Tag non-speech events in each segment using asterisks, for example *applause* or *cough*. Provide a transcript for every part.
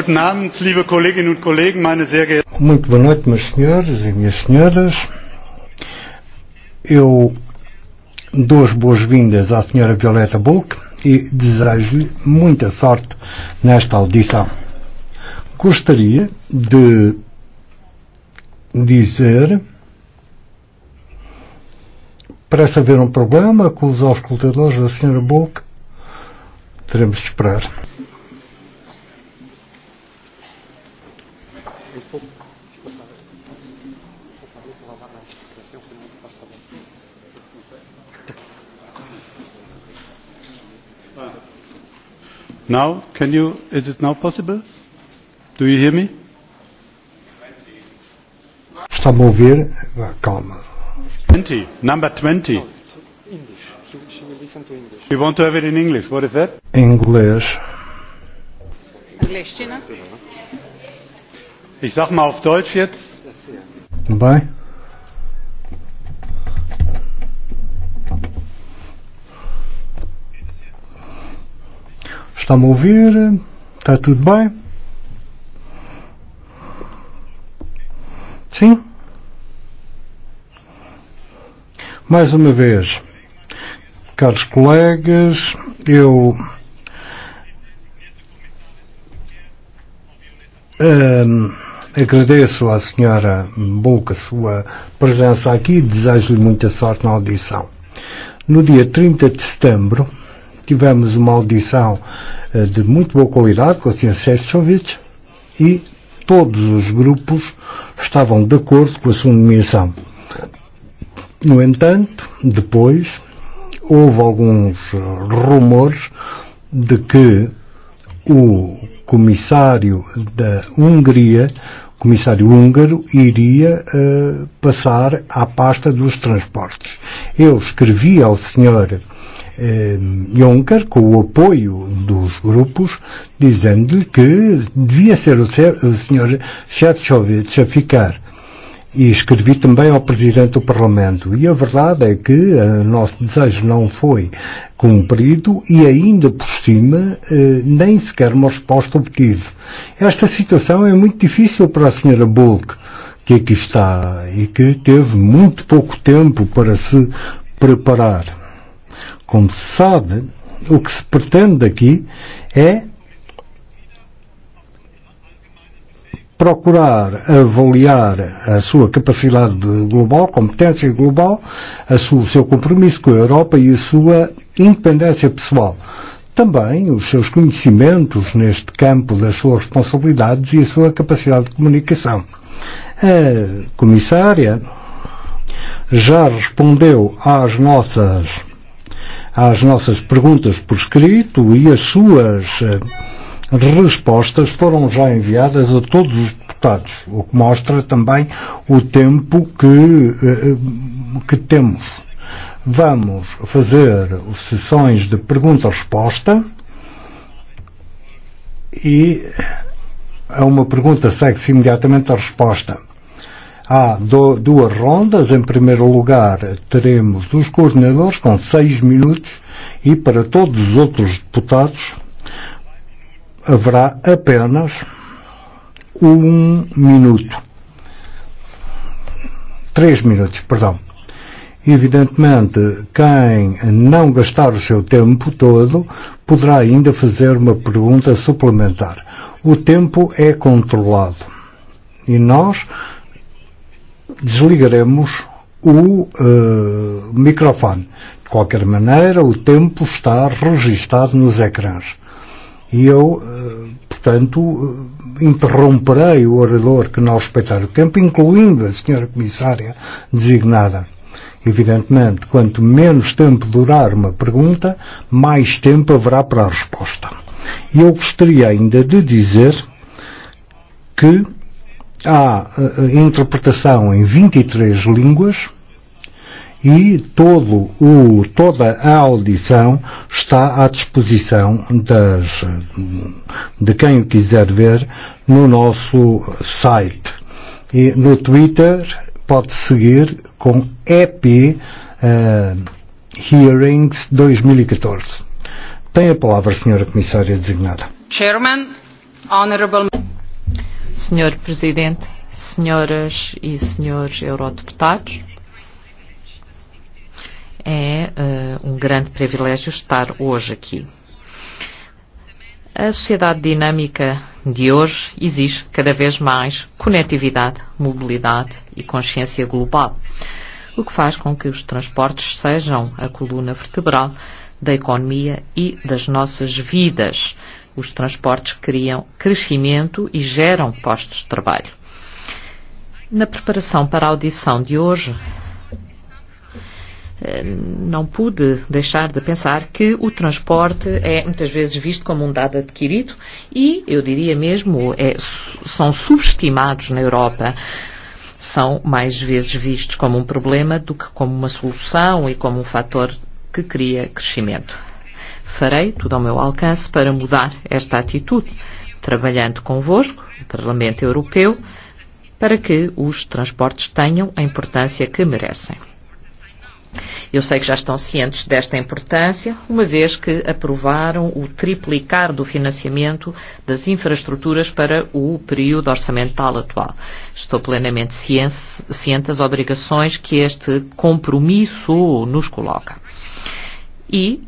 Guten Abend, liebe Kolleginnen und Kollegen, meine sehr geehrten. Muito boa noite, meus senhores e minhas senhoras. Eu dou as boas-vindas à senhora Violeta Bulk e desejo-lhe muita sorte nesta audição. Gostaria de dizer parece haver um problema com os auscultadores da senhora Bulk. Teremos de esperar. Now, can you, is it now possible? Do you hear me? Šta movir? Calma. 20, number 20. No, English. English. You want to have it in English, what is that? English. English, Ich sag mal auf Deutsch jetzt. Bye. Está a ouvir? Está tudo bem? Sim? Mais uma vez, caros colegas, eu um, agradeço à senhora Boca a sua presença aqui e desejo-lhe muita sorte na audição. No dia 30 de setembro, tivemos uma audição eh, de muito boa qualidade com o Sr. Sefcovic e todos os grupos estavam de acordo com a sua nomeação. No entanto, depois, houve alguns eh, rumores de que o comissário da Hungria, o comissário húngaro, iria uh, passar à pasta dos transportes. Eu escrevi ao senhor eh, Juncker com o apoio dos grupos, dizendo-lhe que devia ser o, o Sr. Shevchovich a ficar e escrevi também ao Presidente do Parlamento. E a verdade é que o nosso desejo não foi cumprido e ainda por cima eh, nem sequer uma resposta obtive. Esta situação é e muito difícil para a Sra. Bulk, que aqui está e que teve muito pouco tempo para se preparar como e e, e, se sabe, o que se pretende aqui é procurar avaliar a sua capacidade global, competência global, a sua, o seu compromisso com a Europa e a sua independência pessoal. Também os seus conhecimentos neste campo das suas responsabilidades e a sua capacidade de comunicação. A comissária já respondeu às nossas às nossas perguntas por escrito e as suas eh, respostas foram já enviadas a todos os deputados, o que mostra também o tempo que, eh, eh, que temos. Vamos fazer sessões de pergunta-resposta e a uma pergunta segue-se imediatamente a resposta. Há duas rondas, em primeiro lugar teremos os coordenadores com seis minutos e para todos os outros deputados haverá apenas um minuto. Três minutos, perdão. Evidentemente, quem não gastar o seu tempo todo poderá ainda fazer uma pergunta suplementar. O tempo é controlado. E nós desligaremos o uh, e, microfone. De qualquer maneira, o tempo está registado nos ecrãs. E eu, uh, portanto, uh, interromperei o orador que não respeitar o tempo, incluindo a senhora comissária designada. Evidentemente, quanto menos tempo durar uma pergunta, mais tempo haverá para a resposta. E eu gostaria ainda de dizer que há e, e, interpretação em 23 e línguas e todo o, toda a audição está à disposição das, de quem o quiser ver no nosso site. E no Twitter pode seguir com EP uh, eh, Hearings 2014. Tem a palavra, Senhora Comissária Designada. Chairman, Honorable Senhor Presidente, senhoras e senhores eurodeputados, é uh, um grande privilégio estar hoje aqui. A sociedade dinâmica de hoje exige cada vez mais conectividade, mobilidade e consciência global, o que faz com que os transportes sejam a coluna vertebral da economia e das nossas vidas, Os transportes criam crescimento e geram postos de trabalho. Na preparação para a audição de hoje, eh, não pude deixar de pensar que o transporte é muitas vezes visto como um dado adquirido e, eu diria mesmo, é, são subestimados na Europa. São mais vezes vistos como um problema do que como uma solução e como um fator que cria crescimento. Farei tudo ao meu alcance para mudar esta atitude, trabalhando convosco, o Parlamento Europeu, para que os transportes tenham a importância que merecem. Eu sei que já estão cientes desta importância, uma vez que aprovaram o triplicar do financiamento das infraestruturas para o período orçamental atual. Estou plenamente ciente das obrigações que este compromisso nos coloca. E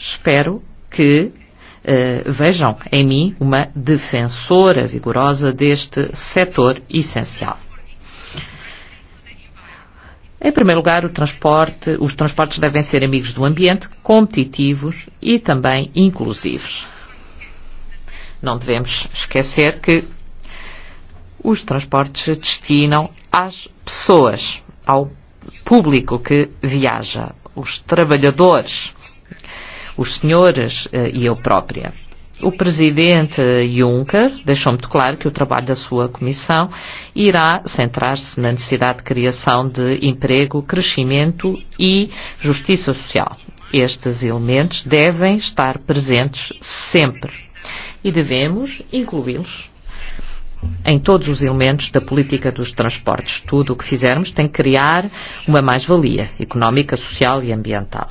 Espero que uh, vejam em mim uma defensora vigorosa deste setor essencial. Em primeiro lugar, o transporte, os transportes devem ser amigos do ambiente, competitivos e também inclusivos. Não devemos esquecer que os transportes se destinam às pessoas, ao público que viaja, os trabalhadores os senhores eh, e eu própria. O presidente eh, Juncker deixou muito claro que o trabalho da sua comissão irá centrar-se na necessidade de criação de emprego, crescimento e justiça social. Estes elementos devem estar presentes sempre e devemos incluí-los em todos os elementos da política dos transportes. Tudo o que fizermos tem que criar uma mais-valia económica, social e ambiental.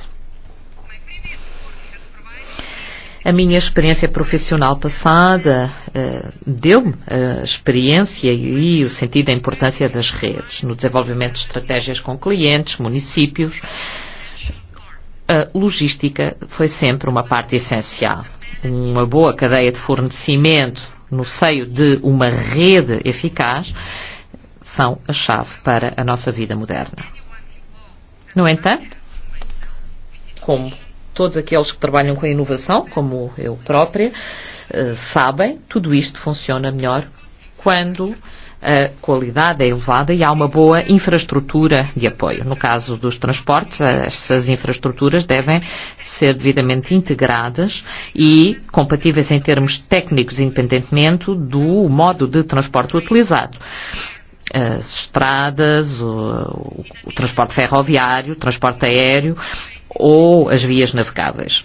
A minha experiência profissional passada uh, deu-me a eh, experiência e o sentido da importância das redes no desenvolvimento de estratégias com clientes, municípios. A logística foi sempre uma parte essencial. Uma boa cadeia de fornecimento no seio de uma rede eficaz são a chave para a nossa vida moderna. No entanto, como todos aqueles que trabalham com a inovação, como eu própria, eh, sabem, tudo isto funciona melhor quando a qualidade é elevada e há uma boa infraestrutura de apoio. No caso dos transportes, essas infraestruturas devem ser devidamente integradas e compatíveis em termos técnicos, independentemente do modo de transporte utilizado as estradas, o, o transporte ferroviário, o transporte aéreo, ou as vias navegáveis.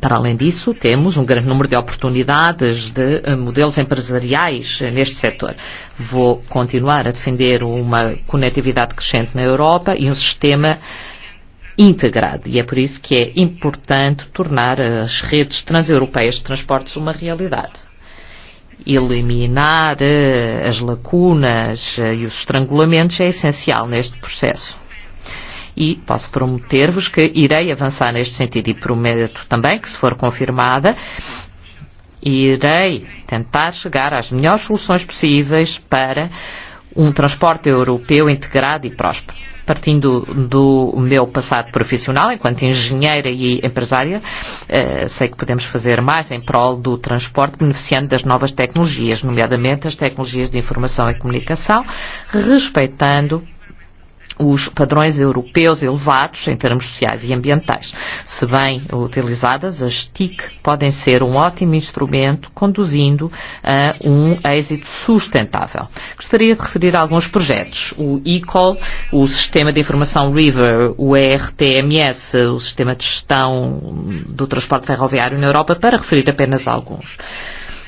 Para além disso, temos um grande número de oportunidades de eh, modelos empresariais eh, neste setor. Vou continuar a defender uma conectividade crescente na Europa e um sistema integrado. E é por isso que é importante tornar as redes transeuropeias de transportes uma realidade. Eliminar eh, as lacunas e os estrangulamentos é essencial neste processo e posso prometer-vos que irei avançar neste sentido e prometo também que se for confirmada, irei tentar chegar às melhores soluções possíveis para um transporte europeu integrado e próspero. Partindo do meu passado profissional, enquanto engenheira e empresária, eh, sei que podemos fazer mais em prol do transporte, beneficiando das novas tecnologias, nomeadamente as tecnologias de informação e comunicação, respeitando os padrões europeus elevados em termos sociais e ambientais. Se bem utilizadas, as TIC podem ser um ótimo instrumento conduzindo a um êxito sustentável. Gostaria de referir a alguns projetos. O ECOL, o Sistema de Informação River, o ERTMS, o Sistema de Gestão do Transporte Ferroviário na Europa, para referir apenas alguns.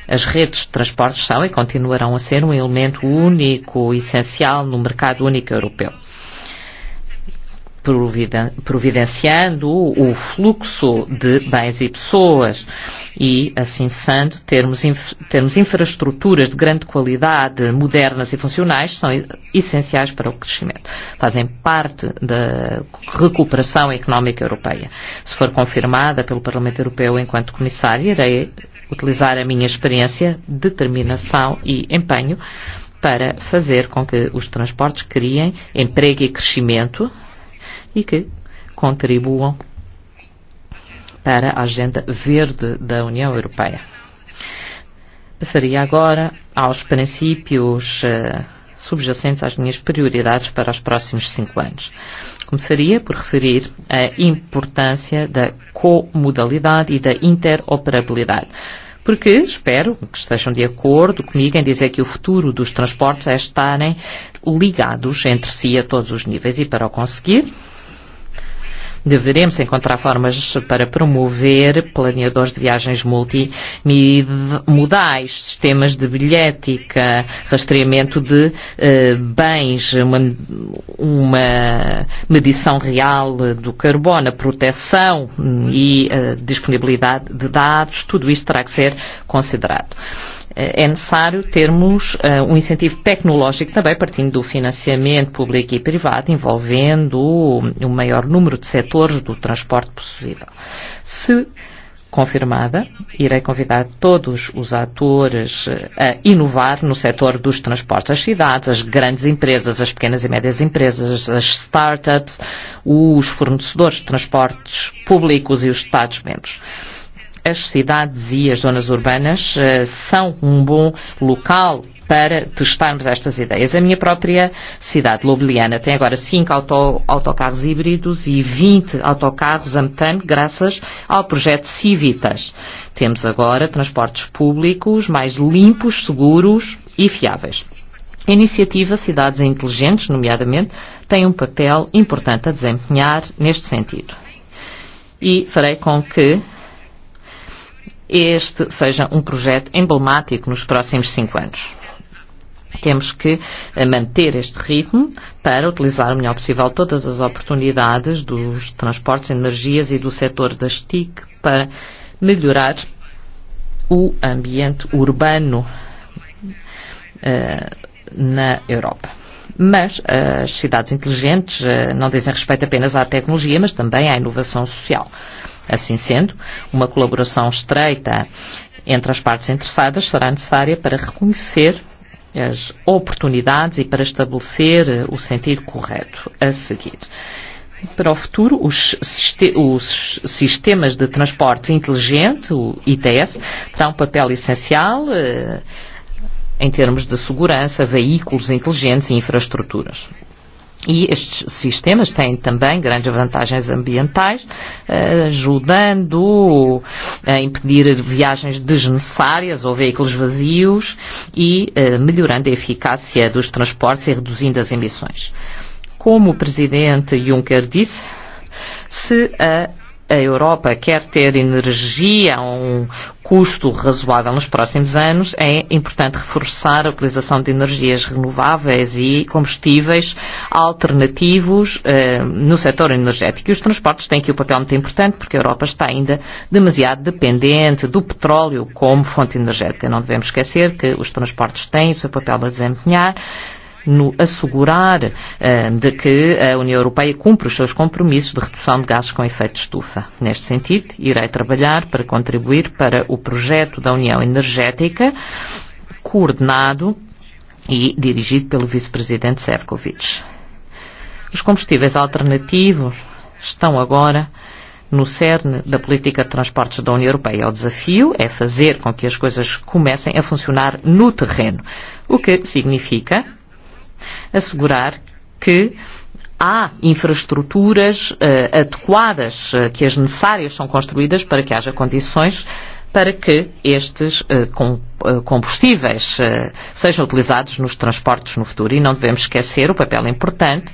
As redes de transportes são e continuarão a ser um elemento único, essencial no mercado único europeu providenciando o fluxo de bens e pessoas e, assim sendo, termos, infra infraestruturas de grande qualidade, modernas e funcionais, são e-, essenciais para o crescimento. Fazem parte da recuperação económica europeia. Se for confirmada pelo Parlamento Europeu enquanto comissário, irei utilizar a minha experiência, determinação e empenho para fazer com que os transportes criem emprego e crescimento e que contribuam para a agenda verde da União Europeia. Passaria agora aos princípios eh, subjacentes às minhas prioridades para os próximos cinco anos. Começaria por referir a importância da comodalidade e da interoperabilidade. Porque espero que estejam de acordo comigo em dizer que o futuro dos transportes é estarem ligados entre si a todos os níveis e para o conseguir Deveremos encontrar formas para promover planeadores de viagens multimodais, sistemas de bilhética, rastreamento de uh, bens, uma, uma medição real do carbono, a proteção e uh, disponibilidade de dados, tudo isto terá que ser considerado é necessário termos um incentivo tecnológico também partindo do financiamento público e privado, envolvendo o maior número de setores do transporte possível. Se confirmada, irei convidar todos os atores a inovar no setor dos transportes, as cidades, as grandes empresas, as pequenas e médias empresas, as startups, os fornecedores de transportes públicos e os Estados-membros as cidades e as zonas urbanas eh, são um bom local para testarmos estas ideias. A minha própria cidade, Ljubljana, tem agora 5 auto, autocarros híbridos e 20 autocarros a metano, graças ao projeto Civitas. Temos agora transportes públicos mais limpos, seguros e fiáveis. A iniciativa Cidades Inteligentes, nomeadamente, tem um papel importante a desempenhar neste sentido. E farei com que este seja um projeto emblemático nos próximos cinco anos. Temos que eh, manter este ritmo para utilizar o melhor possível todas as oportunidades dos transportes, energias e do setor das TIC para melhorar o ambiente urbano uh, na Europa. Mas eh, as cidades inteligentes não dizem respeito apenas à tecnologia, mas também à inovação social. Assim sendo, uma colaboração estreita entre as partes interessadas será necessária para reconhecer as oportunidades e para estabelecer o sentido correto a seguir. Para o futuro, os, sistemas de transporte inteligente, o ITS, terão um papel essencial eh, em termos de segurança, veículos inteligentes e infraestruturas. E estes sistemas têm também grandes vantagens ambientais, eh, ajudando a eh, impedir viagens desnecessárias ou veículos vazios e eh, melhorando a eficácia dos transportes e reduzindo as emissões. Como o Presidente Juncker disse, se a a Europa quer ter energia a um custo razoável nos próximos anos, é importante reforçar a utilização de energias renováveis e combustíveis alternativos eh, no setor energético. E os transportes têm aqui um papel muito importante porque a Europa está ainda demasiado dependente do petróleo como fonte energética. Não devemos esquecer que os transportes têm o seu papel a desempenhar no assegurar uh, de que a União Europeia cumpre os seus compromissos de redução de gases com efeito de estufa. Neste sentido, irei trabalhar para contribuir para o projeto da União Energética coordenado e dirigido pelo vice-presidente Sefcovic. Os combustíveis alternativos estão agora no cerne da política de transportes da União Europeia. O desafio é fazer com que as coisas comecem a funcionar no terreno, o que significa assegurar que há infraestruturas uh, adequadas, uh, que as necessárias são construídas para que haja condições para que estes uh, com, uh, combustíveis uh, sejam utilizados nos transportes no futuro. E não devemos esquecer o papel importante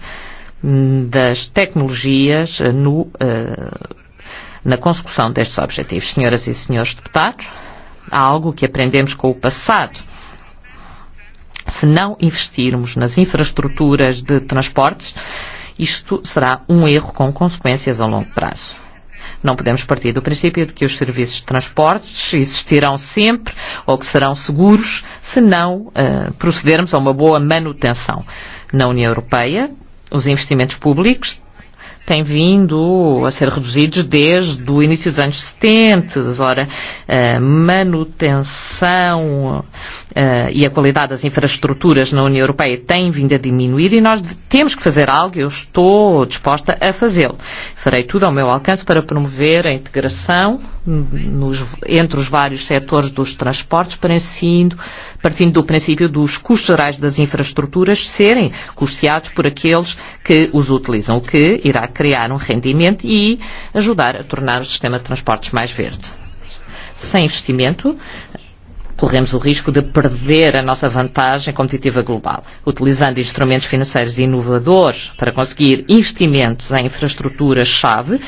das tecnologias no, uh, na consecução destes objetivos. Senhoras e senhores deputados, há algo que aprendemos com o passado se não investirmos nas infraestruturas de transportes, isto será um erro com consequências a longo prazo. Não podemos partir do princípio de que os serviços de transportes existirão sempre ou que serão seguros se não uh, procedermos a uma boa manutenção. Na União Europeia, os investimentos públicos têm vindo a ser reduzidos desde o início dos anos 70. Ora, a eh, manutenção eh, e a qualidade das infraestruturas na União Europeia tem vindo a diminuir e nós temos que fazer algo e eu estou disposta a fazê-lo. Farei tudo ao meu alcance para promover a integração nos, entre os vários setores dos transportes, parecendo, partindo do princípio dos custos gerais das infraestruturas serem custeados por aqueles que os utilizam, o que irá criar um rendimento e ajudar a tornar o sistema de transportes mais verde. Sem investimento, corremos o risco de perder a nossa vantagem competitiva global. Utilizando instrumentos financeiros inovadores para conseguir investimentos em infraestruturas-chave,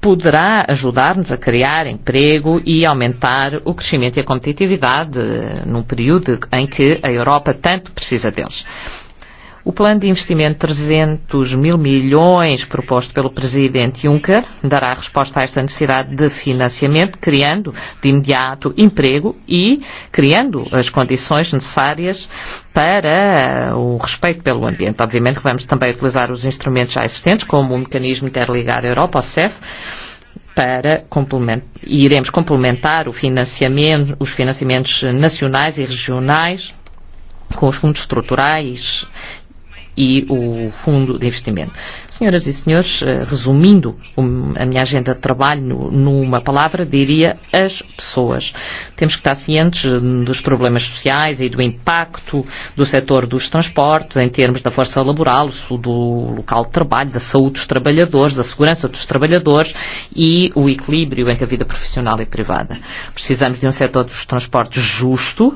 poderá ajudar-nos a criar emprego e aumentar o crescimento e a competitividade num período em que a Europa tanto precisa deles. O plano de investimento de 300 mil milhões proposto pelo presidente Juncker dará resposta a esta necessidade de financiamento, criando de imediato emprego e criando as condições necessárias para o respeito pelo ambiente. Obviamente que vamos também utilizar os instrumentos já existentes, como o mecanismo interligar Europa, o CEF, para complementar, e iremos complementar o financiamento, os financiamentos nacionais e regionais com os fundos estruturais e o Fundo de Investimento. Senhoras e senhores, resumindo um, a minha agenda de trabalho numa palavra, diria as pessoas. Temos que estar cientes eh, dos problemas sociais e do impacto do setor dos transportes em termos da força laboral, do local de trabalho, da saúde dos trabalhadores, da segurança dos trabalhadores e o equilíbrio entre a vida profissional e privada. Precisamos de um setor dos transportes justo,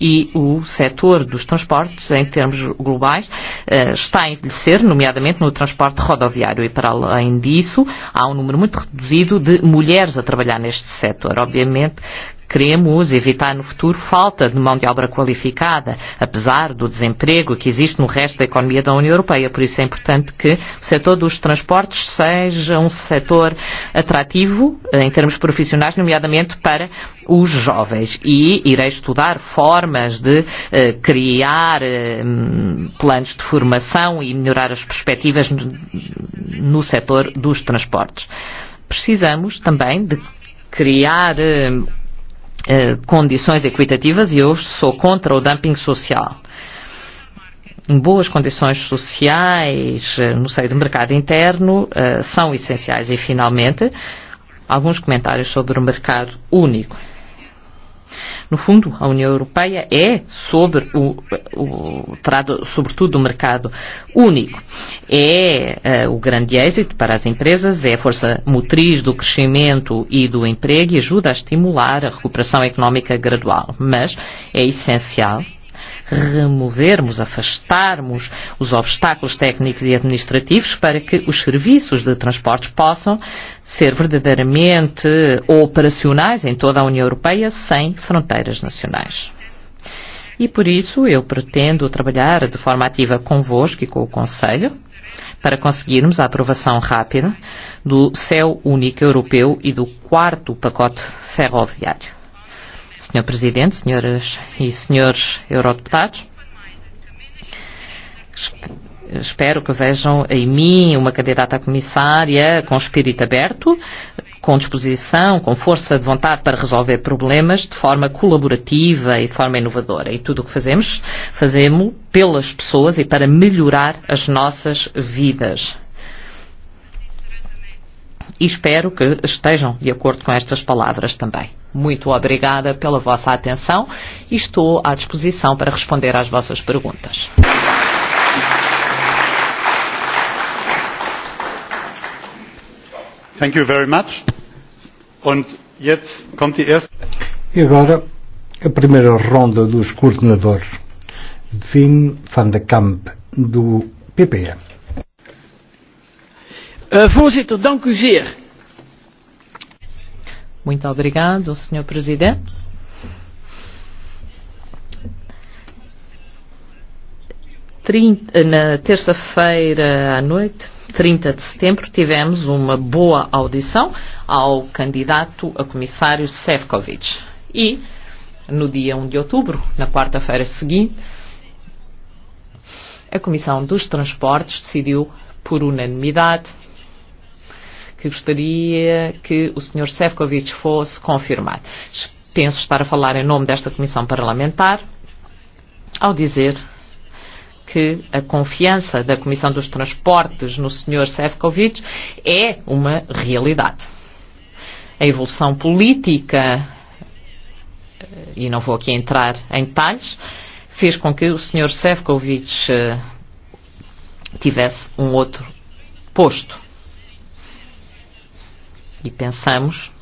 e o setor dos transportes, em termos globais, eh, está a envelhecer, nomeadamente no transporte rodoviário. E, para além disso, há um número muito reduzido de mulheres a trabalhar neste setor. Obviamente Queremos evitar no futuro falta de mão de obra qualificada, apesar do desemprego que existe no resto da economia da União Europeia. Por isso é importante que o setor dos transportes seja um setor atrativo eh, em termos profissionais, nomeadamente para os jovens. E irei estudar formas de eh, criar eh, planos de formação e melhorar as perspectivas no, setor dos transportes. Precisamos também de criar Eh, condições equitativas e eu sou contra o dumping social. Boas condições sociais eh, no seio do mercado interno eh, são essenciais. E, finalmente, alguns comentários sobre o mercado único. No fundo, a União Europeia é sobre o, o trado, sobretudo o mercado único. É uh, o grande êxito para as empresas, é a força motriz do crescimento e do emprego e ajuda a estimular a recuperação económica gradual. Mas é essencial removermos, afastarmos os obstáculos técnicos e administrativos para que os serviços de transportes possam ser verdadeiramente operacionais em toda a União Europeia sem fronteiras nacionais e por isso eu pretendo trabalhar de forma ativa convosco e com o Conselho para conseguirmos a aprovação rápida do Céu Único Europeu e do quarto pacote ferroviário. Sr. Presidente, Sras e Srs. eurodeputados, espero que vejam em mim uma candidata a comissária com espírito aberto, com disposição, com força de vontade para resolver problemas de forma colaborativa e de forma inovadora. E tudo o que fazemos, fazemos pelas pessoas e para melhorar as nossas vidas e espero que estejam de acordo com estas palavras também. Muito obrigada pela vossa atenção e estou à disposição para responder às vossas perguntas. Thank you very much. Und jetzt kommt die erste... E agora, a primeira ronda dos coordenadores. Wim van de Camp, do PPM. E. Eh, voorzitter, dank u zeer. Muito obrigado, senhor presidente. Eh, na terça-feira à noite, 30 de setembro, tivemos uma boa audição ao candidato a comissário Sefcovic. E, no dia 1 um de outubro, na quarta-feira seguinte, a Comissão dos Transportes decidiu, por unanimidade, que gostaria que o Sr. Sefcovic fosse confirmado. Penso estar a falar em nome desta Comissão Parlamentar ao dizer que a confiança da Comissão dos Transportes no Sr. Sefcovic é uma realidade. A evolução política, eh, e não vou aqui entrar em detalhes, fez com que o Sr. Sefcovic eh, tivesse um outro posto. E pensamos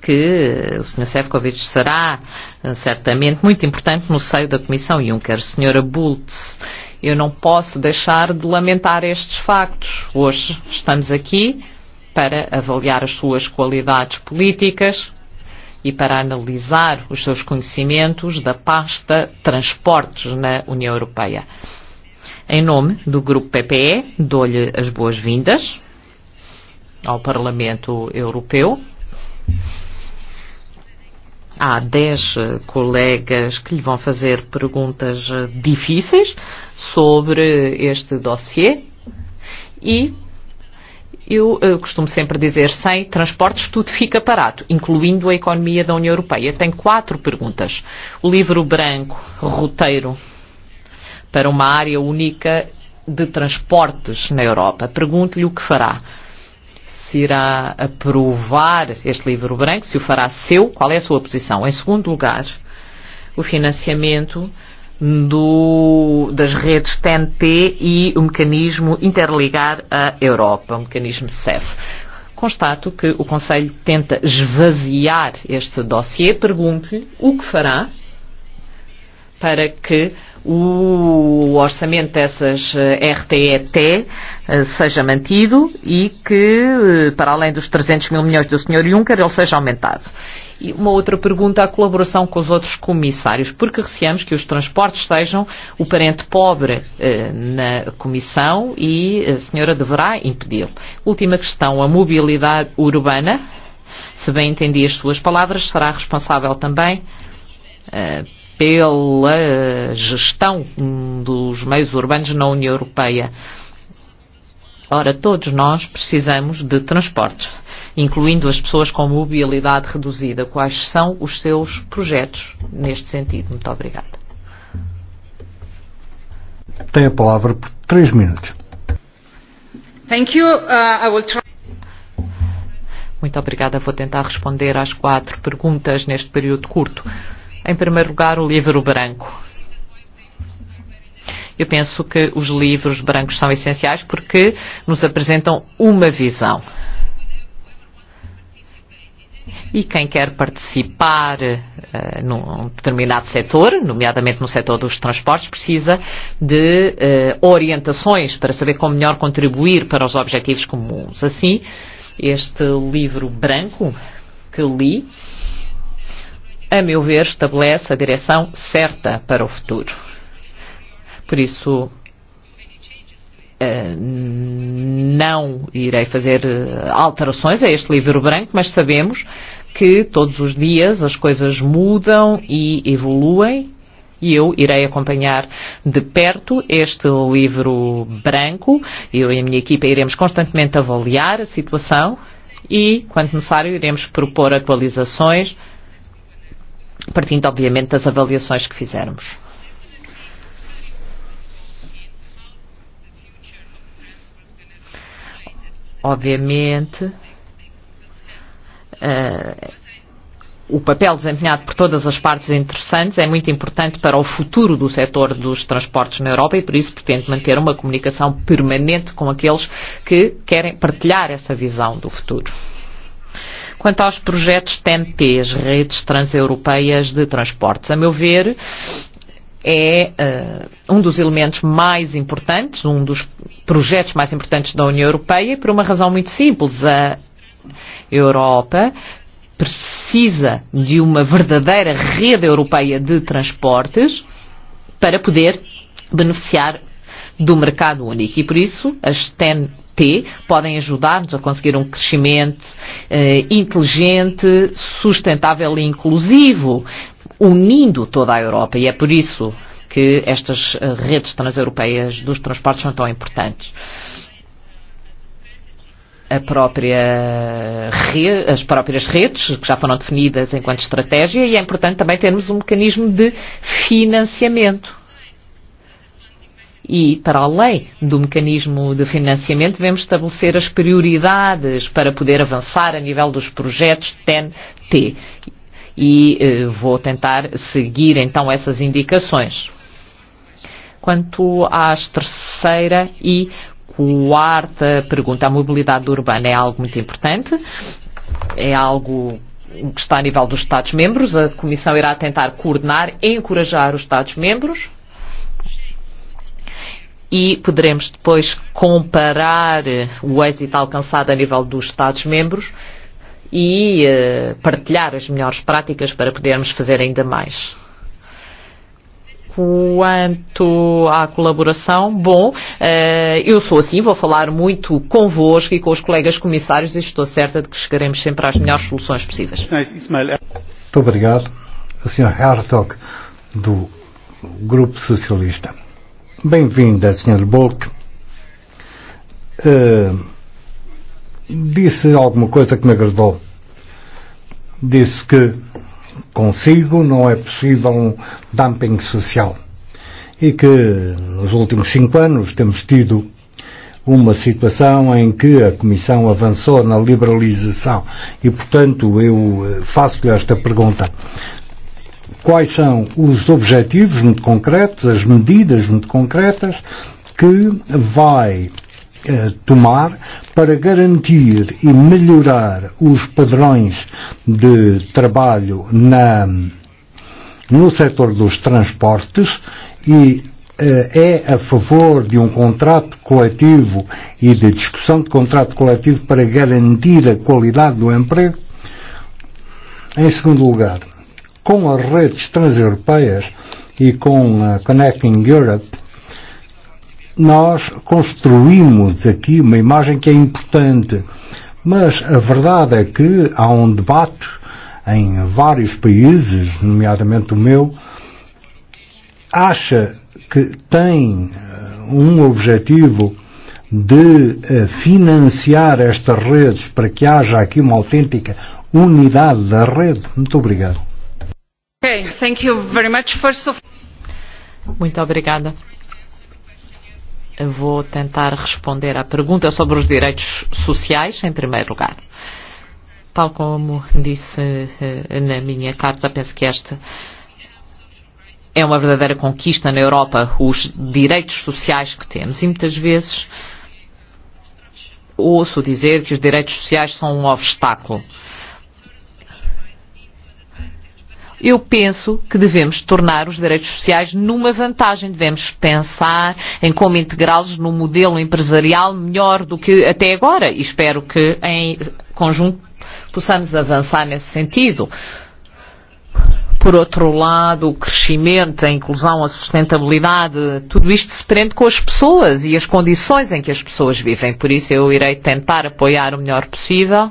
que o Sr. Sefcovic será eh, certamente muito importante no seio da Comissão Juncker. Sra. Bultz, eu não posso deixar de lamentar estes factos. Hoje estamos aqui para avaliar as suas qualidades políticas e para analisar os seus conhecimentos da pasta transportes na União Europeia. Em nome do Grupo PPE, dou-lhe as boas-vindas ao Parlamento Europeu. Há dez colegas que lhe vão fazer perguntas difíceis sobre este dossiê e eu, eu eh, costumo sempre dizer, sem transportes tudo fica parado, incluindo a economia da União Europeia. Tem quatro perguntas. O livro branco, roteiro para uma área única de transportes na Europa. Pergunto-lhe o que fará se irá aprovar este livro branco, se o fará seu, qual é a sua posição? Em segundo lugar, o financiamento do, das redes TNT e o mecanismo Interligar a Europa, o mecanismo CEF. Constato que o Conselho tenta esvaziar este dossiê. Pergunto o que fará para que o orçamento dessas eh, RTET e eh, seja mantido e que, eh, para além dos 300 mil milhões do Sr. Juncker, ele seja aumentado. E uma outra pergunta, a colaboração com os outros comissários, porque receamos que os transportes sejam o parente pobre eh, na comissão e a senhora deverá impedi-lo. Última questão, a mobilidade urbana, se bem entendi as suas palavras, será responsável também eh, pela gestão dos meios urbanos na União Europeia. Ora, todos nós precisamos de transportes, incluindo as pessoas com mobilidade reduzida. Quais são os seus projetos neste sentido? Muito obrigada. Tem a palavra por três minutos. Thank you. Uh, I will try... Muito obrigada. Vou tentar responder às quatro perguntas neste período curto em primeiro lugar, o livro branco. Eu penso que os livros brancos são essenciais porque nos apresentam uma visão. E quem quer participar uh, num determinado setor, nomeadamente no setor dos transportes, precisa de uh, orientações para saber como melhor contribuir para os objetivos comuns. Assim, este livro branco que li a meu ver, estabelece a direção certa para o futuro. Por isso, não irei fazer alterações a este livro branco, mas sabemos que todos os dias as coisas mudam e evoluem e eu irei acompanhar de perto este livro branco. Eu e a minha equipa iremos constantemente avaliar a situação e, quando necessário, iremos propor atualizações partindo obviamente das avaliações que fizermos. Obviamente, uh, o papel desempenhado por todas as partes interessantes é muito importante para o futuro do setor dos transportes na Europa e por isso pretende manter uma comunicação permanente com aqueles que querem partilhar essa visão do futuro. Quanto aos projetos as redes transeuropeias de transportes, a meu ver, é eh, um dos elementos mais importantes, um dos projetos mais importantes da União Europeia, e, por uma razão muito simples. A Europa precisa de uma verdadeira rede europeia de transportes para poder beneficiar do mercado único. E por isso as TEN T podem ajudar-nos a conseguir um crescimento eh, inteligente, sustentável e inclusivo, unindo toda a Europa. E é por isso que estas eh, redes transeuropeias dos transportes são tão importantes. A própria re, as próprias redes, que já foram definidas enquanto estratégia, e é importante também termos um mecanismo de financiamento E, para além do mecanismo de financiamento, devemos estabelecer as prioridades para poder avançar a nível dos projetos TEN-T. E eh, vou tentar seguir então essas indicações. Quanto às terceira e quarta pergunta, a mobilidade urbana é algo muito importante, é algo que está a nível dos Estados-membros. A Comissão irá tentar coordenar, e encorajar os Estados-membros e poderemos depois comparar eh, o êxito alcançado a nível dos Estados-membros e eh, partilhar as melhores práticas para podermos fazer ainda mais. Quanto à colaboração, bom, eh, eu sou assim, vou falar muito convosco e com os colegas comissários e estou certa de que chegaremos sempre às melhores soluções possíveis. Muito obrigado. A senhora Hertog, do Grupo Socialista. Bem-vinda, Sr. Bolk. Uh, disse alguma coisa que me agradou. Disse que consigo não é possível um dumping social. E que nos últimos cinco anos temos tido uma situação em que a Comissão avançou na liberalização. E, portanto, eu eh, faço-lhe esta pergunta quais são os objetivos muito concretos, as medidas muito concretas que vai eh, tomar para garantir e melhorar os padrões de trabalho na, no setor dos transportes e eh, é a favor de um contrato coletivo e de discussão de contrato coletivo para garantir a qualidade do emprego. Em segundo lugar, com as redes transeuropeias e com a eh, Connecting Europe, nós construímos aqui uma imagem que é importante. Mas a verdade é que há um debate em vários países, nomeadamente o meu, acha que tem eh, um objetivo de eh, financiar estas redes para que haja aqui uma autêntica unidade da rede. Muito obrigado. Okay, thank you very much. First of... Muito obrigada. vou tentar responder à pergunta sobre os direitos sociais, em primeiro lugar. Tal como disse eh, na minha carta, penso que esta é uma verdadeira conquista na Europa, os direitos sociais que temos. E muitas vezes ouço dizer que os direitos sociais são um obstáculo. Uh, eu penso que devemos tornar os direitos sociais numa vantagem. Devemos pensar em como integrá-los num modelo empresarial melhor do que até agora. E espero que em conjunto possamos avançar nesse sentido. Por outro lado, o crescimento, a inclusão, a sustentabilidade, tudo isto se prende com as pessoas e as condições em que as pessoas vivem. Por isso eu irei tentar apoiar o melhor possível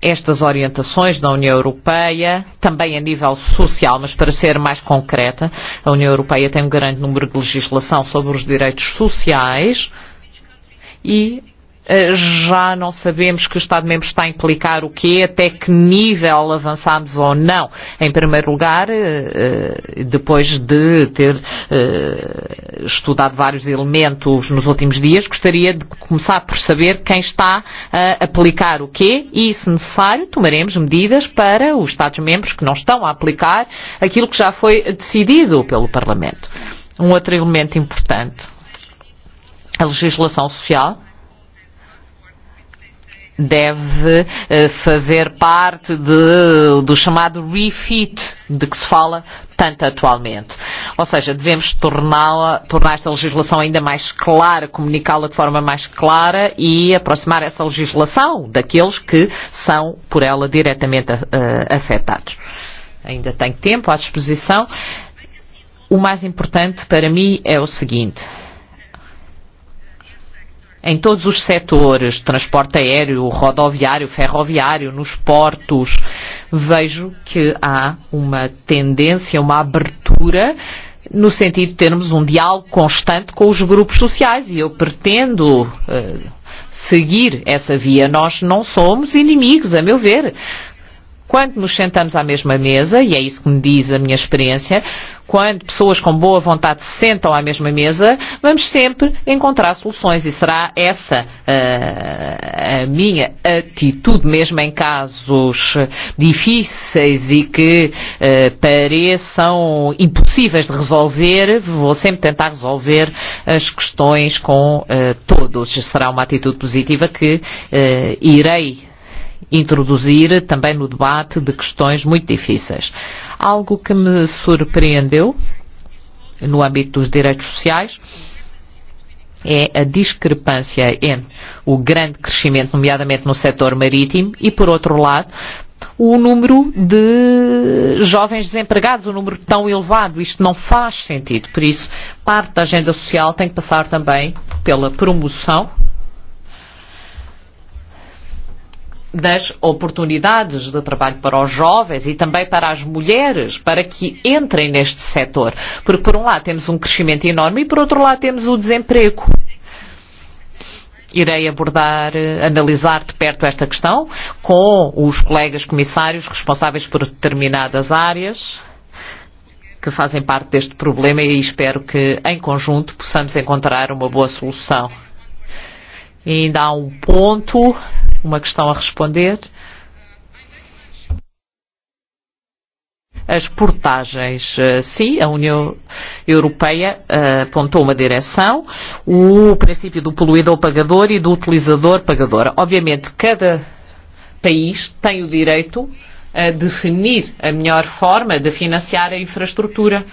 estas orientações da União Europeia, também a nível social, mas para ser mais concreta, a União Europeia tem um grande número de legislação sobre os direitos sociais e Eh, já não sabemos que o Estado-membro está a implicar o quê, até que nível avançamos ou não. Em primeiro lugar, eh, eh, depois de ter estudado vários elementos nos últimos dias, gostaria de começar por saber quem está a aplicar o quê e, se necessário, tomaremos medidas para os Estados-membros que não estão a aplicar aquilo que já foi decidido pelo Parlamento. Um outro elemento importante, a legislação social deve eh, fazer parte de, do chamado refit de que se fala tanto atualmente. Ou seja, devemos torná-la, tornar esta legislação ainda mais clara, comunicá-la de forma mais clara e aproximar essa legislação daqueles que são por ela diretamente uh, afetados. Ainda tenho tempo à disposição. O mais importante para mim é o seguinte em todos os setores, transporte aéreo, rodoviário, ferroviário, nos portos, vejo que há uma tendência, uma abertura no sentido de termos um diálogo constante com os grupos sociais e eu pretendo uh, seguir essa via. Nós não somos inimigos, a meu ver. Quando nos sentamos à mesma mesa, e é isso que me diz a minha experiência, quando pessoas com boa vontade se sentam à mesma mesa, vamos sempre encontrar soluções e será essa uh, a minha atitude, mesmo em casos difíceis e que uh, pareçam impossíveis de resolver, vou sempre tentar resolver as questões com uh, todos. E será uma atitude positiva que irei introduzir também no debate de questões muito difíceis. Algo que me surpreendeu no âmbito dos direitos sociais é a discrepância entre o grande crescimento, nomeadamente no setor marítimo, e, por outro lado, o número de jovens desempregados, o um número tão elevado. Isto não faz sentido. Por isso, parte da agenda social tem que passar também pela promoção das oportunidades de trabalho para os jovens e também para as mulheres, para que entrem neste setor. Porque, por um lado, temos um crescimento enorme e, por outro lado, temos o desemprego. Irei abordar, eh, analisar de perto esta questão com os colegas comissários responsáveis por determinadas áreas que fazem parte deste problema e espero que, em conjunto, possamos encontrar uma boa solução. E ainda há um ponto uma questão a responder. As portagens, eh, sim, a União Europeia eh, apontou uma direção, o princípio do poluidor-pagador e do utilizador-pagador. Obviamente, cada país tem o direito a definir a melhor forma de financiar a infraestrutura.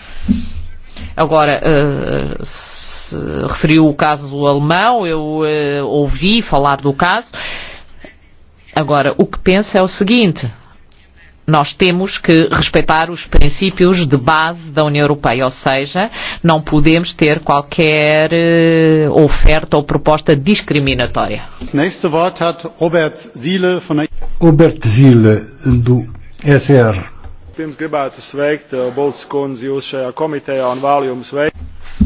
Agora, eh, se referiu o caso alemão, eu ouvi falar do caso. Agora, o que penso é o seguinte, nós temos que respeitar os princípios de base da União Europeia, ou seja, não podemos ter qualquer eh, oferta ou proposta discriminatória. Robert Zille, do SR. Eh,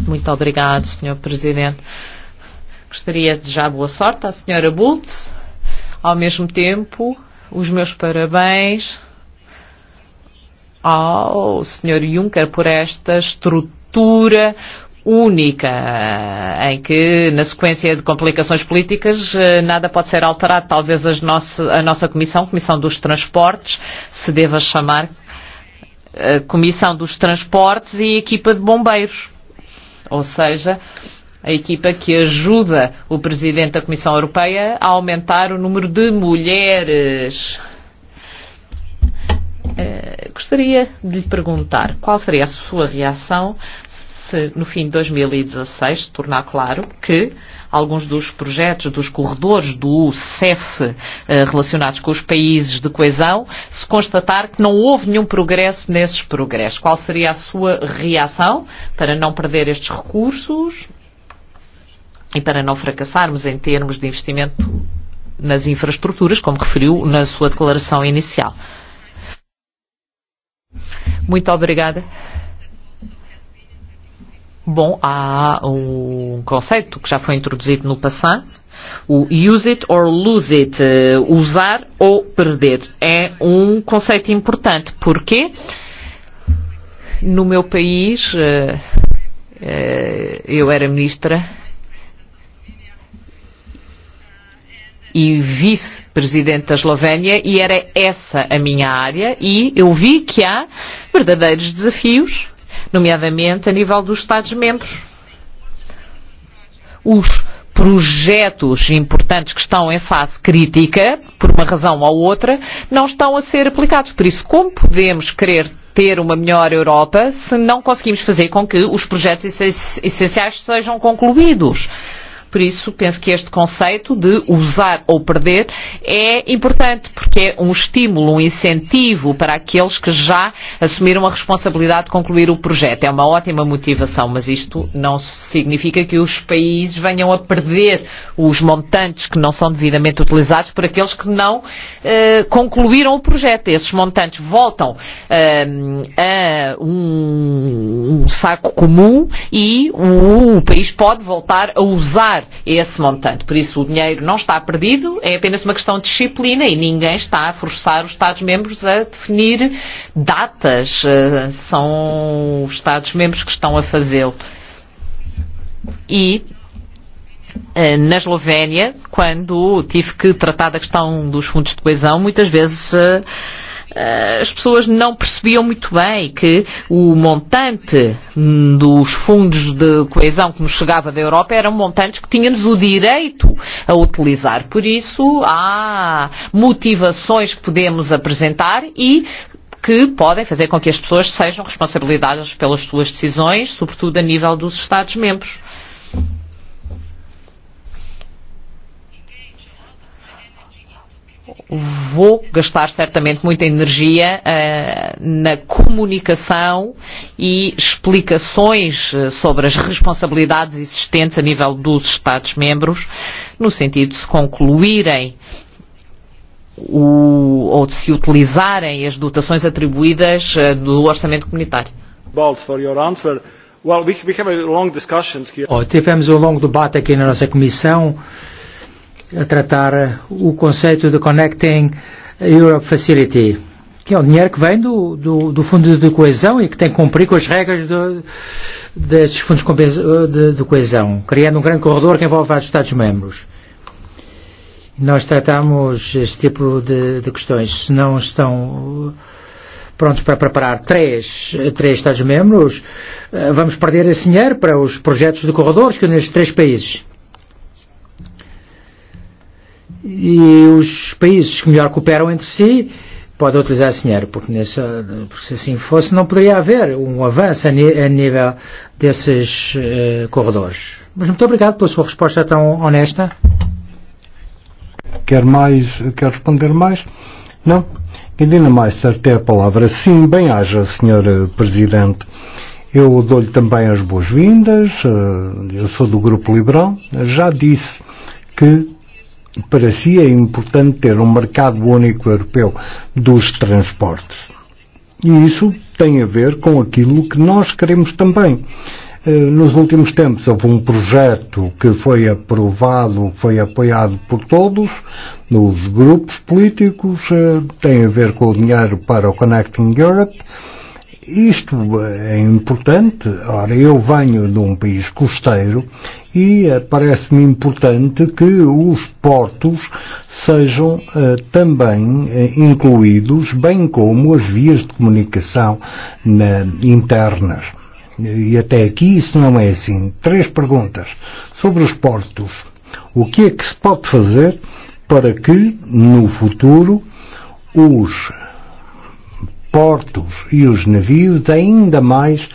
Muito obrigado, Sr. Presidente. Gostaria de desejar boa sorte à Sra. Bultz Ao mesmo tempo, os meus parabéns ao Sr. Juncker por esta estrutura única, em que, na sequência de complicações políticas, nada pode ser alterado. Talvez as nossa, a nossa comissão, Comissão dos Transportes, se deva chamar eh, Comissão dos Transportes e Equipa de Bombeiros. Ou seja, a equipa que ajuda o presidente da Comissão Europeia a aumentar o número de mulheres. Eh, gostaria de lhe perguntar qual seria a sua reação se no fim de 2016 e se tornar claro que alguns dos projetos dos corredores do CEF eh, relacionados com os países de coesão, se constatar que não houve nenhum progresso nesses progressos. Qual seria a sua reação para não perder estes recursos e para não fracassarmos em termos de investimento nas infraestruturas, como referiu na sua declaração inicial. Muito obrigada. Bom, há um conceito que já foi introduzido no passado, o use it or lose it, eh, usar ou perder. É um conceito importante, porque no meu país eh, eh, eu era ministra e vice-presidente da Eslovénia e era essa a minha área e eu vi que há verdadeiros desafios, nomeadamente a nível dos Estados-membros. Os projetos importantes que estão em fase crítica, por uma razão ou outra, não estão a ser aplicados. Por isso, como podemos querer ter uma melhor Europa se não conseguimos fazer com que os projetos essenciais sejam concluídos? Por isso, penso que este conceito de usar ou perder é importante, porque é um estímulo, um incentivo para aqueles que já assumiram a responsabilidade de concluir o projeto. É uma ótima motivação, mas isto não significa que os países venham a perder os montantes que não são devidamente utilizados por aqueles que não eh, concluíram o projeto. Esses montantes voltam eh, a um, um saco comum e o, o país pode voltar a usar esse montante. Por isso, o dinheiro não está perdido, é apenas uma questão de disciplina e ninguém está a forçar os Estados-membros a definir datas. Eh, são os Estados-membros que estão a fazê-lo. E eh, na Eslovénia, quando tive que tratar da questão dos fundos de coesão, muitas vezes uh, Eh, as pessoas não percebiam muito bem que o montante dos fundos de coesão que nos chegava da Europa eram montantes que tínhamos o direito a utilizar. Por isso, há motivações que podemos apresentar e que podem fazer com que as pessoas sejam responsabilizadas pelas suas decisões, sobretudo a nível dos Estados-membros. vou gastar certamente muita energia uh, na comunicação e explicações eh, sobre as responsabilidades existentes a nível dos Estados-membros, no sentido de se concluírem o, ou de se utilizarem as dotações atribuídas uh, do orçamento comunitário. Balls for your answer. Well, we, we have a long discussion. Oh, tivemos um longo debate aqui na nossa comissão a tratar o conceito de Connecting Europe Facility, que é um dinheiro que vem do, do, do Fundo de Coesão e que tem que cumprir com as regras do, destes fundos de, de coesão, criando um grande corredor que envolve vários Estados-membros. Nós tratamos este tipo de, de questões. Se não estão prontos para preparar três, três Estados-membros, vamos perder esse dinheiro para os projetos de corredores que nestes três países e os países que melhor cooperam entre si podem utilizar esse dinheiro, porque, nesse, porque se assim fosse não poderia haver um avanço a, a nível desses uh, corredores. Mas muito obrigado pela sua resposta tão honesta. Quer mais, quer responder mais? Não? Guilherme Meister até a palavra. Sim, bem haja, Sr. Presidente. Eu dou-lhe também as boas-vindas. Eu sou do Grupo Liberal. Já disse que para si é importante ter um mercado único e europeu dos transportes. E isso tem a ver com aquilo que nós queremos também. Eh, nos últimos tempos houve um projeto que foi aprovado, foi apoiado por todos, nos grupos políticos, eh, tem a ver com o dinheiro para o Connecting Europe. Isto eh, é importante. Ora, eu venho de um país costeiro e parece-me importante que os portos sejam uh, também uh, incluídos, bem como as vias de comunicação na, internas. E até aqui isso não é assim. Três perguntas sobre os portos. O que é que se pode fazer para que, no futuro, os portos e os navios ainda mais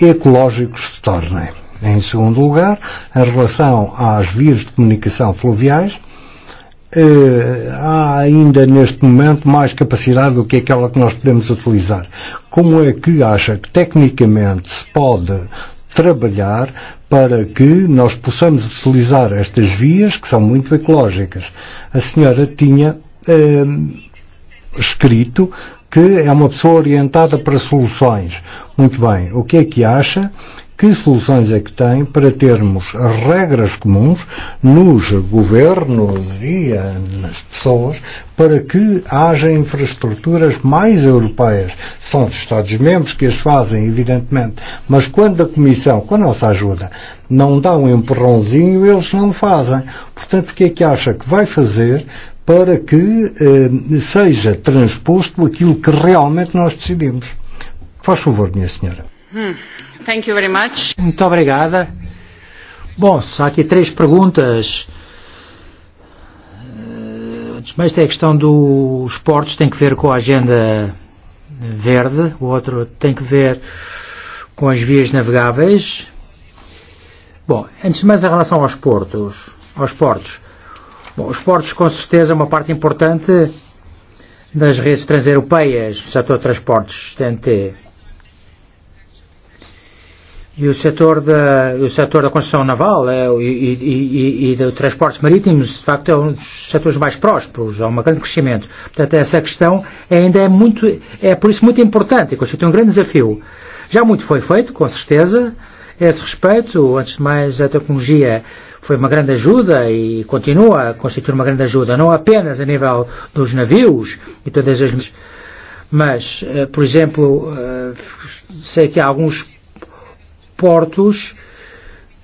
ecológicos se tornem? Em segundo lugar, em relação às vias de comunicação fluviais, eh, há ainda neste momento mais capacidade do que aquela que nós podemos utilizar. Como é que acha que tecnicamente se pode trabalhar para que nós possamos utilizar estas vias que são muito ecológicas? A senhora tinha eh, escrito que é uma pessoa orientada para soluções. Muito bem, o que é que acha que soluções é que tem para termos regras comuns nos governos e nas pessoas para que haja infraestruturas mais europeias. São os Estados-membros que as fazem, evidentemente, mas quando a Comissão, com a nossa ajuda, não dá um empurrãozinho, eles não fazem. Portanto, o que é que acha que vai fazer para que eh, seja transposto aquilo que realmente nós decidimos? Faz favor, minha senhora. Hmm. thank you very much. Muito obrigada. Bom, só aqui três perguntas. Mas tem a questão dos esportes e tem que ver com a agenda verde, o outro tem que ver com as vias navegáveis. Bom, antes de mais em relação aos portos, aos portos. Bom, os portos com certeza é uma parte importante das redes transeuropeias, já setor de transportes TNT. E o setor da, o setor da construção naval é, e, e, e, e do transportes marítimos, de facto, é um dos setores mais prósperos, há um grande crescimento. Portanto, essa questão ainda é muito, é por isso muito importante e constitui um grande desafio. Já muito foi feito, com certeza, a esse respeito. Antes de mais, a tecnologia foi uma grande ajuda e continua a constituir uma grande ajuda, não apenas a nível dos navios e todas as mas, por exemplo, sei que há alguns portos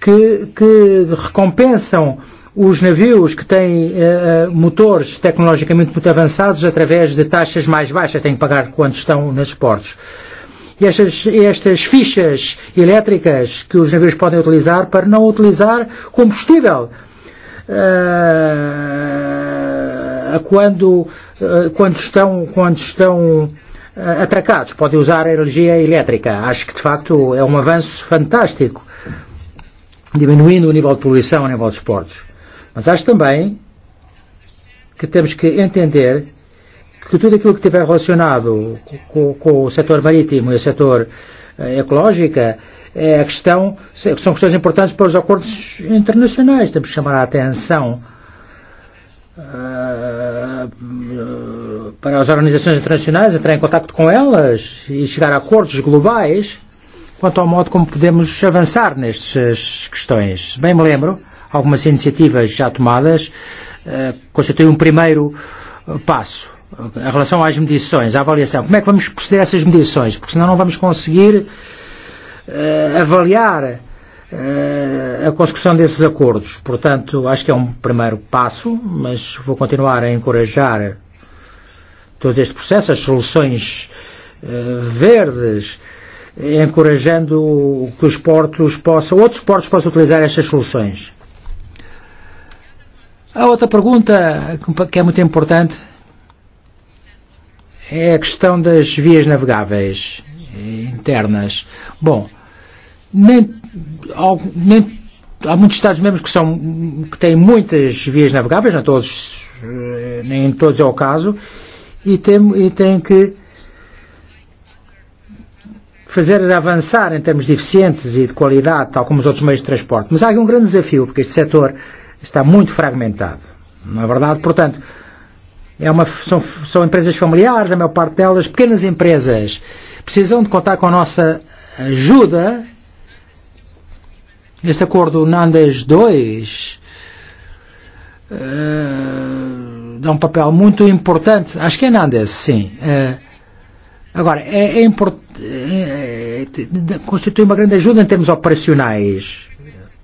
que, que recompensam os navios que têm uh, motores tecnologicamente muito avançados através de taxas mais baixas têm que pagar quando estão nos portos. E estas, e estas fichas elétricas que os navios podem utilizar para não utilizar combustível. Uh, quando, uh, quando estão, quando estão Eh, atracados, podem usar a energia elétrica. Acho que de facto é um avanço fantástico, diminuindo o nível de poluição a nível dos portos. Mas acho também que temos que entender que tudo aquilo que estiver relacionado com, com o setor marítimo e o setor eh, ecológico é a questão, são questões importantes para os acordos internacionais. Temos que chamar a atenção Eh, para as organizações internacionais entrar em contato com elas e chegar a acordos globais quanto ao modo como podemos avançar nestas questões. Bem me lembro, algumas iniciativas já tomadas eh, constituem um primeiro eh, passo em relação às medições, à avaliação. Como é que vamos proceder a essas medições? Porque senão não vamos conseguir avaliar Eh, a construção desses acordos. Portanto, acho que é um primeiro passo, mas vou continuar a encorajar todo este processo, as soluções eh, verdes, encorajando que os portos possam, outros portos possam utilizar estas soluções. A outra pergunta que pa-, é muito importante é a questão das vias navegáveis eh, internas. Bom, nem há muitos Estados-membros que, que têm muitas vias navegáveis, não todos, nem todos é o caso, e têm e tem que fazer avançar em termos de eficientes e de qualidade, tal como os outros meios de transporte. Mas há aqui um grande desafio, porque este setor está muito fragmentado. Não é verdade? Portanto, é uma, são, são empresas familiares, a maior parte delas, pequenas empresas, precisam de contar com a nossa ajuda Nesse acordo Nandes 2 e, uh, dá um papel muito importante. Acho que é Nandes, sim. Uh, e, agora, é, e, é importante. É, é, constitui uma grande ajuda em termos operacionais.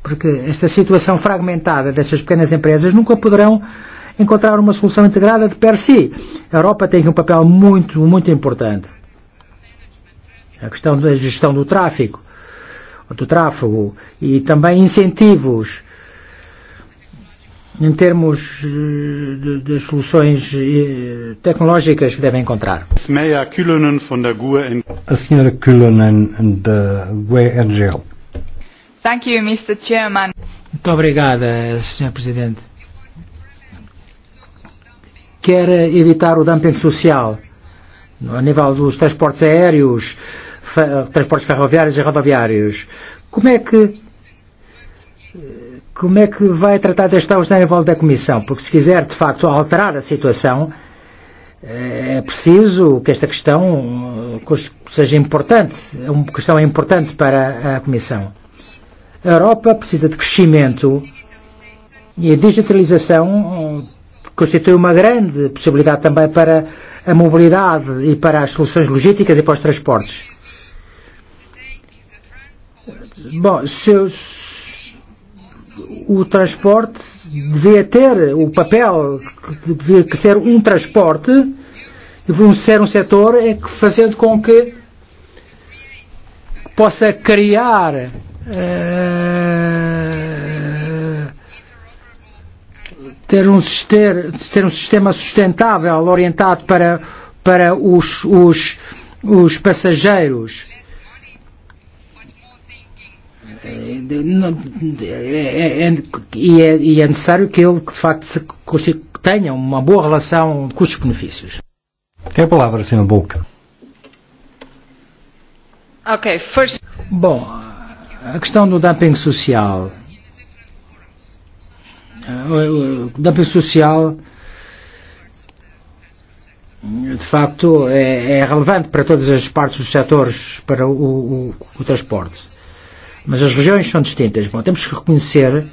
Porque esta situação fragmentada dessas pequenas empresas nunca poderão encontrar uma solução integrada de per si. A Europa tem um papel muito, muito importante. A questão da gestão do tráfico do tráfego e também incentivos em termos eh, das soluções eh, tecnológicas que devem encontrar. A senhora Kulonen da GUE-NGL. Thank you, Mr. Chairman. Muito obrigada, Sr. Presidente. Quer evitar o dumping social a nível dos transportes aéreos, transportes ferroviários e rodoviários. Como é que como é que vai tratar desta questão em volta da Comissão? Porque se quiser, de facto, alterar a situação, é preciso que esta questão uh, seja importante, é uma questão importante para a Comissão. A Europa precisa de crescimento e a digitalização uh, constitui uma grande possibilidade também para a mobilidade e para as soluções logísticas e para os transportes. Bom, se o transporte devia ter, o papel que devia ser um transporte, devia ser um setor é que fazendo com que possa criar eh, ter, um, ter, ter um sistema sustentável orientado para, para os, os, os passageiros e, é necessário que ele, de facto, se tenha uma boa relação de custos-benefícios. Tem a palavra, Sr. Bulca. Ok, first... Bom, a questão do dumping social. Eh, o dumping social de facto é, é relevante para todas as partes dos setores para o, o, o transporte Mas as regiões são distintas. Bom, temos que reconhecer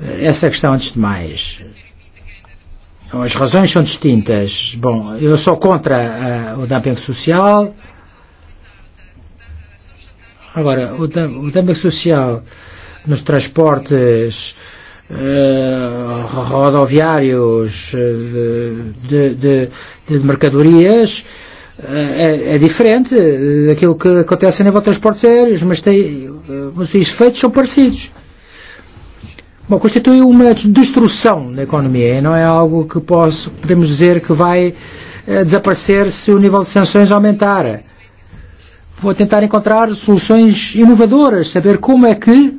eh, essa questão antes de mais. As razões são distintas. Bom, eu sou contra a, eh, o dumping social. Agora, o, o dumping social nos transportes uh, rodoviários de, de, de mercadorias é, é diferente daquilo que acontece a nível de transportes aéreos, mas, tem, mas os efeitos são parecidos. Bom, constitui uma destrução na economia e eh, não é algo que posso, podemos dizer que vai eh, desaparecer se o nível de sanções aumentar. Vou tentar encontrar soluções inovadoras, saber como é que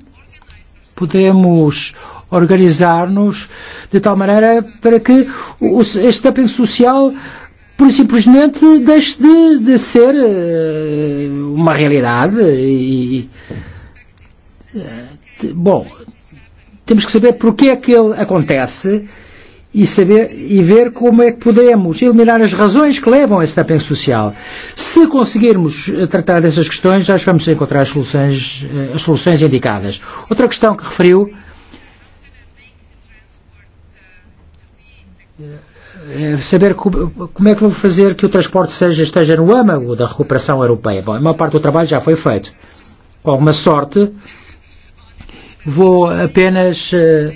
podemos organizar-nos de tal maneira para que o, este dumping social por simplesmente deixe de, de ser uh, uma realidade e uh, bom temos que saber porque é que ele acontece e saber e ver como é que podemos eliminar as razões que levam a esse tapete social. Se conseguirmos eh, tratar dessas questões, já vamos encontrar as soluções, as soluções indicadas. Outra questão que referiu Eh, saber como é que vou fazer que o transporte seja, esteja no âmago da recuperação europeia. Bom, a maior parte do trabalho já foi feito. Com alguma sorte, vou apenas uh,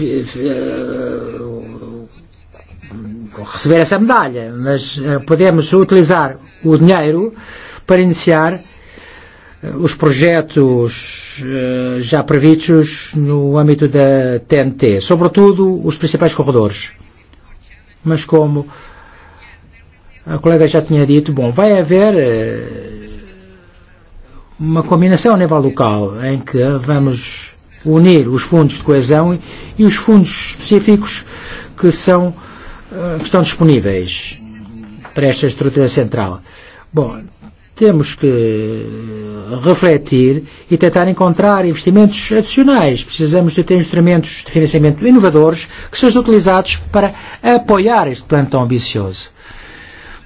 uh, uh, receber essa medalha, mas eh, podemos utilizar o dinheiro para iniciar eh, os projetos já previstos no âmbito da TNT, sobretudo os principais corredores Mas, como a colega já tinha dito, bom, vai haver uma combinação nível local em que vamos unir os fundos de coesão e os fundos específicos que são que estão disponíveis para esta estrutura central. Bom, Temos que e, refletir e tentar encontrar investimentos adicionais. Precisamos de ter instrumentos de financiamento inovadores que sejam utilizados para apoiar este plano tão ambicioso.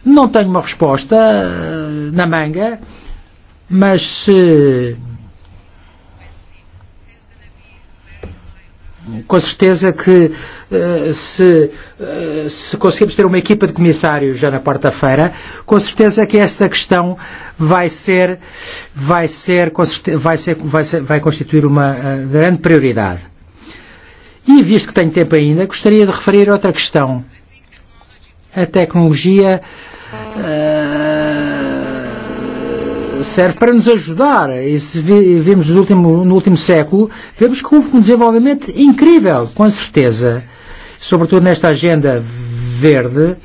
Não tenho uma resposta e, na manga, mas se com certeza que se, se conseguimos ter uma equipa de comissários já na quarta-feira, com certeza que esta questão vai ser, vai ser, vai ser, vai ser, vai constituir uma grande prioridade. E visto que tenho tempo ainda, gostaria de referir outra questão. A tecnologia uh, serve para nos ajudar. E se vimos no último, no último século, vemos que houve um desenvolvimento incrível, com certeza. Sobretudo nesta agenda verde,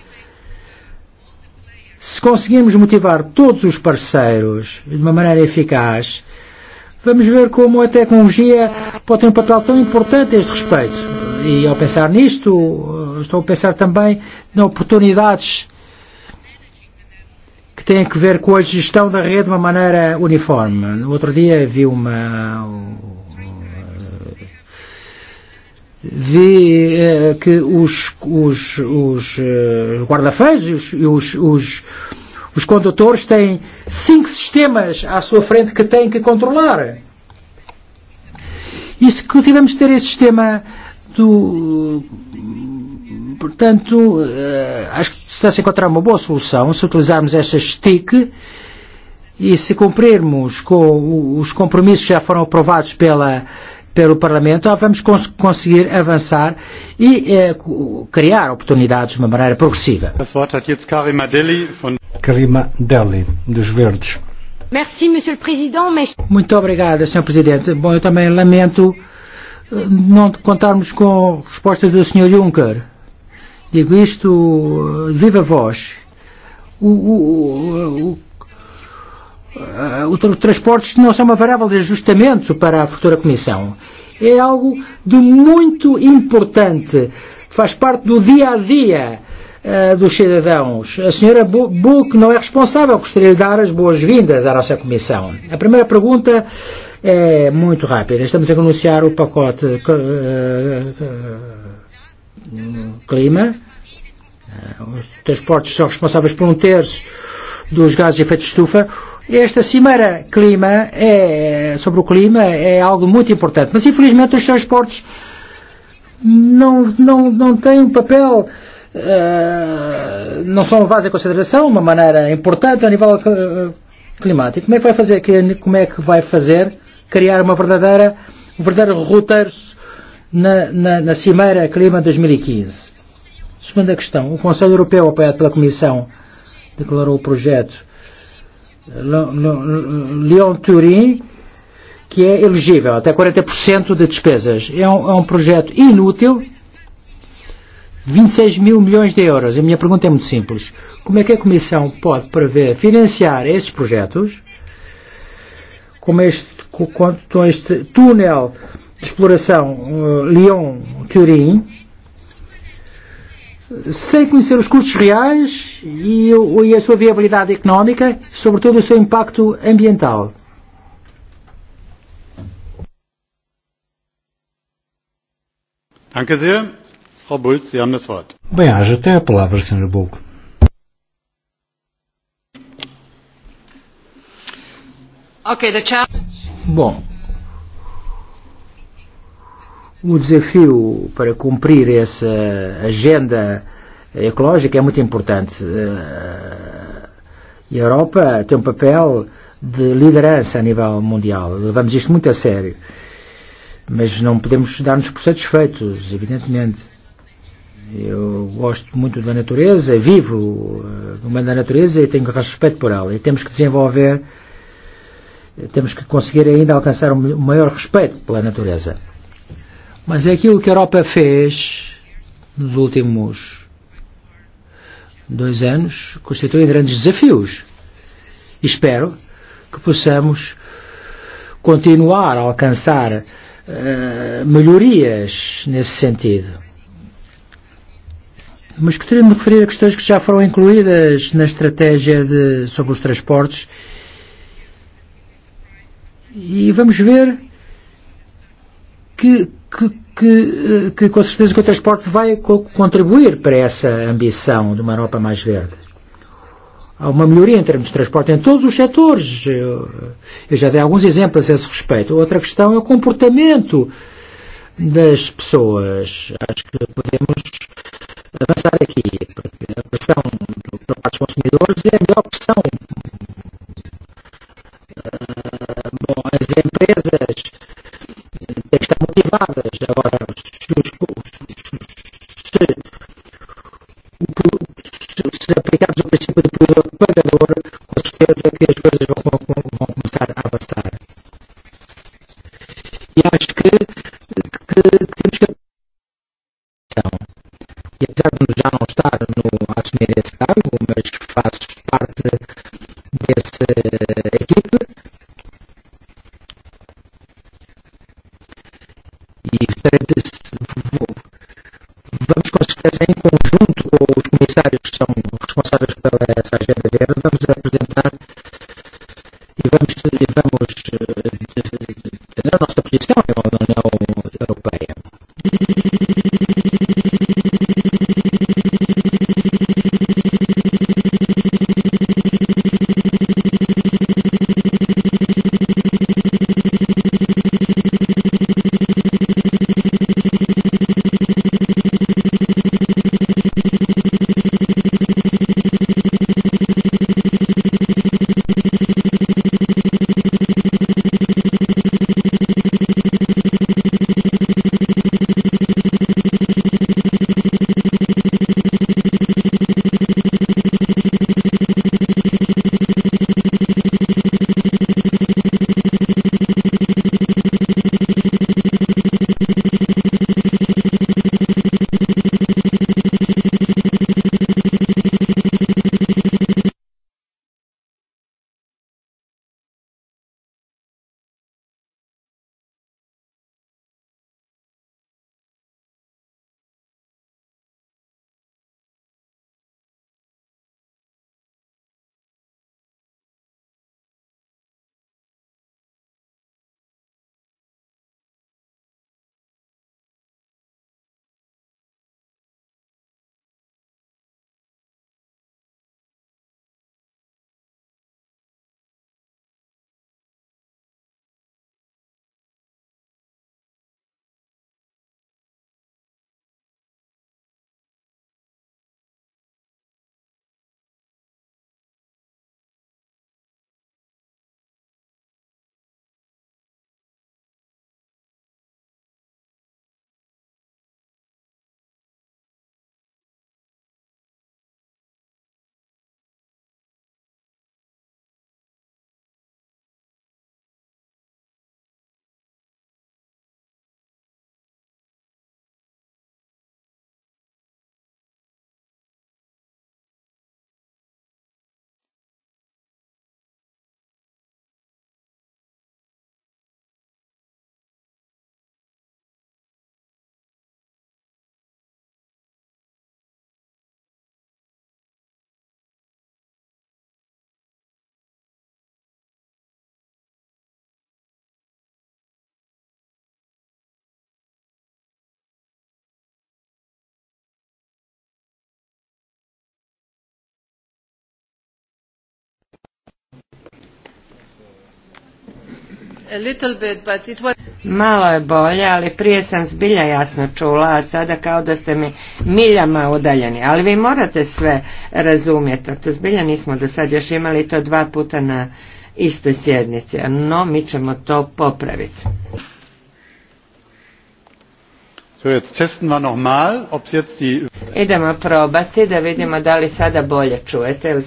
se conseguimos motivar todos os parceiros de uma maneira eficaz, vamos ver como a tecnologia pode ter um papel tão importante a este respeito. E ao pensar nisto, estou a pensar também nas oportunidades tem que ver com a gestão da rede de uma maneira uniforme. No outro dia vi uma. Uh, vi uh, que os, os, os uh, guarda-fãs e os, e os, os, os condutores têm cinco sistemas à sua frente que têm que controlar. E se tivemos ter esse sistema do Portanto, eh, acho que está se encontrar uma boa solução se utilizarmos estas TIC e se cumprirmos com os compromissos que já foram aprovados pela, pelo Parlamento, ah, vamos cons conseguir avançar e eh, criar oportunidades de uma maneira progressiva. Karima Deli, von... Karima Deli, dos Verdes. Merci, Monsieur le Président. Mas... Muito obrigada, Sr. Presidente. Bom, eu também lamento eh, não contarmos com a resposta do Sr. Juncker Digo isto de eh, viva voz. O, o, o, o, eh, transportes não são uma variável de ajustamento para a futura Comissão. É algo de muito importante. Faz parte do dia a dia eh, dos cidadãos. A senhora Buck não é responsável. Gostaria de dar as boas-vindas à nossa Comissão. A primeira pergunta é muito rápida. Estamos a anunciar o pacote clima, os transportes são responsáveis por um terço dos gases de efeito de estufa. Esta cimeira clima é, sobre o clima é algo muito importante, mas infelizmente os transportes não, não, não têm um papel uh, não são levados em consideração uma maneira importante a nível climático. Como é que vai fazer, como é que vai e fazer criar uma verdadeira, um verdadeiro roteiro na, na, na Cimeira Clima 2015. E Segunda questão. O Conselho Europeu, apoiado pela Comissão, declarou o projeto Lyon-Turin que é elegível, até 40% de despesas. É um, é um projeto inútil, 26 e mil milhões de euros. A minha pergunta é muito simples. Como é que a Comissão pode prever financiar estes projetos, como este, com este túnel exploração uh, eh, Lyon-Turim, sem conhecer os custos reais e, e a sua viabilidade económica, sobretudo o seu impacto ambiental. Danke sehr. Frau Bult, Sie haben das Wort. Bem, haja até a palavra, Sr. Bulc. Ok, the challenge. Bom, o desafio para cumprir e essa agenda ecológica é e muito importante. A Europa tem um papel de liderança e a nível mundial. Levamos isto muito a sério. Mas não podemos dar-nos por satisfeitos, evidentemente. Eu gosto muito da natureza, vivo no meio da natureza e tenho respeito por ela. E temos que desenvolver, temos que conseguir ainda alcançar um maior respeito pela natureza. Mas é aquilo que a Europa fez nos últimos dois anos constitui grandes desafios. E espero que possamos continuar a alcançar uh, melhorias nesse sentido. Mas gostaria de me referir a questões que já foram incluídas na estratégia de, sobre os transportes. E vamos ver que, que, que, que com certeza que o transporte vai contribuir para essa ambição de uma Europa mais verde. Há uma melhoria em termos de transporte em todos os setores. Eu, eu já dei alguns exemplos a esse respeito. Outra questão é o comportamento das pessoas. Acho que podemos avançar aqui, porque a pressão do, dos consumidores é a melhor opção. Ah, bom, as empresas está motivadas. Agora, se, se, se, aplicarmos o princípio do pagador, com certeza que as coisas vão, vão, vão começar a avançar. E acho da no ens representarà i vam, Malo je bolje, ali prije sam zbilja jasno čula, a sada kao da ste mi miljama udaljeni. Ali vi morate sve razumjeti, to zbilja nismo do sad još imali to dva puta na istoj sjednici, no mi ćemo to popraviti. Idemo probati da vidimo da li sada bolje čujete.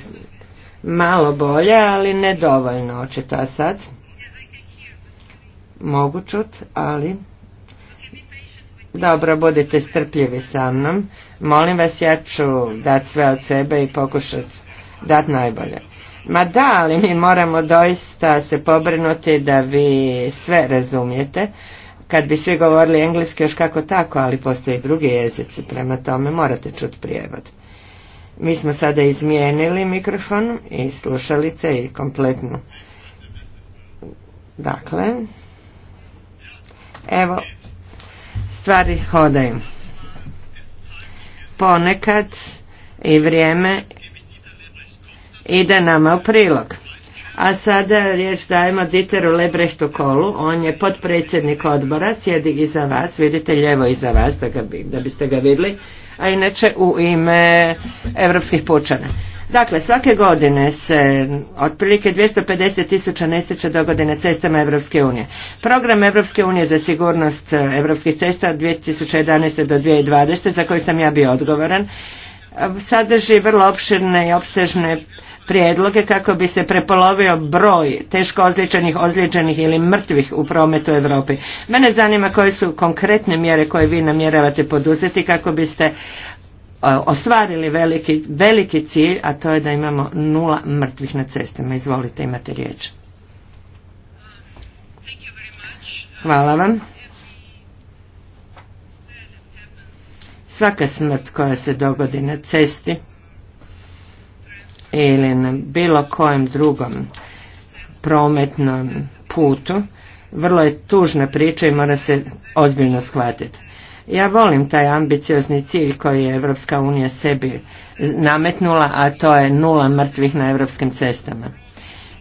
Malo bolje, ali nedovoljno očito. sad? Mogu čut, ali... Dobro, budite strpljivi sa mnom. Molim vas, ja ću dat sve od sebe i pokušat dat najbolje. Ma da, ali mi moramo doista se pobrinuti da vi sve razumijete. Kad bi svi govorili engleski još kako tako, ali postoje i drugi jezici, prema tome morate čut prijevod. Mi smo sada izmijenili mikrofon i slušalice i kompletnu. Dakle, Evo, stvari hodaju. Ponekad i vrijeme ide nama u prilog. A sada riječ dajemo Diteru Lebrehtu Kolu, on je potpredsjednik odbora, sjedi iza vas, vidite lijevo iza vas da, ga, da biste ga vidjeli, a inače u ime Europskih pučana. Dakle, svake godine se otprilike 250 tisuća nesreća dogode na cestama Evropske unije. Program Evropske unije za sigurnost eh, evropskih cesta od 2011. do 2020. za koji sam ja bio odgovoran sadrži vrlo opširne i opsežne prijedloge kako bi se prepolovio broj teško ozlijeđenih, ozlijeđenih ili mrtvih u prometu Europi. Mene zanima koje su konkretne mjere koje vi namjeravate poduzeti kako biste ostvarili veliki, veliki cilj, a to je da imamo nula mrtvih na cestama. Izvolite, imate riječ. Hvala vam. Svaka smrt koja se dogodi na cesti ili na bilo kojem drugom prometnom putu, vrlo je tužna priča i mora se ozbiljno shvatiti. Ja volim taj ambiciozni cilj koji je Evropska unija sebi nametnula, a to je nula mrtvih na europskim cestama.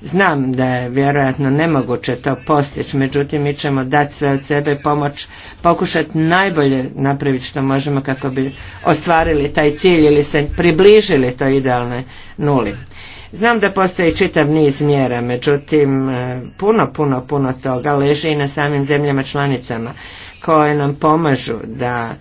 Znam da je vjerojatno nemoguće to postići, međutim mi ćemo dati sve od sebe pomoć, pokušati najbolje napraviti što možemo kako bi ostvarili taj cilj ili se približili toj idealnoj nuli. Znam da postoji čitav niz mjera, međutim e, puno, puno, puno toga leži i na samim zemljama članicama koje nam pomažu da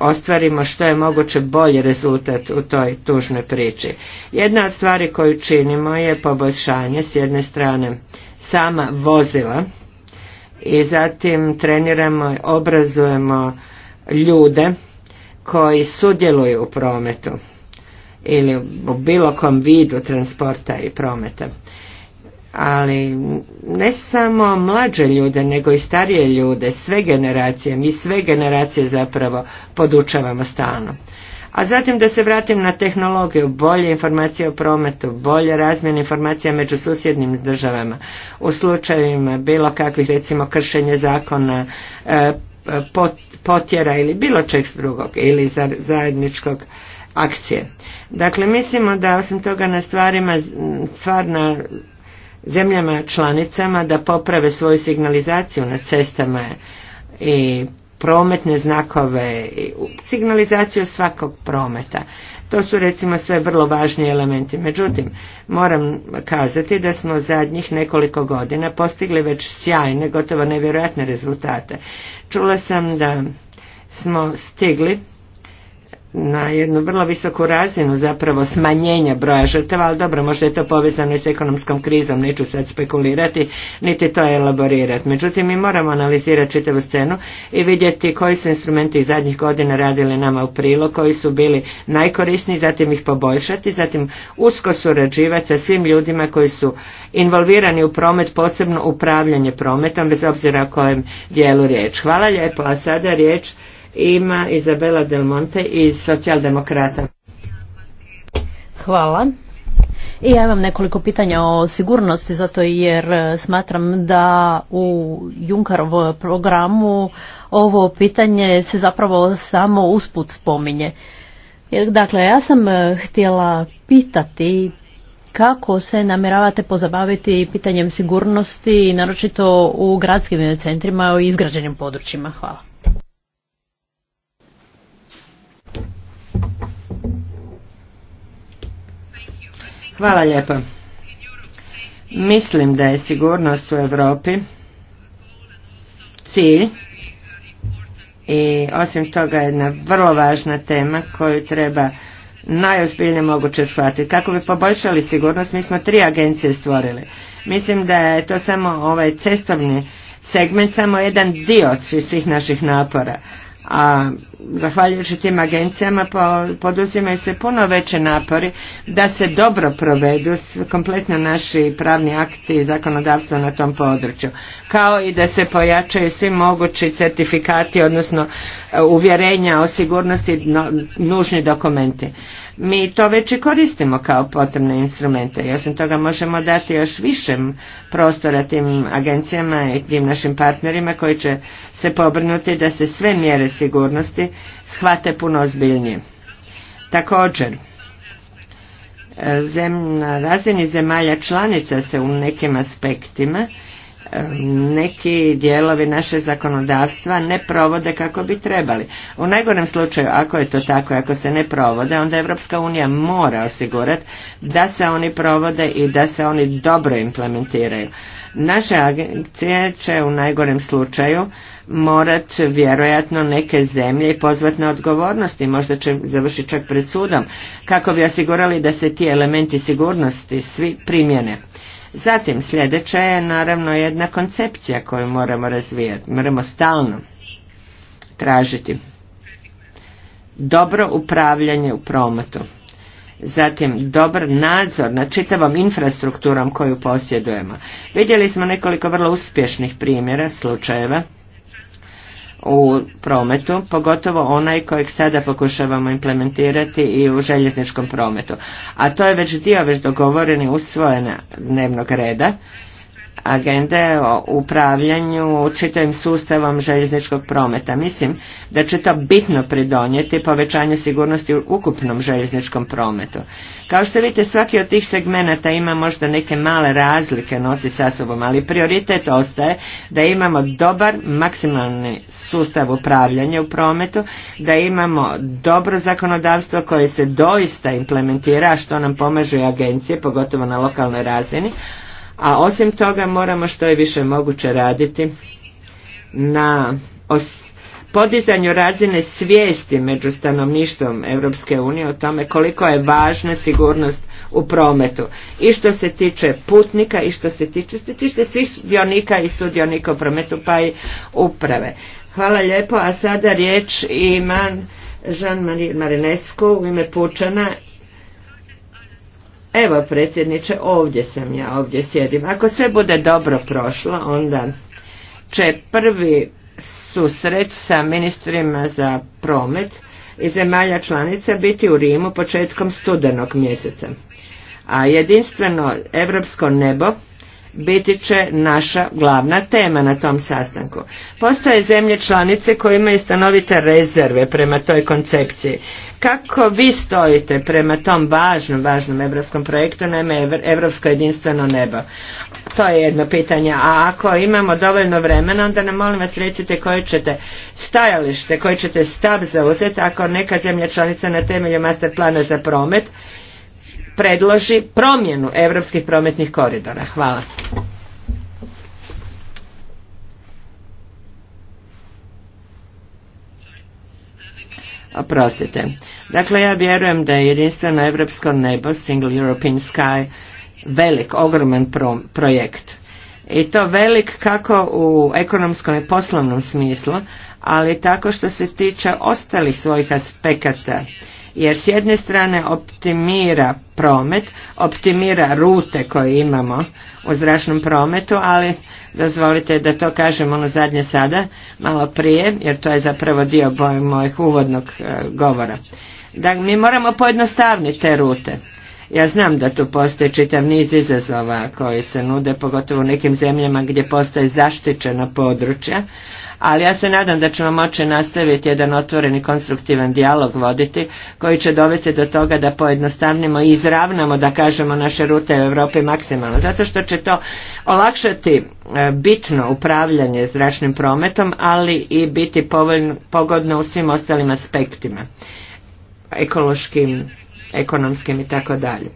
ostvarimo što je moguće bolji rezultat u toj tužnoj priči. Jedna od stvari koju činimo je poboljšanje s jedne strane sama vozila i zatim treniramo i obrazujemo ljude koji sudjeluju u prometu ili u bilo kom vidu transporta i prometa ali ne samo mlađe ljude, nego i starije ljude, sve generacije, mi sve generacije zapravo podučavamo stalno. A zatim da se vratim na tehnologiju, bolje informacije o prometu, bolje razmjene informacija među susjednim državama, u slučajevima bilo kakvih recimo kršenje zakona, e, potjera ili bilo čeg drugog ili zajedničkog akcije. Dakle, mislimo da osim toga na stvarima, stvar zemljama članicama da poprave svoju signalizaciju na cestama i prometne znakove i signalizaciju svakog prometa. To su recimo sve vrlo važni elementi. Međutim, moram kazati da smo zadnjih nekoliko godina postigli već sjajne, gotovo nevjerojatne rezultate. Čula sam da smo stigli na jednu vrlo visoku razinu zapravo smanjenja broja žrtava, ali dobro, možda je to povezano i s ekonomskom krizom, neću sad spekulirati, niti to elaborirati. Međutim, mi moramo analizirati čitavu scenu i vidjeti koji su instrumenti zadnjih godina radili nama u prilog, koji su bili najkorisniji, zatim ih poboljšati, zatim usko surađivati sa svim ljudima koji su involvirani u promet, posebno upravljanje prometom, bez obzira o kojem dijelu riječ. Hvala lijepo, a sada riječ ima Izabela Del Monte iz socijaldemokrata. Hvala. I ja imam nekoliko pitanja o sigurnosti, zato jer e, smatram da u Junkarov programu ovo pitanje se zapravo samo usput spominje. E, dakle, ja sam e, htjela pitati kako se namjeravate pozabaviti pitanjem sigurnosti, naročito u gradskim centrima i izgrađenim područjima. Hvala. Hvala lijepo. Mislim da je sigurnost u Europi cilj i osim toga jedna vrlo važna tema koju treba najozbiljnije moguće shvatiti. Kako bi poboljšali sigurnost, mi smo tri agencije stvorili. Mislim da je to samo ovaj cestovni segment, samo jedan dio svih naših napora a zahvaljujući tim agencijama poduzimaju se puno veće napori da se dobro provedu kompletno naši pravni akti i zakonodavstvo na tom području kao i da se pojačaju svi mogući certifikati odnosno e, uvjerenja o sigurnosti nužni dokumenti mi to već i koristimo kao potrebne instrumente. I osim toga možemo dati još više prostora tim agencijama i tim našim partnerima koji će se pobrnuti da se sve mjere sigurnosti shvate puno ozbiljnije. Također, e, na razini zemalja članica se u nekim aspektima neki dijelovi naše zakonodavstva ne provode kako bi trebali. U najgorem slučaju, ako je to tako, ako se ne provode, onda Evropska unija mora osigurati da se oni provode i da se oni dobro implementiraju. Naše agencije će u najgorem slučaju morat vjerojatno neke zemlje i pozvat na odgovornost i možda će završiti čak pred sudom kako bi osigurali da se ti elementi sigurnosti svi primjene. Zatim sljedeća je naravno jedna koncepcija koju moramo razvijati, moramo stalno tražiti. Dobro upravljanje u prometu, zatim dobar nadzor nad čitavom infrastrukturom koju posjedujemo. Vidjeli smo nekoliko vrlo uspješnih primjera, slučajeva u prometu, pogotovo onaj kojeg sada pokušavamo implementirati i u željezničkom prometu. A to je već dio već dogovoren i dnevnog reda agende o upravljanju čitavim sustavom željezničkog prometa. Mislim da će to bitno pridonijeti povećanju sigurnosti u ukupnom željezničkom prometu. Kao što vidite, svaki od tih segmenata ima možda neke male razlike nosi sa sobom, ali prioritet ostaje da imamo dobar maksimalni sustav upravljanja u prometu, da imamo dobro zakonodavstvo koje se doista implementira, što nam pomažu i agencije, pogotovo na lokalnoj razini, a osim toga moramo što je više moguće raditi na podizanju razine svijesti među stanovništvom Europske unije o tome koliko je važna sigurnost u prometu i što se tiče putnika i što se tiče, tiče svih sudionika i sudionika u prometu pa i uprave. Hvala lijepo, a sada riječ ima Jean-Marie Marinescu u ime Pučana Evo predsjedniče, ovdje sam ja, ovdje sjedim. Ako sve bude dobro prošlo, onda će prvi susret sa ministrima za promet i zemalja članica biti u Rimu početkom studenog mjeseca. A jedinstveno evropsko nebo biti će naša glavna tema na tom sastanku. Postoje zemlje članice koje imaju stanovite rezerve prema toj koncepciji. Kako vi stojite prema tom važnom, važnom evropskom projektu, naime Evropsko jedinstveno nebo? To je jedno pitanje. A ako imamo dovoljno vremena, onda nam molim vas recite koje ćete stajalište, koji ćete stav zauzeti ako neka zemlja članica na temelju master plana za promet predloži promjenu evropskih prometnih koridora. Hvala. Oprostite. Dakle, ja vjerujem da je jedinstveno evropsko nebo, Single European Sky, velik, ogroman projekt. I to velik kako u ekonomskom i poslovnom smislu, ali tako što se tiče ostalih svojih aspekata jer s jedne strane optimira promet, optimira rute koje imamo u zračnom prometu, ali dozvolite da to kažem ono zadnje sada, malo prije, jer to je zapravo dio mojeg uvodnog e, govora. Da mi moramo pojednostavniti te rute. Ja znam da tu postoji čitav niz izazova koji se nude, pogotovo u nekim zemljama gdje postoje zaštićena područja, ali ja se nadam da ćemo moći nastaviti jedan otvoreni konstruktivan dijalog voditi koji će dovesti do toga da pojednostavnimo i izravnamo da kažemo naše rute u Europi maksimalno. Zato što će to olakšati e, bitno upravljanje zračnim prometom, ali i biti povoljno, pogodno u svim ostalim aspektima ekološkim, ekonomskim i tako dalje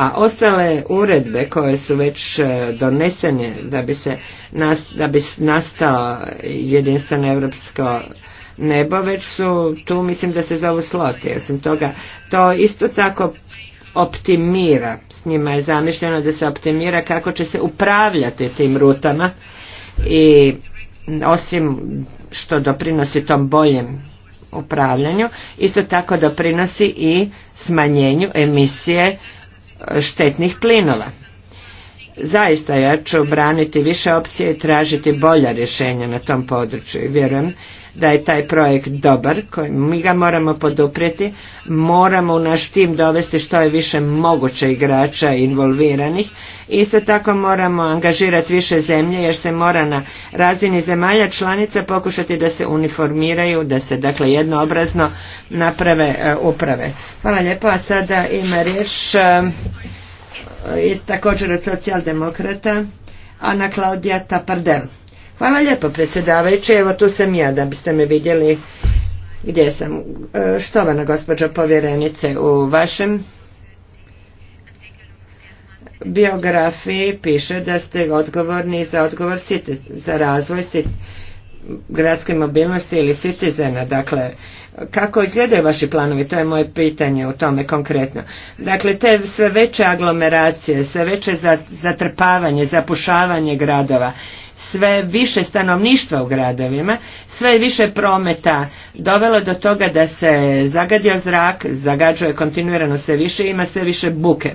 a ostale uredbe koje su već e, donesene da bi, se da bi nastao jedinstveno europsko nebo, već su tu mislim da se zovu sloti. Osim toga, to isto tako optimira, s njima je zamišljeno da se optimira kako će se upravljati tim rutama i osim što doprinosi tom boljem upravljanju, isto tako doprinosi i smanjenju emisije štetnih plinova. Zaista ja ću braniti više opcije i tražiti bolja rješenja na tom području i vjerujem da je taj projekt dobar, mi ga moramo poduprijeti, moramo u naš tim dovesti što je više moguće igrača involviranih. Isto tako moramo angažirati više zemlje jer se mora na razini zemalja članica pokušati da se uniformiraju, da se dakle jednoobrazno naprave e, uprave. Hvala lijepo, a sada ima riječ e, također od socijaldemokrata Ana Klaudija Tapardel. Hvala lijepo predsjedavajući, evo tu sam ja da biste me vidjeli gdje sam. E, štovana gospođo povjerenice, u vašem biografiji piše da ste odgovorni za odgovor za razvoj gradske mobilnosti ili citizena, dakle kako izgledaju vaši planovi, to je moje pitanje u tome konkretno. Dakle, te sve veće aglomeracije, sve veće zatrpavanje, zapušavanje gradova sve više stanovništva u gradovima, sve više prometa dovelo do toga da se zagadio zrak, zagađuje kontinuirano sve više i ima sve više buke.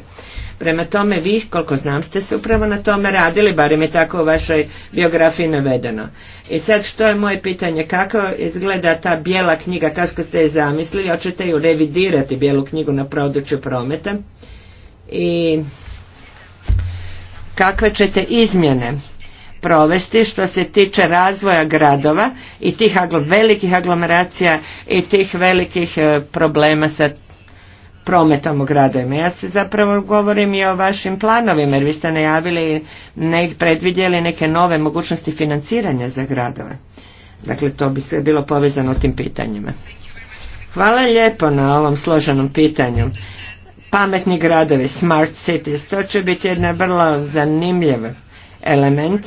Prema tome vi, koliko znam, ste se upravo na tome radili, barem je tako u vašoj biografiji navedeno. I sad što je moje pitanje, kako izgleda ta bijela knjiga, kako ste je zamislili, hoćete ju revidirati, bijelu knjigu na području prometa i kakve ćete izmjene provesti što se tiče razvoja gradova i tih velikih aglomeracija i tih velikih e, problema sa prometom u gradovima. Ja se zapravo govorim i o vašim planovima jer vi ste najavili, ne, predvidjeli neke nove mogućnosti financiranja za gradove. Dakle, to bi sve bilo povezano tim pitanjima. Hvala lijepo na ovom složenom pitanju. Pametni gradovi, smart cities, to će biti jedna vrlo zanimljiva element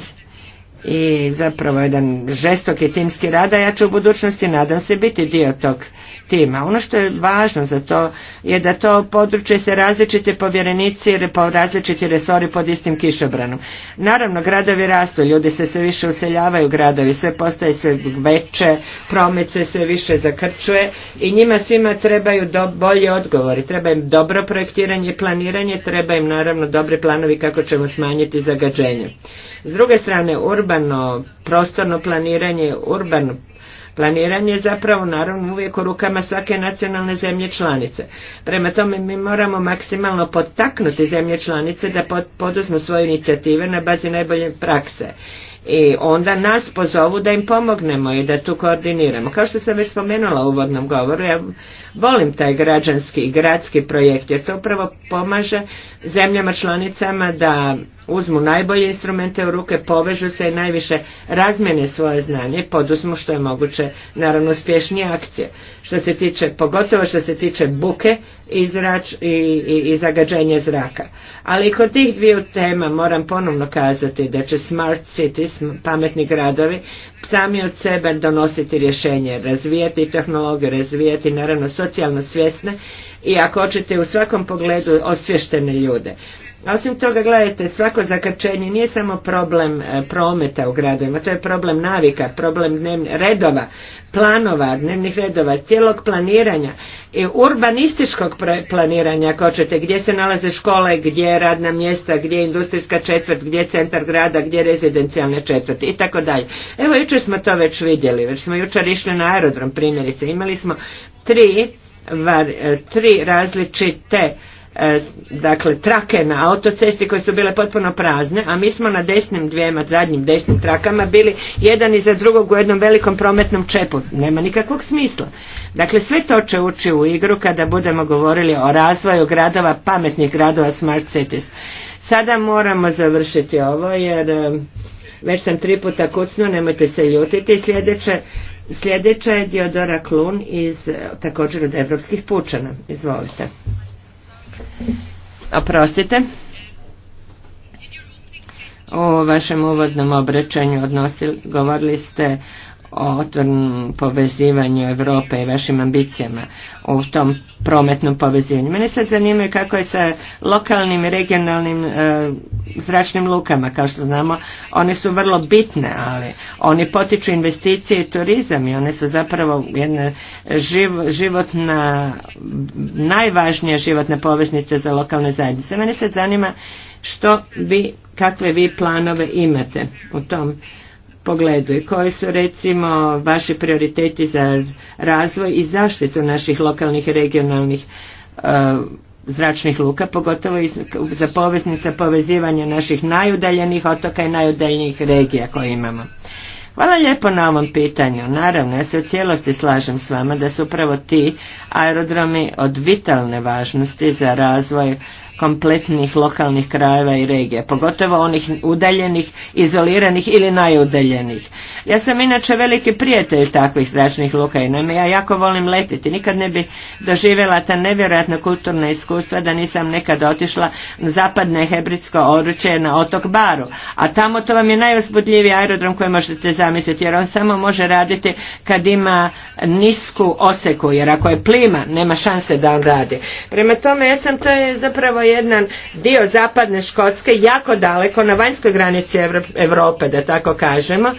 i zapravo jedan žestoki timski rad, a ja ću u budućnosti nadam se biti dio tog tima. Ono što je važno za to je da to područje se različite povjerenici po različiti resori pod istim kišobranom. Naravno, gradovi rastu, ljudi se sve više useljavaju gradovi, sve postaje sve veće, promet se sve više zakrčuje i njima svima trebaju do, bolji odgovori. Treba im dobro projektiranje i planiranje, treba im naravno dobri planovi kako ćemo smanjiti zagađenje. S druge strane, urbano prostorno planiranje, urbano Planiranje je zapravo naravno uvijek u rukama svake nacionalne zemlje članice. Prema tome mi moramo maksimalno potaknuti zemlje članice da poduzmu svoje inicijative na bazi najbolje prakse i onda nas pozovu da im pomognemo i da tu koordiniramo. Kao što sam već spomenula u uvodnom govoru, ja Volim taj građanski i gradski projekt jer to upravo pomaže zemljama članicama da uzmu najbolje instrumente u ruke, povežu se i najviše razmjene svoje znanje, poduzmu što je moguće naravno uspješnije akcije. Što se tiče, pogotovo što se tiče buke i, i, i, zagađenja zraka. Ali i kod tih dviju tema moram ponovno kazati da će smart cities, pametni gradovi, sami od sebe donositi rješenje, razvijati tehnologiju, razvijati naravno socijalno svjesne i ako hoćete u svakom pogledu osvještene ljude. Osim toga, gledajte, svako zakačenje nije samo problem e, prometa u gradovima, to je problem navika, problem dnevnih redova, planova, dnevnih redova, cijelog planiranja i urbanističkog planiranja, ako hoćete, gdje se nalaze škole, gdje radna mjesta, gdje je industrijska četvrt, gdje je centar grada, gdje je rezidencijalne četvrt i tako dalje. Evo, jučer smo to već vidjeli, već smo jučer išli na aerodrom, primjerice, imali smo tri, var, e, tri različite e, dakle trake na autocesti koje su bile potpuno prazne, a mi smo na desnim dvijema, zadnjim desnim trakama bili jedan iza drugog u jednom velikom prometnom čepu. Nema nikakvog smisla. Dakle, sve to će ući u igru kada budemo govorili o razvoju gradova, pametnih gradova, smart cities. Sada moramo završiti ovo jer e, već sam tri puta kucnu, nemojte se ljutiti. Sljedeće Sljedeća je Diodora Klun iz također od Evropskih pučana. Izvolite. Oprostite. O vašem uvodnom obraćanju odnosili, govorili ste o tom povezivanju Europe i vašim ambicijama u tom prometnom povezivanju. Mene sad zanimaju kako je sa lokalnim i regionalnim e, zračnim lukama, kao što znamo, one su vrlo bitne, ali oni potiču investicije i turizam i one su zapravo jedna životna, najvažnija životna poveznica za lokalne zajednice. Mene sad zanima što vi, kakve vi planove imate u tom pogledu i koji su recimo vaši prioriteti za razvoj i zaštitu naših lokalnih i regionalnih e, zračnih luka, pogotovo za poveznica povezivanja naših najudaljenih otoka i najudaljenih regija koje imamo. Hvala lijepo na ovom pitanju. Naravno, ja se u cijelosti slažem s vama da su upravo ti aerodromi od vitalne važnosti za razvoj kompletnih lokalnih krajeva i regija, pogotovo onih udaljenih, izoliranih ili najudaljenih. Ja sam inače veliki prijatelj takvih zračnih luka i naime ja jako volim letiti. Nikad ne bi doživjela ta nevjerojatna kulturna iskustva da nisam nekad otišla na zapadne hebridsko oručje na otok Baru. A tamo to vam je najuzbudljiviji aerodrom koji možete zamisliti jer on samo može raditi kad ima nisku oseku jer ako je plima nema šanse da on radi. Prema tome ja sam to je zapravo jedan dio zapadne Škotske jako daleko na vanjskoj granici Europe da tako kažemo,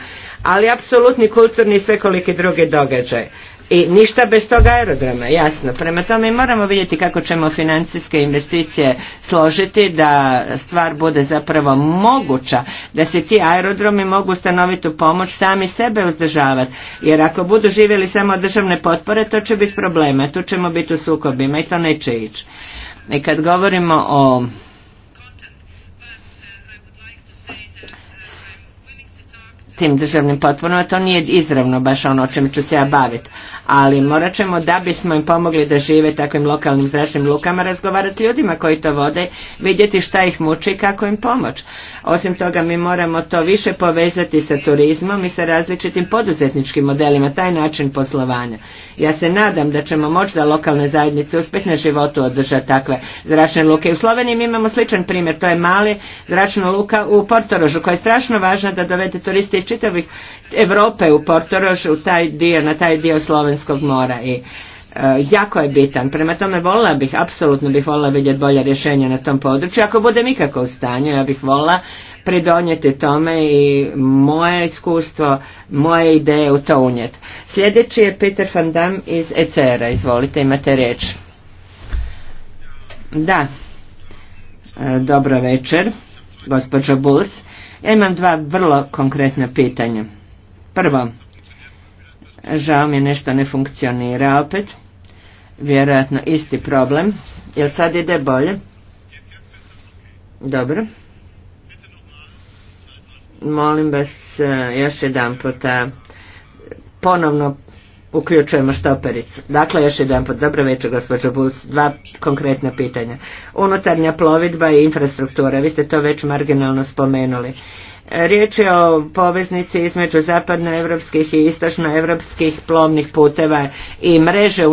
ali apsolutni kulturni i svekoliki drugi događaj. I ništa bez toga aerodroma, jasno. Prema tome moramo vidjeti kako ćemo financijske investicije složiti da stvar bude zapravo moguća, da se ti aerodromi mogu stanovitu pomoć sami sebe uzdržavati. Jer ako budu živjeli samo državne potpore, to će biti problema, tu ćemo biti u sukobima i to neće ići. I kad govorimo o tim državnim potporama, to nije izravno baš ono o čem ću se ja baviti. Ali morat ćemo da bismo im pomogli da žive takvim lokalnim zračnim lukama, razgovarati s ljudima koji to vode, vidjeti šta ih muči i kako im pomoć. Osim toga mi moramo to više povezati sa turizmom i sa različitim poduzetničkim modelima, taj način poslovanja. Ja se nadam da ćemo moći da lokalne zajednice uspjeh životu održati takve zračne luke. U Sloveniji mi imamo sličan primjer, to je mali zračna luka u Portorožu koja je strašno važna da dovede turiste iz čitavih Europe u u taj dio, na taj dio Slovenskog mora i e, jako je bitan. Prema tome volila bih, apsolutno bih volila vidjeti bolje rješenje na tom području. Ako bude ikako u stanju, ja bih volila pridonijeti tome i moje iskustvo, moje ideje u to unijeti. Sljedeći je Peter van Dam iz ECR-a. Izvolite, imate riječ. Da, e, dobro večer, gospođo Bulc. Ja imam dva vrlo konkretna pitanja. Prvo, žao mi je nešto ne funkcionira opet, vjerojatno isti problem, jel sad ide bolje? Dobro. Molim vas eh, još jedan puta ponovno uključujemo štopericu. Dakle, još jedan pot. dobro večer gospođo Bulc, dva konkretna pitanja. Unutarnja plovidba i infrastruktura, vi ste to već marginalno spomenuli. Riječ je o poveznici između zapadnoevropskih i istočnoevropskih plovnih puteva i mreže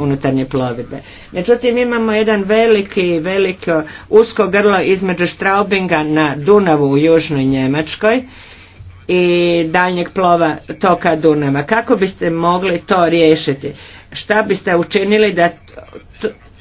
unutarnje plovidbe. Međutim, imamo jedan veliki, veliko usko grlo između Straubinga na Dunavu u Južnoj Njemačkoj i daljnjeg plova toka Dunama. Kako biste mogli to riješiti? Šta biste učinili da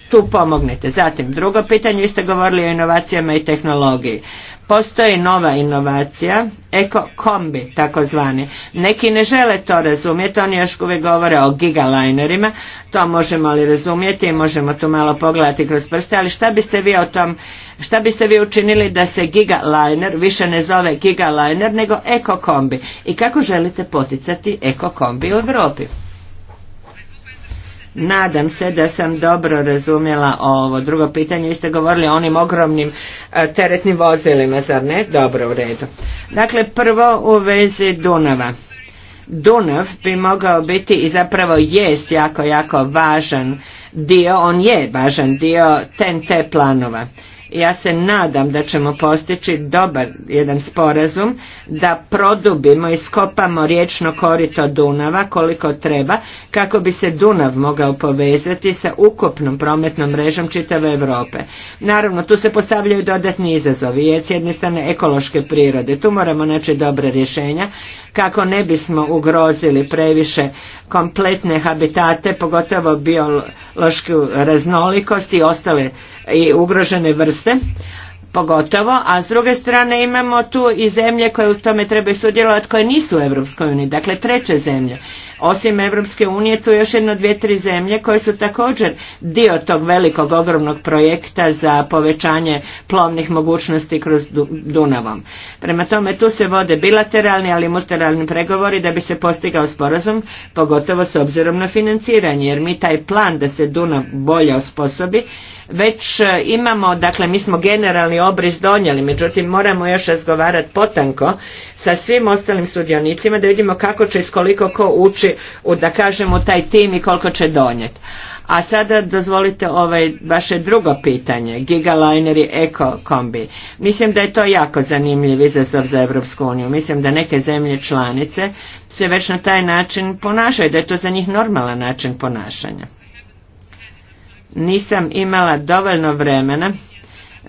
tu pomognete? Zatim, drugo pitanje, vi ste govorili o inovacijama i tehnologiji. Postoji nova inovacija, eko kombi takozvani. Neki ne žele to razumjeti, oni još uvijek govore o gigalinerima, to možemo li razumjeti i možemo tu malo pogledati kroz prste, ali šta biste vi o tom, šta biste vi učinili da se gigalajner više ne zove gigalajner nego eko kombi i kako želite poticati eko kombi u Europi? Nadam se da sam dobro razumjela ovo drugo pitanje. Vi ste govorili o onim ogromnim e, teretnim vozilima, zar ne? Dobro, u redu. Dakle, prvo u vezi Dunava. Dunav bi mogao biti i zapravo jest jako, jako važan dio, on je važan dio TNT planova ja se nadam da ćemo postići dobar jedan sporazum da produbimo i skopamo riječno korito Dunava koliko treba kako bi se Dunav mogao povezati sa ukupnom prometnom mrežom čitave Europe. Naravno, tu se postavljaju dodatni izazovi, je s jedne strane ekološke prirode. Tu moramo naći dobre rješenja kako ne bismo ugrozili previše kompletne habitate, pogotovo biološku raznolikost i ostale i ugrožene vrste pogotovo, a s druge strane imamo tu i zemlje koje u tome trebaju sudjelovati koje nisu u Europskoj uniji, dakle treće zemlje. Osim Evropske unije tu je još jedno dvije, tri zemlje koje su također dio tog velikog ogromnog projekta za povećanje plovnih mogućnosti kroz Dunavom. Prema tome tu se vode bilateralni ali i multilateralni pregovori da bi se postigao sporazum pogotovo s obzirom na financiranje jer mi taj plan da se Dunav bolje osposobi već e, imamo, dakle mi smo generalni obriz donijeli, međutim moramo još razgovarati potanko sa svim ostalim sudionicima da vidimo kako će i koliko ko uči u da kažemo taj tim i koliko će donijeti. A sada dozvolite ovaj vaše drugo pitanje, gigalineri i eko kombi. Mislim da je to jako zanimljiv izazov za Europsku uniju. Mislim da neke zemlje članice se već na taj način ponašaju, da je to za njih normalan način ponašanja. Nisam imala dovoljno vremena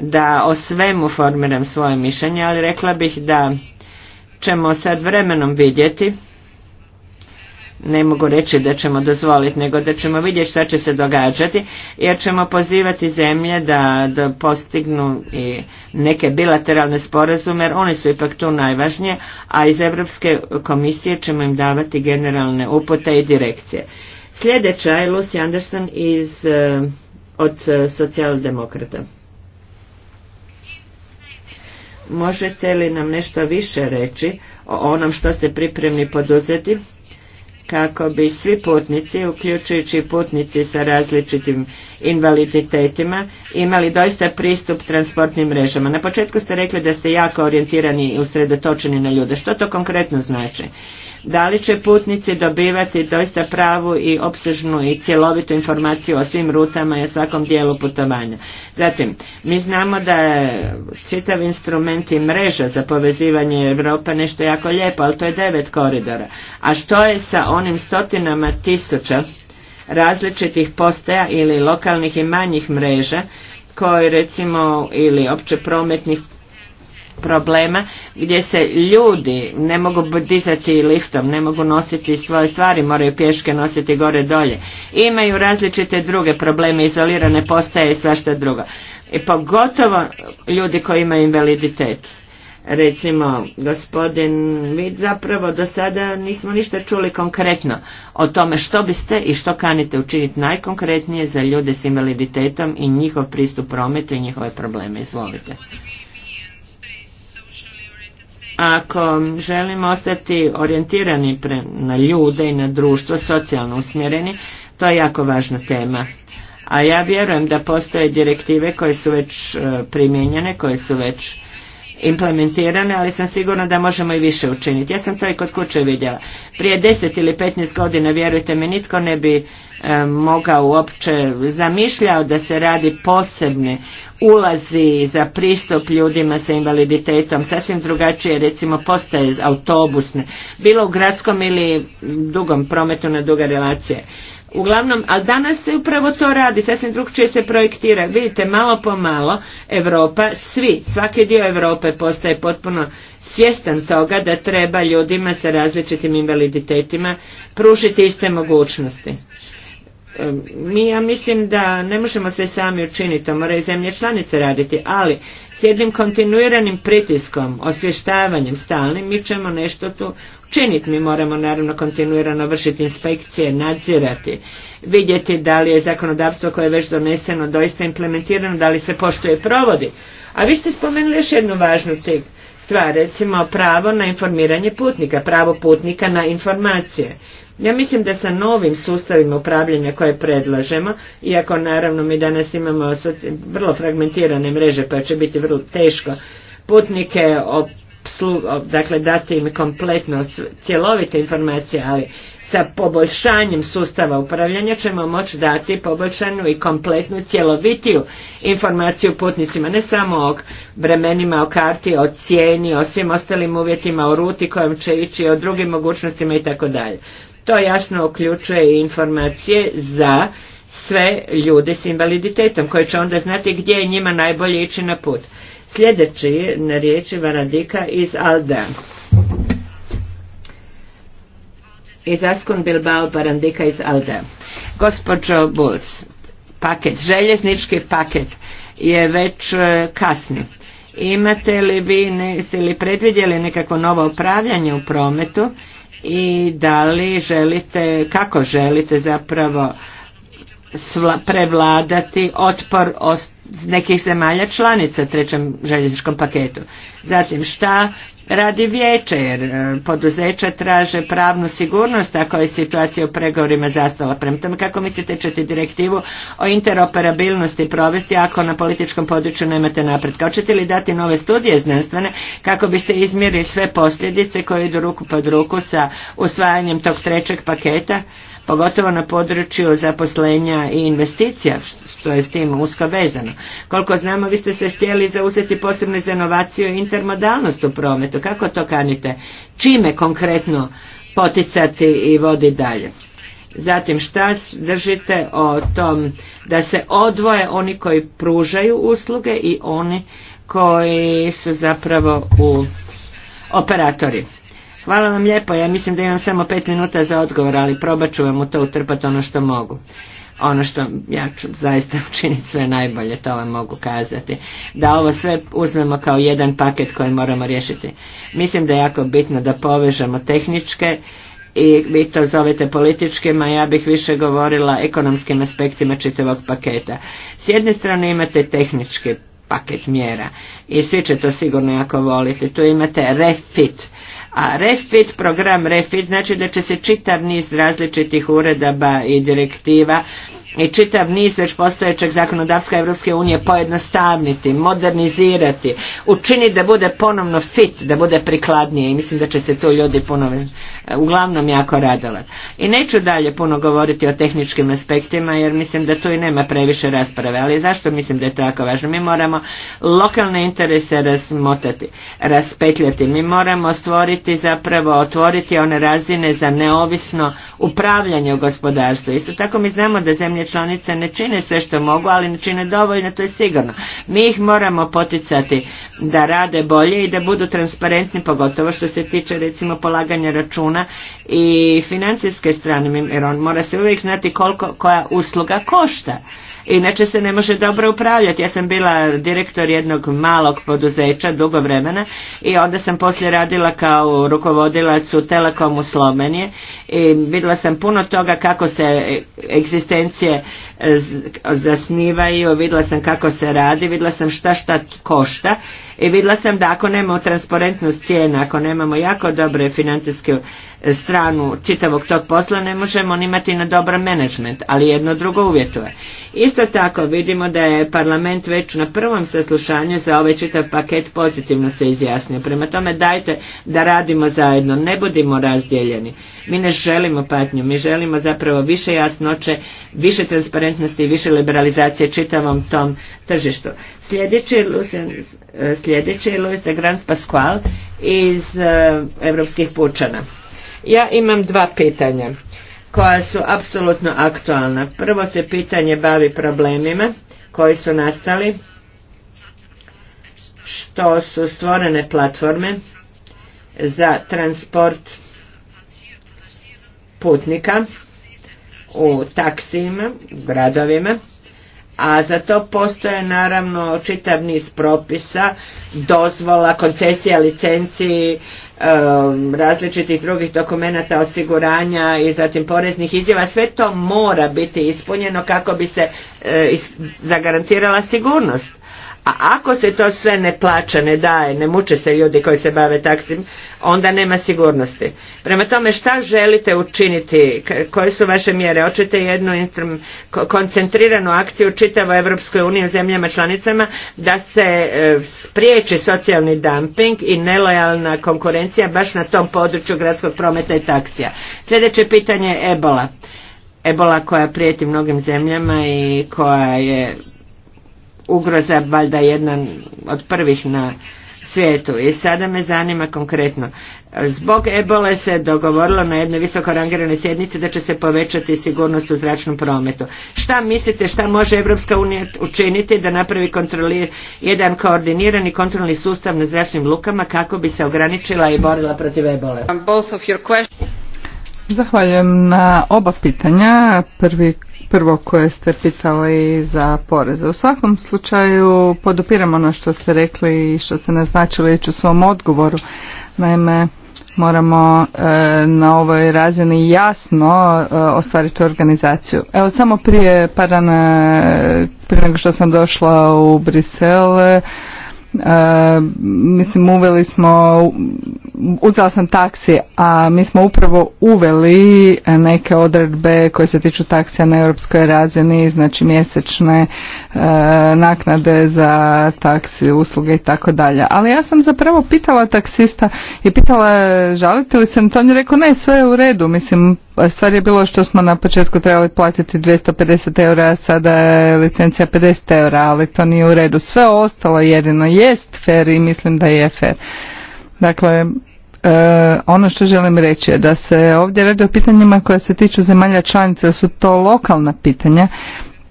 da o svemu formiram svoje mišljenje, ali rekla bih da ćemo sad vremenom vidjeti ne mogu reći da ćemo dozvoliti, nego da ćemo vidjeti šta će se događati, jer ćemo pozivati zemlje da, da postignu i neke bilateralne sporazume, jer oni su ipak tu najvažnije, a iz Europske komisije ćemo im davati generalne upute i direkcije. Sljedeća je Lucy Anderson iz, eh, od eh, socijaldemokrata. Možete li nam nešto više reći o onom što ste pripremni poduzeti kako bi svi putnici, uključujući putnici sa različitim invaliditetima, imali doista pristup transportnim mrežama. Na početku ste rekli da ste jako orijentirani i usredotočeni na ljude. Što to konkretno znači? da li će putnici dobivati doista pravu i opsežnu i cjelovitu informaciju o svim rutama i o svakom dijelu putovanja. Zatim, mi znamo da je čitav instrument i mreža za povezivanje Europe nešto jako lijepo, ali to je devet koridora. A što je sa onim stotinama tisuća različitih postaja ili lokalnih i manjih mreža koji recimo ili opće prometnih problema gdje se ljudi ne mogu dizati liftom, ne mogu nositi svoje stvari, moraju pješke nositi gore dolje. Imaju različite druge probleme, izolirane postaje i svašta drugo. I pogotovo ljudi koji imaju invaliditet. Recimo, gospodin, mi zapravo do sada nismo ništa čuli konkretno o tome što biste i što kanite učiniti najkonkretnije za ljude s invaliditetom i njihov pristup prometu i njihove probleme. Izvolite. Ako želimo ostati orijentirani na ljude i na društvo, socijalno usmjereni, to je jako važna tema. A ja vjerujem da postoje direktive koje su već e, primjenjene, koje su već implementirane, ali sam sigurna da možemo i više učiniti. Ja sam to i kod kuće vidjela. Prije 10 ili 15 godina, vjerujte mi, nitko ne bi e, mogao uopće zamišljao da se radi posebne ulazi za pristup ljudima sa invaliditetom sasvim drugačije recimo postaje autobusne bilo u gradskom ili dugom prometu na duga relacije Uglavnom, a danas se upravo to radi, sasvim drugačije se projektira. Vidite, malo po malo Europa, svi, svaki dio Europe postaje potpuno svjestan toga da treba ljudima sa različitim invaliditetima pružiti iste mogućnosti mi ja mislim da ne možemo sve sami učiniti, to moraju zemlje članice raditi, ali s jednim kontinuiranim pritiskom, osvještavanjem stalnim, mi ćemo nešto tu učiniti. Mi moramo naravno kontinuirano vršiti inspekcije, nadzirati, vidjeti da li je zakonodavstvo koje je već doneseno doista implementirano, da li se poštuje i provodi. A vi ste spomenuli još jednu važnu stvar, recimo pravo na informiranje putnika, pravo putnika na informacije. Ja mislim da sa novim sustavima upravljanja koje predlažemo, iako naravno mi danas imamo vrlo fragmentirane mreže pa će biti vrlo teško putnike dakle dati im kompletno cjelovite informacije, ali sa poboljšanjem sustava upravljanja ćemo moći dati poboljšanu i kompletnu cjelovitiju informaciju putnicima, ne samo o vremenima, o karti, o cijeni, o svim ostalim uvjetima, o ruti kojom će ići, o drugim mogućnostima i tako dalje. To jasno uključuje i informacije za sve ljude s invaliditetom koji će onda znati gdje je njima najbolje ići na put. Sljedeći je na riječi Varadika iz Alda. Iz Askun Bilbao Varadika iz Alda. Gospođo Bulc, paket, željeznički paket je već e, kasni. Imate li vi, ne, ste li predvidjeli nekako novo upravljanje u prometu i da li želite, kako želite zapravo prevladati otpor nekih zemalja članica trećem željezničkom paketu. Zatim šta radi vijeće jer e, poduzeća traže pravnu sigurnost ako je situacija u pregovorima zastala. Prema tome kako mislite ćete direktivu o interoperabilnosti provesti ako na političkom području nemate napretka? Hoćete li dati nove studije znanstvene kako biste izmjerili sve posljedice koje idu ruku pod ruku sa usvajanjem tog trećeg paketa? pogotovo na području zaposlenja i investicija, što je s tim usko vezano. Koliko znamo, vi ste se htjeli zauzeti posebno za inovaciju i intermodalnost u prometu. Kako to kanite? Čime konkretno poticati i vodi dalje? Zatim šta držite o tom da se odvoje oni koji pružaju usluge i oni koji su zapravo u operatori. Hvala vam lijepo, ja mislim da imam samo pet minuta za odgovor, ali probat ću vam u to utrpati ono što mogu ono što ja ću zaista *laughs* učiniti sve najbolje, to vam mogu kazati. Da ovo sve uzmemo kao jedan paket koji moramo riješiti. Mislim da je jako bitno da povežemo tehničke i vi to zovete političke, a ja bih više govorila ekonomskim aspektima čitavog paketa. S jedne strane imate tehnički paket mjera i svi će to sigurno jako voliti. Tu imate refit a REFIT, program REFIT, znači da će se čitav niz različitih uredaba i direktiva i čitav niz već postojećeg zakonodavstva Evropske unije pojednostavniti, modernizirati, učiniti da bude ponovno fit, da bude prikladnije i mislim da će se tu ljudi ponovno e, uglavnom jako radila. I neću dalje puno govoriti o tehničkim aspektima jer mislim da tu i nema previše rasprave, ali zašto mislim da je to jako važno? Mi moramo lokalne interese razmotati, raspetljati, mi moramo stvoriti zapravo, otvoriti one razine za neovisno upravljanje u gospodarstvu. Isto tako mi znamo da zemlje zemlje članice ne čine sve što mogu, ali ne čine dovoljno, to je sigurno. Mi ih moramo poticati da rade bolje i da budu transparentni, pogotovo što se tiče recimo polaganja računa i financijske strane, jer on mora se uvijek znati koliko koja usluga košta inače se ne može dobro upravljati. Ja sam bila direktor jednog malog poduzeća dugo vremena i onda sam poslije radila kao rukovodilac u Telekomu Slovenije i vidjela sam puno toga kako se egzistencije e, zasnivaju, vidjela sam kako se radi, vidjela sam šta šta košta i vidla sam da ako nemamo transparentnost cijena, ako nemamo jako dobre financijske e, stranu čitavog tog posla, ne možemo imati na dobar menadžment, ali jedno drugo uvjetuje. Isto tako vidimo da je parlament već na prvom saslušanju za ovaj čitav paket pozitivno se izjasnio. Prema tome dajte da radimo zajedno, ne budimo razdjeljeni. Mi ne želimo patnju, mi želimo zapravo više jasnoće, više transparentnosti i više liberalizacije čitavom tom tržištu. Sljedeći je Luis eh, de Grand Pascual iz Europskih eh, pučana. Ja imam dva pitanja koja su apsolutno aktualna. Prvo se pitanje bavi problemima koji su nastali što su stvorene platforme za transport putnika u taksijima, u gradovima, a za to postoje naravno čitav niz propisa, dozvola, koncesija, licenciji, um, različitih drugih dokumenta osiguranja i zatim poreznih izjava, sve to mora biti ispunjeno kako bi se eh, zagarantirala sigurnost ako se to sve ne plaća, ne daje, ne muče se ljudi koji se bave taksim, onda nema sigurnosti. Prema tome šta želite učiniti, koje su vaše mjere? Hoćete jednu koncentriranu akciju u čitavoj Evropskoj uniji u zemljama članicama da se e, spriječi socijalni dumping i nelojalna konkurencija baš na tom području gradskog prometa i taksija. Sljedeće pitanje je ebola. Ebola koja prijeti mnogim zemljama i koja je ugroza valjda jedan od prvih na svijetu. I sada me zanima konkretno. Zbog ebole se dogovorilo na jednoj visoko rangiranoj sjednici da će se povećati sigurnost u zračnom prometu. Šta mislite, šta može Evropska unija učiniti da napravi jedan koordinirani kontrolni sustav na zračnim lukama kako bi se ograničila i borila protiv ebole? Zahvaljujem na oba pitanja. Prvi, prvo koje ste pitali za poreze. U svakom slučaju podupiramo ono što ste rekli i što ste naznačili već u svom odgovoru. Naime, moramo e, na ovoj razini jasno e, ostvariti organizaciju. Evo samo prije par dana, prije nego što sam došla u Brisel, E, mislim uveli smo uzela sam taksi a mi smo upravo uveli neke odredbe koje se tiču taksija na europskoj razini znači mjesečne e, naknade za taksi usluge i tako dalje ali ja sam zapravo pitala taksista i pitala žalite li se to on je rekao ne sve je u redu mislim Stvar je bilo što smo na početku trebali platiti 250 eura, a sada je licencija 50 eura, ali to nije u redu. Sve ostalo jedino jest fer i mislim da je fer. Dakle, e, ono što želim reći je da se ovdje radi o pitanjima koja se tiču zemalja članica, su to lokalna pitanja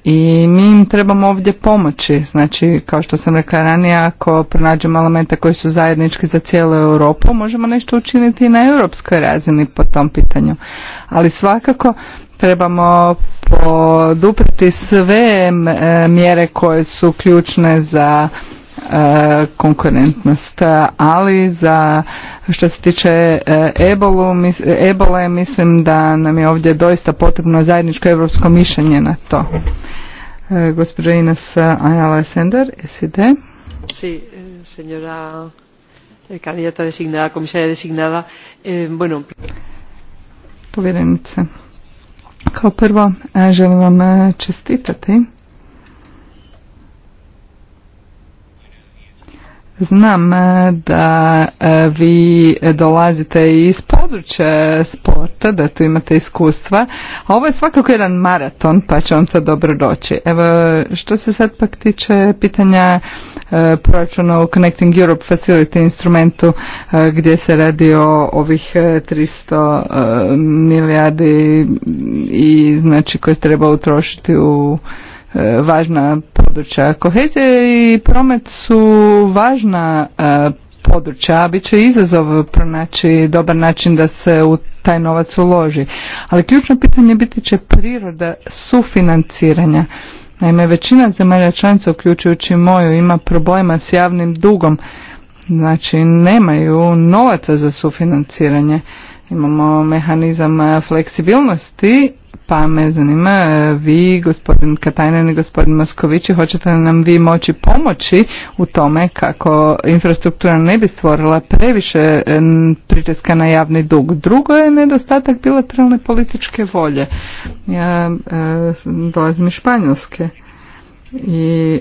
i mi im trebamo ovdje pomoći. Znači, kao što sam rekla ranije, ako pronađemo elemente koji su zajednički za cijelu Europu, možemo nešto učiniti i na europskoj razini po tom pitanju. Ali svakako trebamo podupriti sve e, mjere koje su ključne za E, konkurentnost. Ali za što se tiče e, ebolu, mis, ebole mislim da nam je ovdje doista potrebno zajedničko europsko mišljenje na to. E, gospođa Ines Ayala Sender, SID. Sí, eh, eh, designada, designada. Eh, bueno. Povjerenice. Kao prvo želim vam čestitati Znam e, da e, vi dolazite iz područja sporta, da tu imate iskustva, a ovo je svakako jedan maraton, pa će vam to dobro doći. Evo, što se sad pak tiče pitanja e, proračuna u Connecting Europe Facility instrumentu, gdje se radi o ovih 300 milijardi i znači koje treba utrošiti u E, važna područja. Kohezija i promet su važna e, područja, a bit će izazov pronaći dobar način da se u taj novac uloži. Ali ključno pitanje biti će priroda sufinanciranja. Naime, većina zemalja članica, uključujući moju, ima problema s javnim dugom. Znači, nemaju novaca za sufinanciranje. Imamo mehanizam fleksibilnosti pa me zanima e, vi, gospodin Katajnen i gospodin Moskovići, hoćete li nam vi moći pomoći u tome kako infrastruktura ne bi stvorila previše e, pritiska na javni dug. Drugo je nedostatak bilateralne političke volje. Ja e, dolazim iz Španjolske i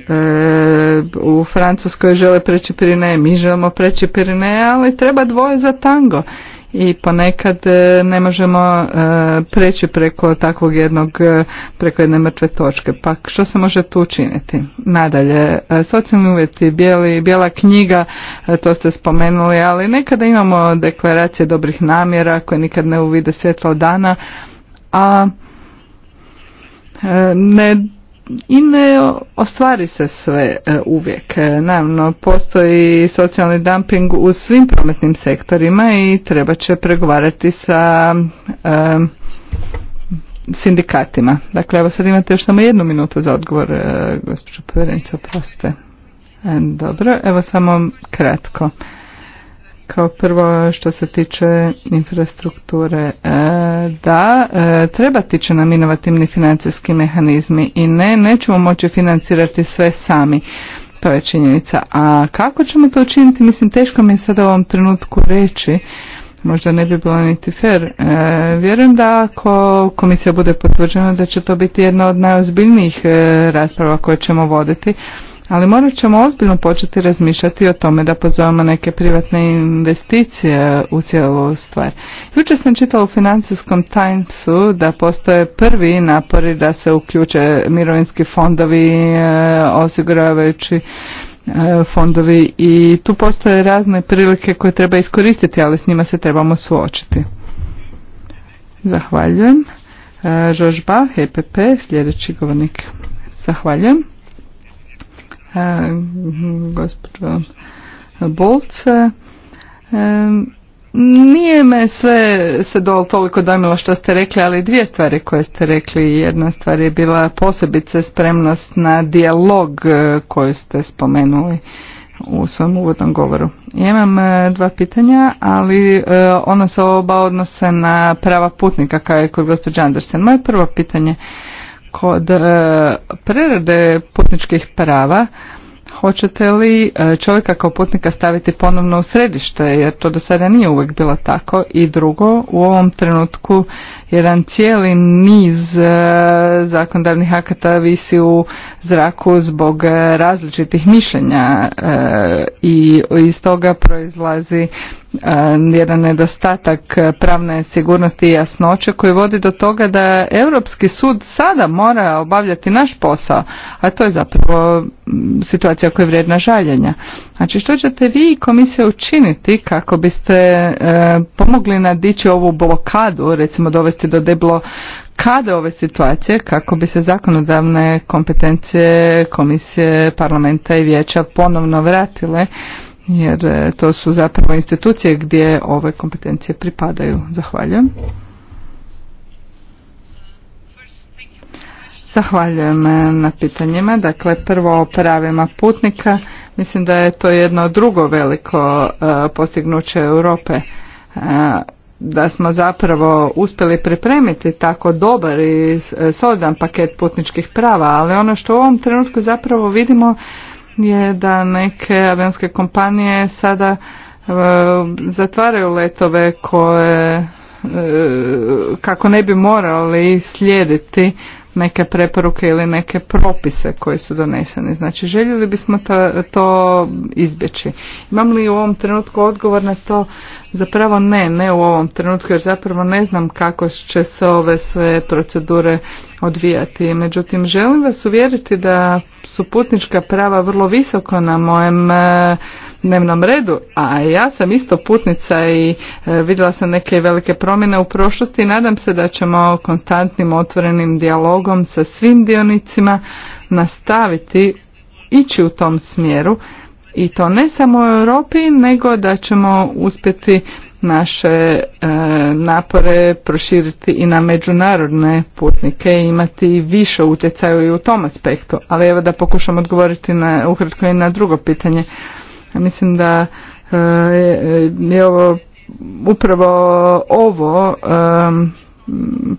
u Francuskoj žele preći Pirineje, mi želimo preći Pirineje, ali treba dvoje za tango i ponekad e, ne možemo e, preći preko takvog jednog, e, preko jedne mrtve točke. Pa što se može tu učiniti? Nadalje, socijalni uvjeti, bijeli, bijela knjiga, to ste spomenuli, ali nekada imamo deklaracije dobrih namjera koje nikad ne uvide svjetlo dana, a ne i ne ostvari se sve e, uvijek. E, naravno, postoji socijalni dumping u svim prometnim sektorima i treba će pregovarati sa e, sindikatima. Dakle, evo sad imate još samo jednu minutu za odgovor, gospođo povjerenica, oprostite. Dobro, evo samo kratko. Kao prvo što se tiče infrastrukture, e, da, e, treba tiče nam inovativni financijski mehanizmi i ne, nećemo moći financirati sve sami. To je činjenica. A kako ćemo to učiniti? Mislim, teško mi je sada u ovom trenutku reći. Možda ne bi bilo niti fair. E, vjerujem da ako komisija bude potvrđena da će to biti jedna od najozbiljnijih rasprava koje ćemo voditi. Ali morat ćemo ozbiljno početi razmišljati o tome da pozovemo neke privatne investicije u cijelu stvar. Jučer sam čitala u financijskom Timesu da postoje prvi napori da se uključe mirovinski fondovi, e, osiguravajući e, fondovi i tu postoje razne prilike koje treba iskoristiti, ali s njima se trebamo suočiti. Zahvaljujem. E, Žožba, HPP, sljedeći govornik. Zahvaljujem. Eh, gospođo Bolce. Eh, nije me sve se dol toliko dojmilo što ste rekli, ali dvije stvari koje ste rekli. Jedna stvar je bila posebice spremnost na dijalog eh, koju ste spomenuli u svom uvodnom govoru. Ja imam dva pitanja, ali ona se oba odnose na prava putnika kao je kod gospođa Andersen. Moje prvo pitanje kod e, prerade putničkih prava hoćete li e, čovjeka kao putnika staviti ponovno u središte jer to do sada nije uvijek bilo tako i drugo u ovom trenutku jedan cijeli niz e, zakonodavnih akata visi u zraku zbog različitih mišljenja i iz toga proizlazi E, jedan nedostatak pravne sigurnosti i jasnoće koji vodi do toga da Europski sud sada mora obavljati naš posao, a to je zapravo situacija koja je vrijedna žaljenja. Znači što ćete vi i komisija učiniti kako biste e, pomogli nadići ovu blokadu, recimo dovesti do deblo kada ove situacije kako bi se zakonodavne kompetencije komisije parlamenta i vijeća ponovno vratile jer e, to su zapravo institucije gdje ove kompetencije pripadaju. Zahvaljujem. Zahvaljujem e, na pitanjima. Dakle, prvo o pravima putnika. Mislim da je to jedno drugo veliko e, postignuće Europe. Da smo zapravo uspjeli pripremiti tako dobar i solidan paket putničkih prava, ali ono što u ovom trenutku zapravo vidimo je da neke avionske kompanije sada e, zatvaraju letove koje e, kako ne bi morali slijediti neke preporuke ili neke propise koje su doneseni. Znači, željeli bismo to, to izbjeći. Imam li u ovom trenutku odgovor na to Zapravo ne, ne u ovom trenutku jer zapravo ne znam kako će se ove sve procedure odvijati. Međutim, želim vas uvjeriti da su putnička prava vrlo visoko na mojem e, dnevnom redu, a ja sam isto putnica i e, vidjela sam neke velike promjene u prošlosti i nadam se da ćemo konstantnim otvorenim dijalogom sa svim dionicima nastaviti ići u tom smjeru i to ne samo u Europi, nego da ćemo uspjeti naše e, napore proširiti i na međunarodne putnike i imati više utjecaju i u tom aspektu. Ali evo da pokušam odgovoriti na, ukratko i na drugo pitanje. Mislim da e, je ovo upravo ovo e,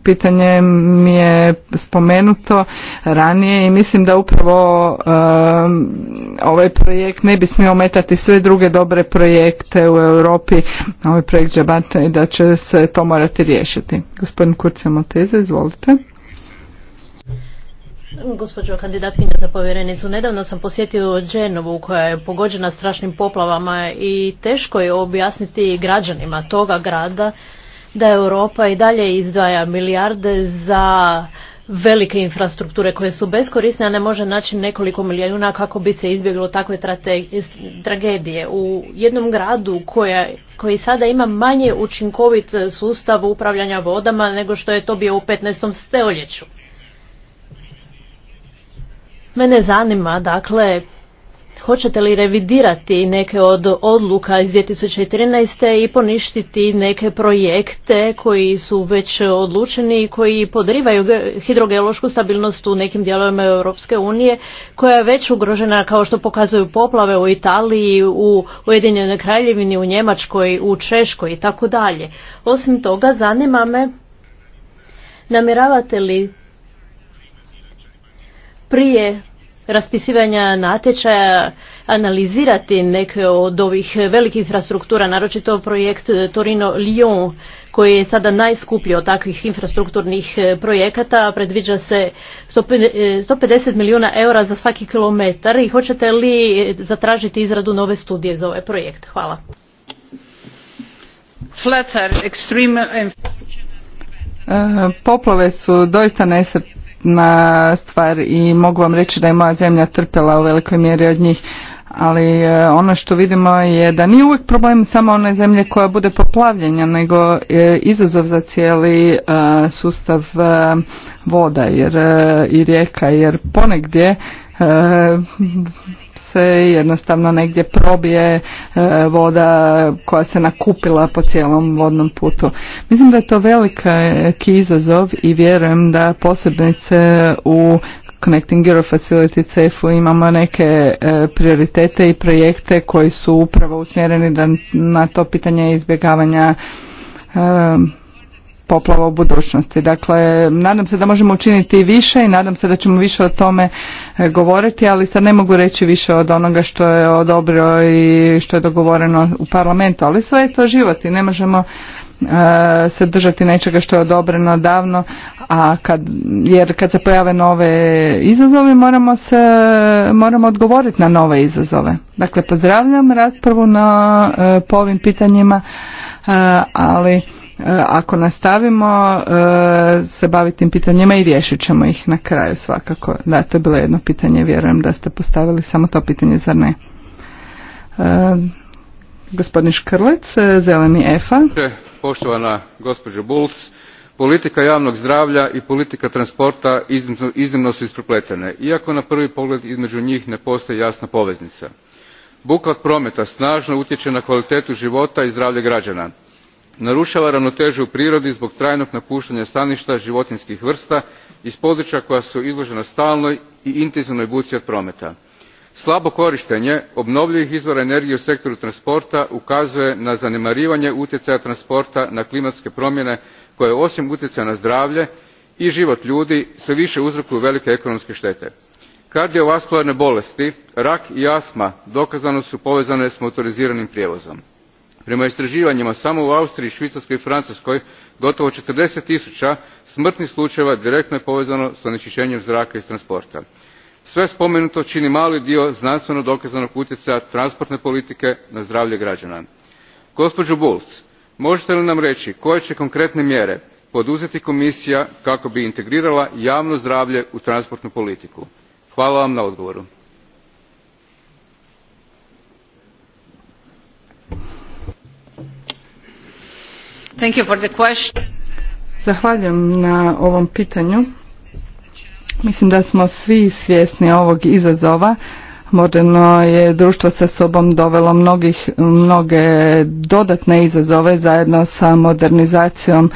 pitanje mi je spomenuto ranije i mislim da upravo um, ovaj projekt ne bi smio ometati sve druge dobre projekte u Europi, ovaj projekt Džabata i da će se to morati riješiti. Gospodin Kurcija Malteze, izvolite. Gospođo kandidatkinja za povjerenicu, nedavno sam posjetio Dženovu koja je pogođena strašnim poplavama i teško je objasniti građanima toga grada da Europa i dalje izdvaja milijarde za velike infrastrukture koje su beskorisne, a ne može naći nekoliko milijuna kako bi se izbjeglo takve tragedije. U jednom gradu koja, koji sada ima manje učinkovit sustav upravljanja vodama nego što je to bio u 15. stoljeću. Mene zanima, dakle, Hoćete li revidirati neke od odluka iz 2013. i poništiti neke projekte koji su već odlučeni i koji podrivaju hidrogeološku stabilnost u nekim dijelovima Europske unije koja je već ugrožena kao što pokazuju poplave u Italiji, u Ujedinjenoj kraljevini, u Njemačkoj, u Češkoj i tako dalje. Osim toga zanima me namjeravate li prije raspisivanja natječaja analizirati neke od ovih velikih infrastruktura, naročito projekt eh, Torino-Lyon koji je sada najskuplji od takvih infrastrukturnih eh, projekata. Predviđa se 150 eh, milijuna eura za svaki kilometar i hoćete li zatražiti izradu nove studije za ovaj projekt? Hvala. Poplave su doista bitna stvar i mogu vam reći da je moja zemlja trpjela u velikoj mjeri od njih ali e, ono što vidimo je da nije uvijek problem samo one zemlje koja bude poplavljenja, nego je izazov za cijeli e, sustav e, voda jer, i rijeka, jer ponegdje se jednostavno negdje probije e, voda koja se nakupila po cijelom vodnom putu. Mislim da je to veliki e, izazov i vjerujem da posebnice u Connecting Euro Facility CEF-u imamo neke e, prioritete i projekte koji su upravo usmjereni da, na to pitanje izbjegavanja poplava u budućnosti. Dakle, nadam se da možemo učiniti više i nadam se da ćemo više o tome e, govoriti, ali sad ne mogu reći više od onoga što je odobrio i što je dogovoreno u parlamentu, ali sve je to život i ne možemo e, se držati nečega što je odobreno davno, a kad, jer kad se pojave nove izazove moramo, se, moramo odgovoriti na nove izazove. Dakle, pozdravljam raspravu na, e, po ovim pitanjima, ali E, ako nastavimo e, se baviti tim pitanjima i riješit ćemo ih na kraju svakako. Da, to je bilo jedno pitanje, vjerujem da ste postavili samo to pitanje, zar ne? E, gospodin Škrlec, zeleni EFA. Poštovana gospođo Bulc, politika javnog zdravlja i politika transporta iznimno, su isprepletene, iako na prvi pogled između njih ne postoji jasna poveznica. Buka prometa snažno utječe na kvalitetu života i zdravlje građana narušava ravnotežu u prirodi zbog trajnog napuštanja staništa životinjskih vrsta iz područja koja su izložena stalnoj i intenzivnoj buci od prometa. slabo korištenje obnovljivih izvora energije u sektoru transporta ukazuje na zanemarivanje utjecaja transporta na klimatske promjene koje osim utjecaja na zdravlje i život ljudi sve više uzrokuju velike ekonomske štete. kardiovaskularne bolesti rak i astma dokazano su povezane s motoriziranim prijevozom prema istraživanjima samo u austriji švicarskoj i francuskoj gotovo četrdeset tisuća smrtnih slučajeva direktno je povezano s onečišćenjem zraka iz transporta. sve spomenuto čini mali dio znanstveno dokazanog utjecaja transportne politike na zdravlje građana. gospođo bulc možete li nam reći koje će konkretne mjere poduzeti komisija kako bi integrirala javno zdravlje u transportnu politiku? hvala vam na odgovoru. Thank you for Zahvaljujem na ovom pitanju. Mislim da smo svi svjesni ovog izazova. Moderno je društvo sa sobom dovelo mnogih, mnoge dodatne izazove zajedno sa modernizacijom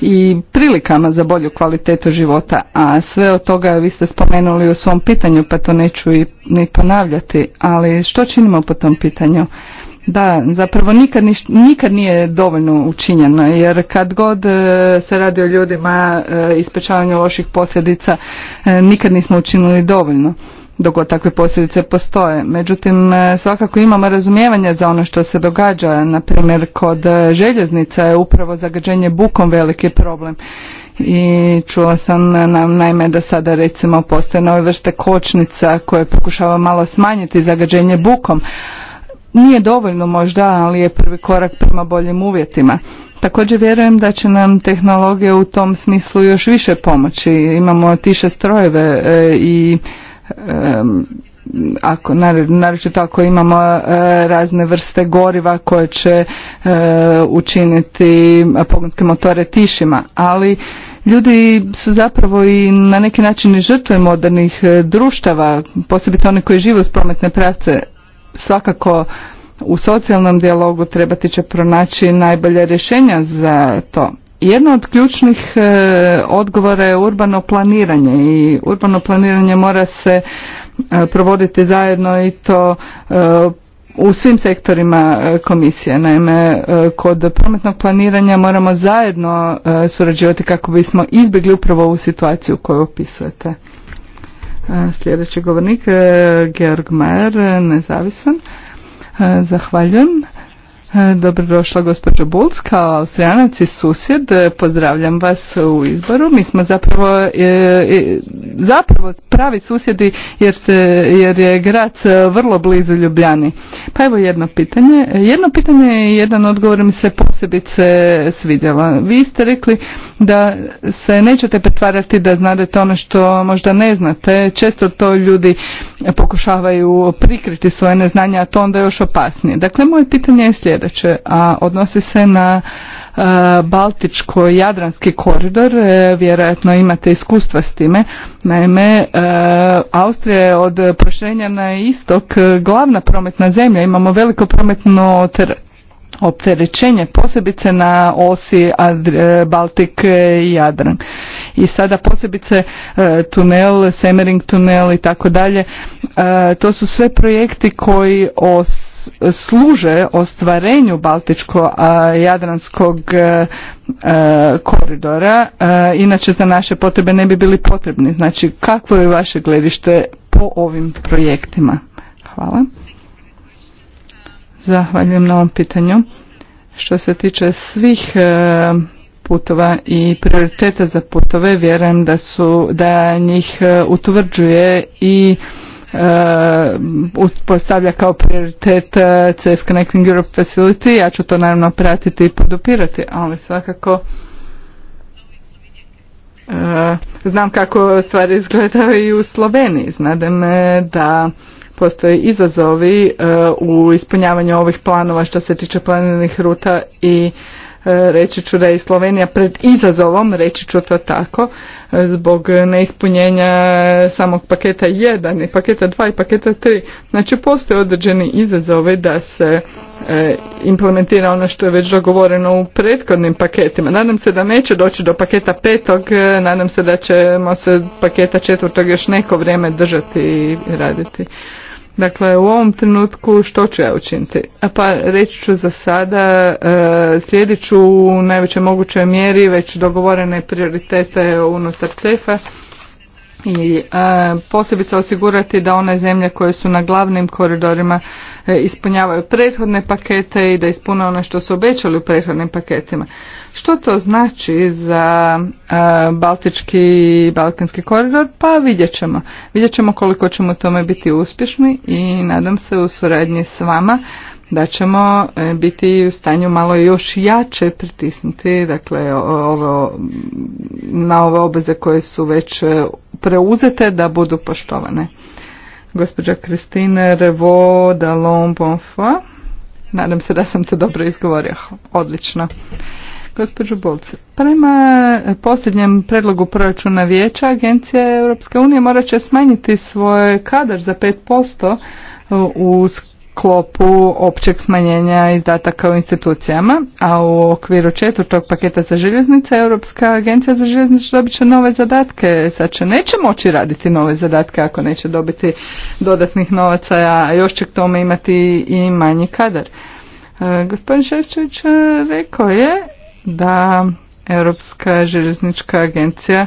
i prilikama za bolju kvalitetu života, a sve od toga vi ste spomenuli u svom pitanju, pa to neću i, ni ponavljati, ali što činimo po tom pitanju? Da, zapravo nikad, nikad nije dovoljno učinjeno jer kad god e, se radi o ljudima e, ispečavanju loših posljedica e, nikad nismo učinili dovoljno dok takve posljedice postoje. Međutim, svakako imamo razumijevanje za ono što se događa. Na primjer, kod željeznica je upravo zagađenje bukom veliki problem. I čula sam naime da sada recimo postoje nove vrste kočnica koje pokušava malo smanjiti zagađenje bukom, nije dovoljno možda, ali je prvi korak prema boljim uvjetima. Također vjerujem da će nam tehnologija u tom smislu još više pomoći. Imamo tiše strojeve e, i ako, naročito ako imamo e, razne vrste goriva koje će e, učiniti pogonske motore tišima, ali ljudi su zapravo i na neki način žrtve modernih društava, posebito oni koji žive uz prometne pravce svakako u socijalnom dijalogu trebati će pronaći najbolje rješenja za to. Jedno od ključnih e, odgovora je urbano planiranje i urbano planiranje mora se e, provoditi zajedno i to e, u svim sektorima komisije. Naime, kod prometnog planiranja moramo zajedno surađivati kako bismo izbjegli upravo ovu situaciju koju opisujete. E, sljedeći govornik, e, Georg Majer, e, nezavisan. Zahvaljujem. Dobrodošla gospođo Bulc, kao austrijanac i susjed, pozdravljam vas u izboru. Mi smo zapravo, zapravo pravi susjedi jer, ste, jer je grad vrlo blizu Ljubljani. Pa evo jedno pitanje. Jedno pitanje i jedan odgovor mi se posebice svidjela. Vi ste rekli da se nećete pretvarati da znadete ono što možda ne znate. Često to ljudi pokušavaju prikriti svoje neznanje, a to onda je još opasnije. Dakle, moje pitanje je sljedeće, a odnosi se na e, Baltičko-Jadranski koridor. E, vjerojatno imate iskustva s time. Naime, e, Austrija je od proširenja na istok glavna prometna zemlja. Imamo veliko prometno opterećenje, posebice na osi e, Baltik e, i Jadran. I sada posebice e, tunel, Semering tunel i tako dalje, to su sve projekti koji služe ostvarenju Baltičko-Jadranskog koridora, inače za naše potrebe ne bi bili potrebni. Znači, kakvo je vaše gledište po ovim projektima? Hvala. Zahvaljujem na ovom pitanju. Što se tiče svih e, putova i prioriteta za putove, vjerujem da su da njih e, utvrđuje i e, postavlja kao prioritet uh, CF Connecting Europe Facility. Ja ću to naravno pratiti i podupirati, ali svakako znam kako stvari izgledaju i u Sloveniji. Znadem da postoje izazovi e, u ispunjavanju ovih planova što se tiče planiranih ruta i e, reći ću da je Slovenija pred izazovom, reći ću to tako, e, zbog neispunjenja samog paketa 1 i paketa 2 i paketa 3. Znači postoje određeni izazovi da se implementira ono što je već dogovoreno u prethodnim paketima. Nadam se da neće doći do paketa petog, nadam se da ćemo se paketa 4. još neko vrijeme držati i raditi. Dakle, u ovom trenutku što ću ja učiniti? pa reći ću za sada, e, slijedit ću u najvećoj mogućoj mjeri već dogovorene prioritete unutar cefa i e, posebice osigurati da one zemlje koje su na glavnim koridorima e, ispunjavaju prethodne pakete i da ispune ono što su obećali u prethodnim paketima. Što to znači za e, Baltički i Balkanski koridor? Pa vidjet ćemo. Vidjet ćemo koliko ćemo tome biti uspješni i nadam se u suradnji s vama da ćemo biti u stanju malo još jače pritisnuti dakle, ovo, na ove obveze koje su već preuzete da budu poštovane. Gospođa Kristine Revo da Lombonfa. Nadam se da sam to dobro izgovorio. Odlično. Gospođo Bolce, prema posljednjem predlogu proračuna vijeća, Agencija Europske unije morat će smanjiti svoj kadar za 5% u sklopu općeg smanjenja izdataka u institucijama, a u okviru četvrtog paketa za željeznice Europska agencija za željeznice dobit će nove zadatke. Sad će neće moći raditi nove zadatke ako neće dobiti dodatnih novaca, a još će k tome imati i manji kadar. E, gospodin Ševčević rekao je da Europska željeznička agencija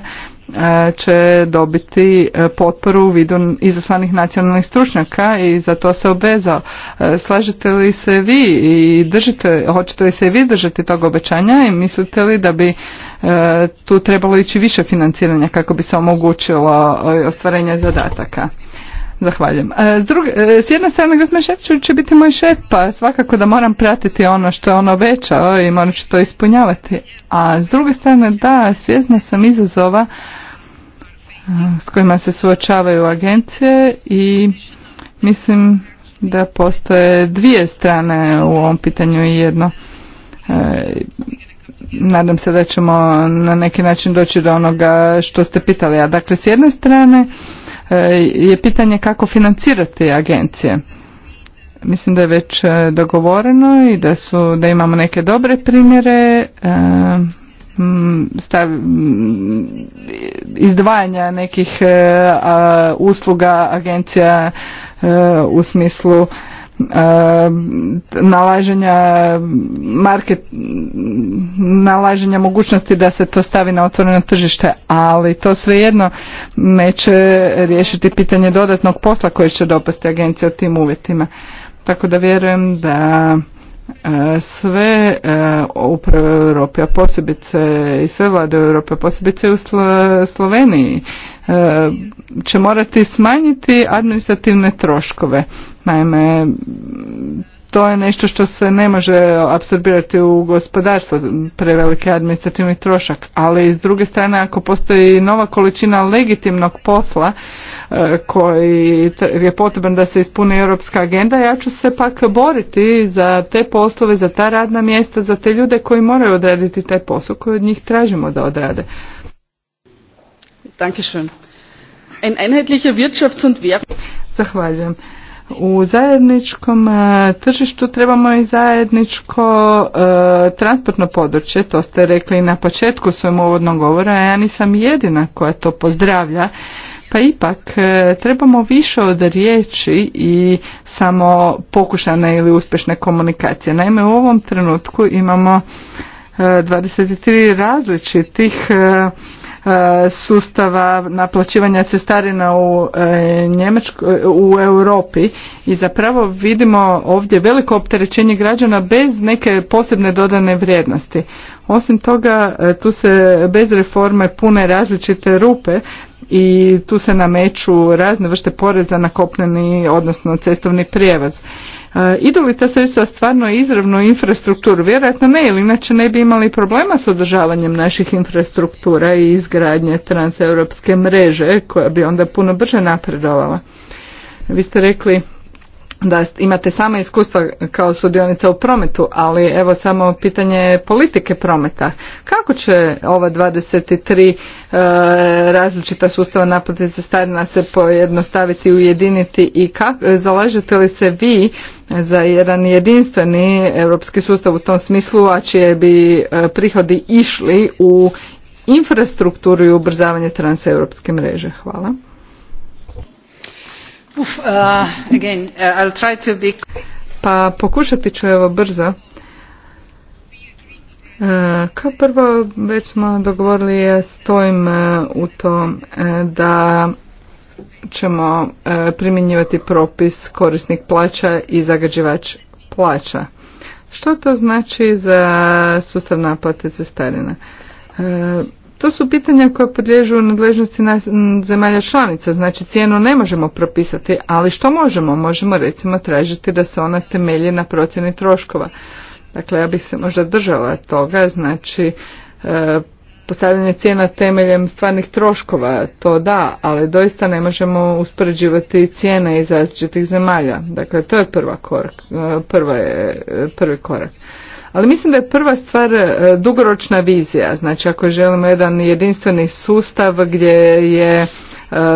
E, će dobiti e, potporu u vidu izaslanih nacionalnih stručnjaka i za to se obvezao. E, slažete li se vi i držite, hoćete li se i vi držati tog obećanja i mislite li da bi tu trebalo ići više financiranja kako bi se omogućilo ostvarenje zadataka? Zahvaljujem. S, druge, s jedne strane, gospodin Šepčević će biti moj šef, pa svakako da moram pratiti ono što je ono veća i moram ću to ispunjavati. A s druge strane, da, svjesna sam izazova s kojima se suočavaju agencije i mislim da postoje dvije strane u ovom pitanju i jedno. E, nadam se da ćemo na neki način doći do onoga što ste pitali. A dakle, s jedne strane e, je pitanje kako financirati agencije. Mislim da je već e, dogovoreno i da su da imamo neke dobre primjere stav, izdvajanja nekih e, usluga agencija e, u smislu e, nalaženja market nalaženja mogućnosti da se to stavi na otvoreno tržište ali to svejedno neće riješiti pitanje dodatnog posla koje će dopasti agencija u tim uvjetima tako da vjerujem da E, sve e, uprave u Europi, a posebice i sve vlade Europe, posebice u Sloveniji e, će morati smanjiti administrativne troškove. Naime, to je nešto što se ne može apsorbirati u gospodarstvo, preveliki administrativni trošak, ali s druge strane ako postoji nova količina legitimnog posla e, koji je potreban da se ispuni europska agenda, ja ću se pak boriti za te poslove, za ta radna mjesta, za te ljude koji moraju odraditi taj posao koji od njih tražimo da odrade. Dankeschön. Ein einheitlicher Wirtschafts- und Zahvaljujem u zajedničkom e, tržištu trebamo i zajedničko e, transportno područje, to ste rekli na početku svojom uvodnog govora, a ja nisam jedina koja to pozdravlja. Pa ipak e, trebamo više od riječi i samo pokušane ili uspješne komunikacije. Naime, u ovom trenutku imamo 23 različitih E, sustava naplaćivanja cestarina u, e, u Europi i zapravo vidimo ovdje veliko opterećenje građana bez neke posebne dodane vrijednosti. Osim toga, e, tu se bez reforme pune različite rupe i tu se nameću razne vrste poreza na kopneni, odnosno cestovni prijevaz. E, idu li ta sredstva stvarno izravno u infrastrukturu? Vjerojatno ne, ili inače ne bi imali problema s održavanjem naših infrastruktura i izgradnje transeuropske mreže koja bi onda puno brže napredovala. Vi ste rekli da imate sama iskustva kao sudionica u prometu, ali evo samo pitanje politike prometa. Kako će ova 23 e, različita sustava naplate cestarina se pojednostaviti, ujediniti i kako, zalažete li se vi za jedan jedinstveni europski sustav u tom smislu, a čije bi e, prihodi išli u infrastrukturu i ubrzavanje transeuropske mreže? Hvala. Uf, uh, again, uh, I'll try to be... Pa pokušati ću evo brzo. Uh, kao prvo, već smo dogovorili, ja stojim u to da ćemo primjenjivati propis korisnik plaća i zagađivač plaća. Što to znači za sustav naplate cestarina? To su pitanja koja podliježu nadležnosti zemalja članica, znači cijenu ne možemo propisati, ali što možemo? Možemo recimo tražiti da se ona temelji na procjeni troškova. Dakle, ja bih se možda držala toga, znači e, postavljanje cijena temeljem stvarnih troškova, to da, ali doista ne možemo uspoređivati cijene iz različitih zemalja. Dakle, to je prva korak, e, prva je, prvi korak. Ali mislim da je prva stvar e, dugoročna vizija. Znači ako želimo jedan jedinstveni sustav gdje je e,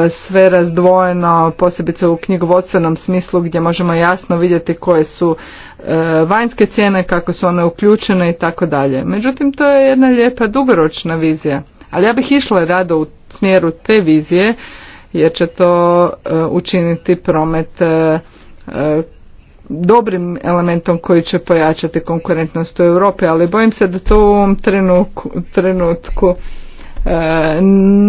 sve razdvojeno, posebice u knjigovodstvenom smislu gdje možemo jasno vidjeti koje su e, vanjske cijene, kako su one uključene i tako dalje. Međutim, to je jedna lijepa dugoročna vizija. Ali ja bih išla rado u smjeru te vizije jer će to učiniti promet dobrim elementom koji će pojačati konkurentnost u Europi, ali bojim se da to u ovom trenutku, trenutku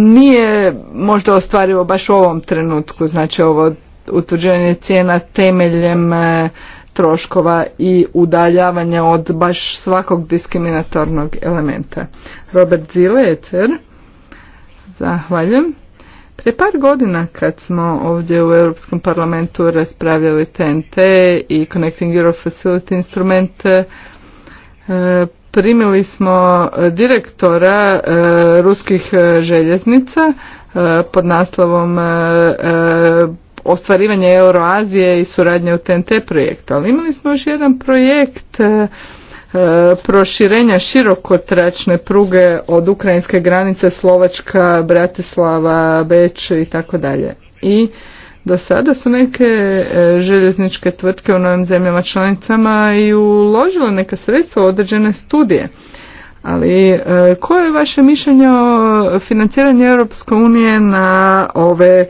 nije možda ostvarivo baš u ovom trenutku, znači ovo utvrđenje cijena temeljem e, troškova i udaljavanja od baš svakog diskriminatornog elementa. Robert Zileter, zahvaljujem. Prije par godina kad smo ovdje u Europskom parlamentu raspravljali TNT i Connecting Europe Facility instrument, e, primili smo direktora e, ruskih e, željeznica pod naslovom ostvarivanje Euroazije i suradnje u TNT projektu. Ali imali smo još jedan projekt E, proširenja širokotračne pruge od ukrajinske granice Slovačka, Bratislava, Beč i tako dalje. I do sada su neke e, željezničke tvrtke u novim zemljama članicama i uložile neka sredstva u određene studije. Ali e, koje je vaše mišljenje o financiranju Europske unije na ove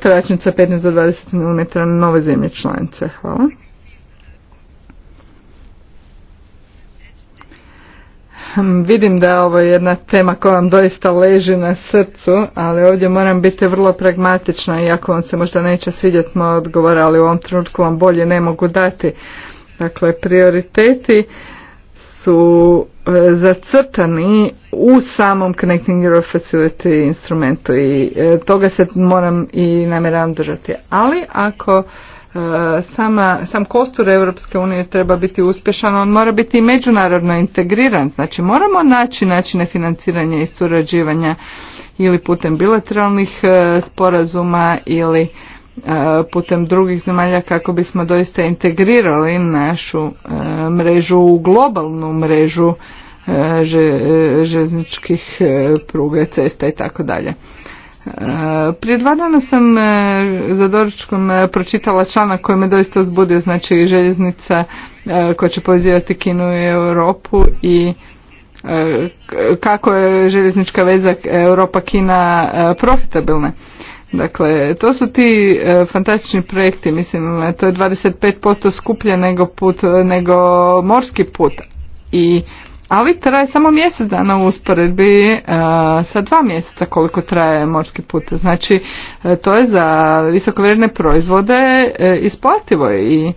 tračnice 15 do 20 mm nove zemlje članice? Hvala. Hm, vidim da je ovo jedna tema koja vam doista leži na srcu, ali ovdje moram biti vrlo pragmatična i vam se možda neće svidjeti moj odgovor, ali u ovom trenutku vam bolje ne mogu dati. Dakle, prioriteti su e, zacrtani u samom Connecting Europe Facility instrumentu i e, toga se moram i namjeravam držati. Ali ako E, sama, sam kostur Europske unije treba biti uspješan, on mora biti i međunarodno integriran, znači moramo naći načine financiranja i surađivanja ili putem bilateralnih e, sporazuma ili e, putem drugih zemalja kako bismo doista integrirali našu mrežu u globalnu mrežu željezničkih pruga, cesta i tako dalje. E, prije dva dana sam e, za doručkom e, pročitala članak koji me doista uzbudio, znači željeznica koja će pozivati Kinu i Europu i kako je željeznička veza Europa-Kina profitabilna. Dakle, to su ti fantastični projekti, mislim, to je 25% skuplje nego put, nego morski put. I ali traje samo mjesec dana u usporedbi e, sa dva mjeseca koliko traje morski put. Znači, e, to je za visokovredne proizvode e, isplativo i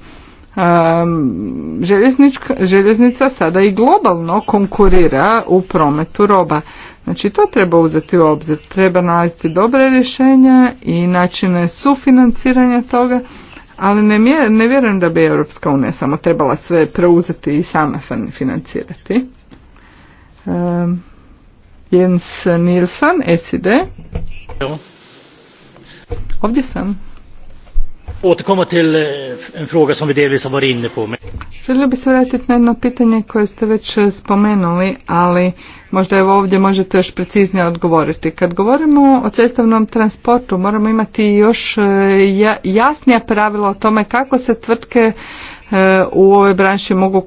željeznica sada i globalno konkurira u prometu roba. Znači, to treba uzeti u obzir. Treba nalaziti dobre rješenja i načine sufinanciranja toga, ali ne, ne vjerujem da bi Europska unija samo trebala sve preuzeti i sama financirati. Jens Nilsson, SID. Ja. Ovdje sam. Återkomma till eh, en fråga som vi delvis har inne på. bi se vratiti na jedno pitanje koje ste već eh, spomenuli, ali možda evo ovdje možete još preciznije odgovoriti. Kad govorimo o cestovnom transportu, moramo imati još eh, jasnija pravila o tome kako se tvrtke u ovoj branši mogu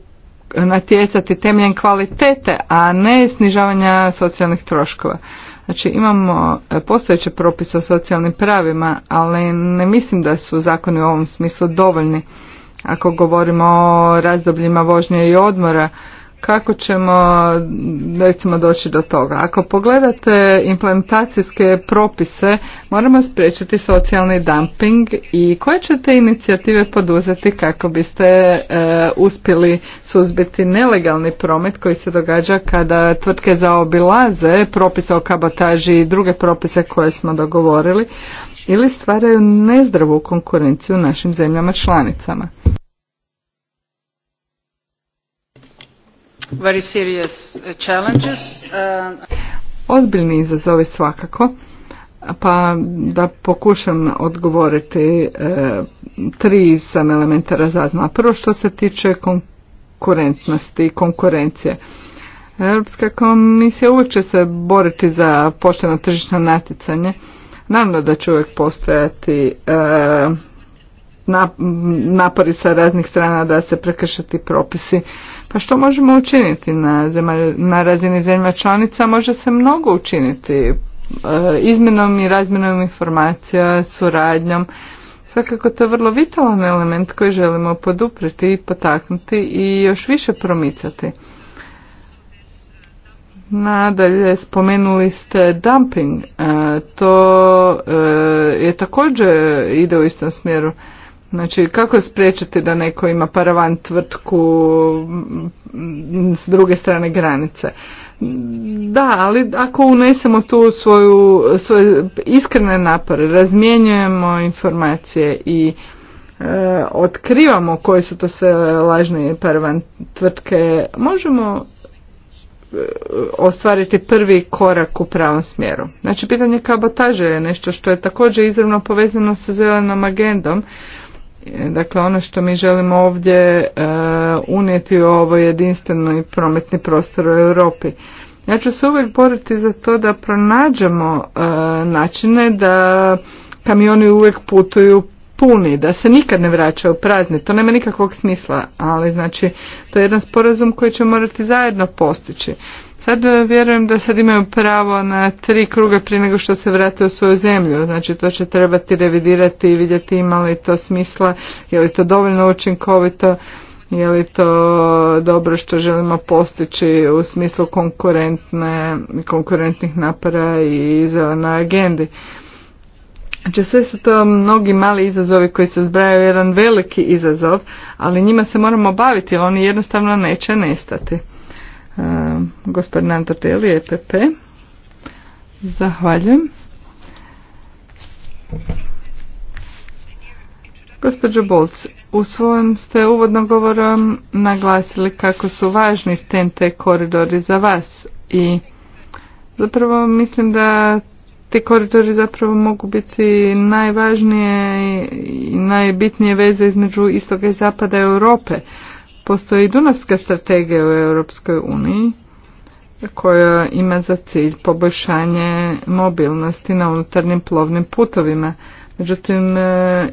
natjecati temeljem kvalitete, a ne snižavanja socijalnih troškova. Znači imamo e, postojeće propise o socijalnim pravima, ali ne mislim da su zakoni u ovom smislu dovoljni. Ako govorimo o razdobljima vožnje i odmora, kako ćemo recimo doći do toga. Ako pogledate implementacijske propise, moramo spriječiti socijalni dumping i koje ćete inicijative poduzeti kako biste e, uspjeli suzbiti nelegalni promet koji se događa kada tvrtke zaobilaze propise o kabotaži i druge propise koje smo dogovorili ili stvaraju nezdravu konkurenciju našim zemljama članicama. Uh, uh, Ozbiljni izazovi svakako. Pa da pokušam odgovoriti uh, tri sam elementa razazna. Prvo što se tiče konkurentnosti i konkurencije. Europska komisija uvijek će se boriti za pošteno tržišno natjecanje. Naravno da će uvijek postojati napori sa raznih strana da se prekršati propisi. Pa što možemo učiniti na, na razini zemlja članica? Može se mnogo učiniti e, izmenom i razmjenom informacija, suradnjom. Svakako to je vrlo vitalan element koji želimo podupriti i potaknuti i još više promicati. Nadalje, spomenuli ste dumping. E, to e, je također ide u istom smjeru. Znači, kako spriječiti da neko ima paravan tvrtku s druge strane granice? Da, ali ako unesemo tu svoju, svoje iskrene napore, razmjenjujemo informacije i e, otkrivamo koje su to sve lažne paravan tvrtke, možemo e, ostvariti prvi korak u pravom smjeru. Znači, pitanje kabotaže je nešto što je također izravno povezano sa zelenom agendom, Dakle, ono što mi želimo ovdje e, unijeti u ovo jedinstveno i prometni prostor u Europi. Ja ću se uvijek boriti za to da pronađemo e, načine da kamioni uvijek putuju puni, da se nikad ne vraćaju prazni, to nema nikakvog smisla, ali znači to je jedan sporazum koji će morati zajedno postići. Sad e, vjerujem da sad imaju pravo na tri kruga prije nego što se vrate u svoju zemlju. Znači to će trebati revidirati i vidjeti ima li to smisla, je li to dovoljno učinkovito, je li to dobro što želimo postići u smislu konkurentne, konkurentnih napara i zelenoj agendi. Znači sve su to mnogi mali izazovi koji se zbrajaju jedan veliki izazov, ali njima se moramo baviti jer oni jednostavno neće nestati gospodin Antotelije EPP. Zahvaljujem. Gospođo Bolc, u svojem ste uvodnom govoru naglasili kako su važni te koridori za vas i zapravo mislim da ti koridori zapravo mogu biti najvažnije i najbitnije veze između istoga i zapada Europe. Postoji Dunavska strategija u Europskoj uniji koja ima za cilj poboljšanje mobilnosti na unutarnjim plovnim putovima. Međutim, e, e,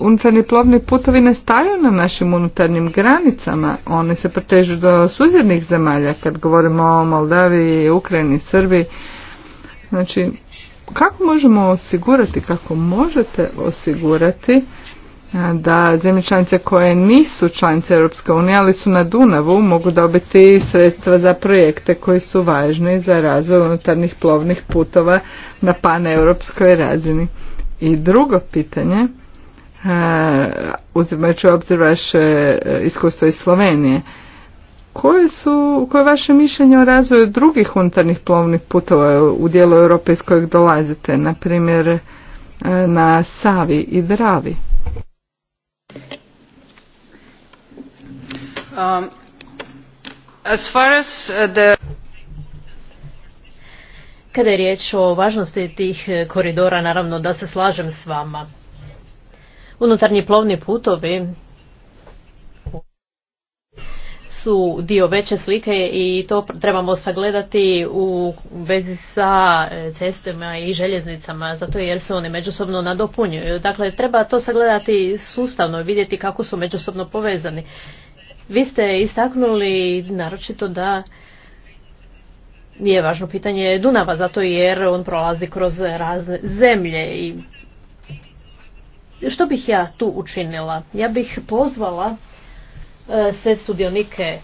unutarnji plovni putovi ne staju na našim unutarnjim granicama, oni se protežu do susjednih zemalja, kad govorimo o Moldaviji, Ukrajini, Srbiji. Znači, kako možemo osigurati, kako možete osigurati da zemlje članice koje nisu članice Europske unije, ali su na Dunavu, mogu dobiti sredstva za projekte koji su važni za razvoj unutarnjih plovnih putova na paneuropskoj razini. I drugo pitanje, e, uzimajući obzir vaše e, iskustvo iz Slovenije, koje su, koje je vaše mišljenje o razvoju drugih unutarnjih plovnih putova u dijelu Europe iz kojeg dolazite, na primjer e, na Savi i Dravi? Um, uh, Kada je riječ o važnosti tih e, koridora, naravno da se slažem s vama. Unutarnji plovni putovi su dio veće slike i to trebamo sagledati u vezi sa e, cestama i željeznicama, zato jer se one međusobno nadopunjuju. Dakle, treba to sagledati sustavno i vidjeti kako su međusobno povezani. Vi ste istaknuli naročito da je važno pitanje Dunava, zato jer on prolazi kroz razne zemlje i što bih ja tu učinila? Ja bih pozvala E, sve sudionike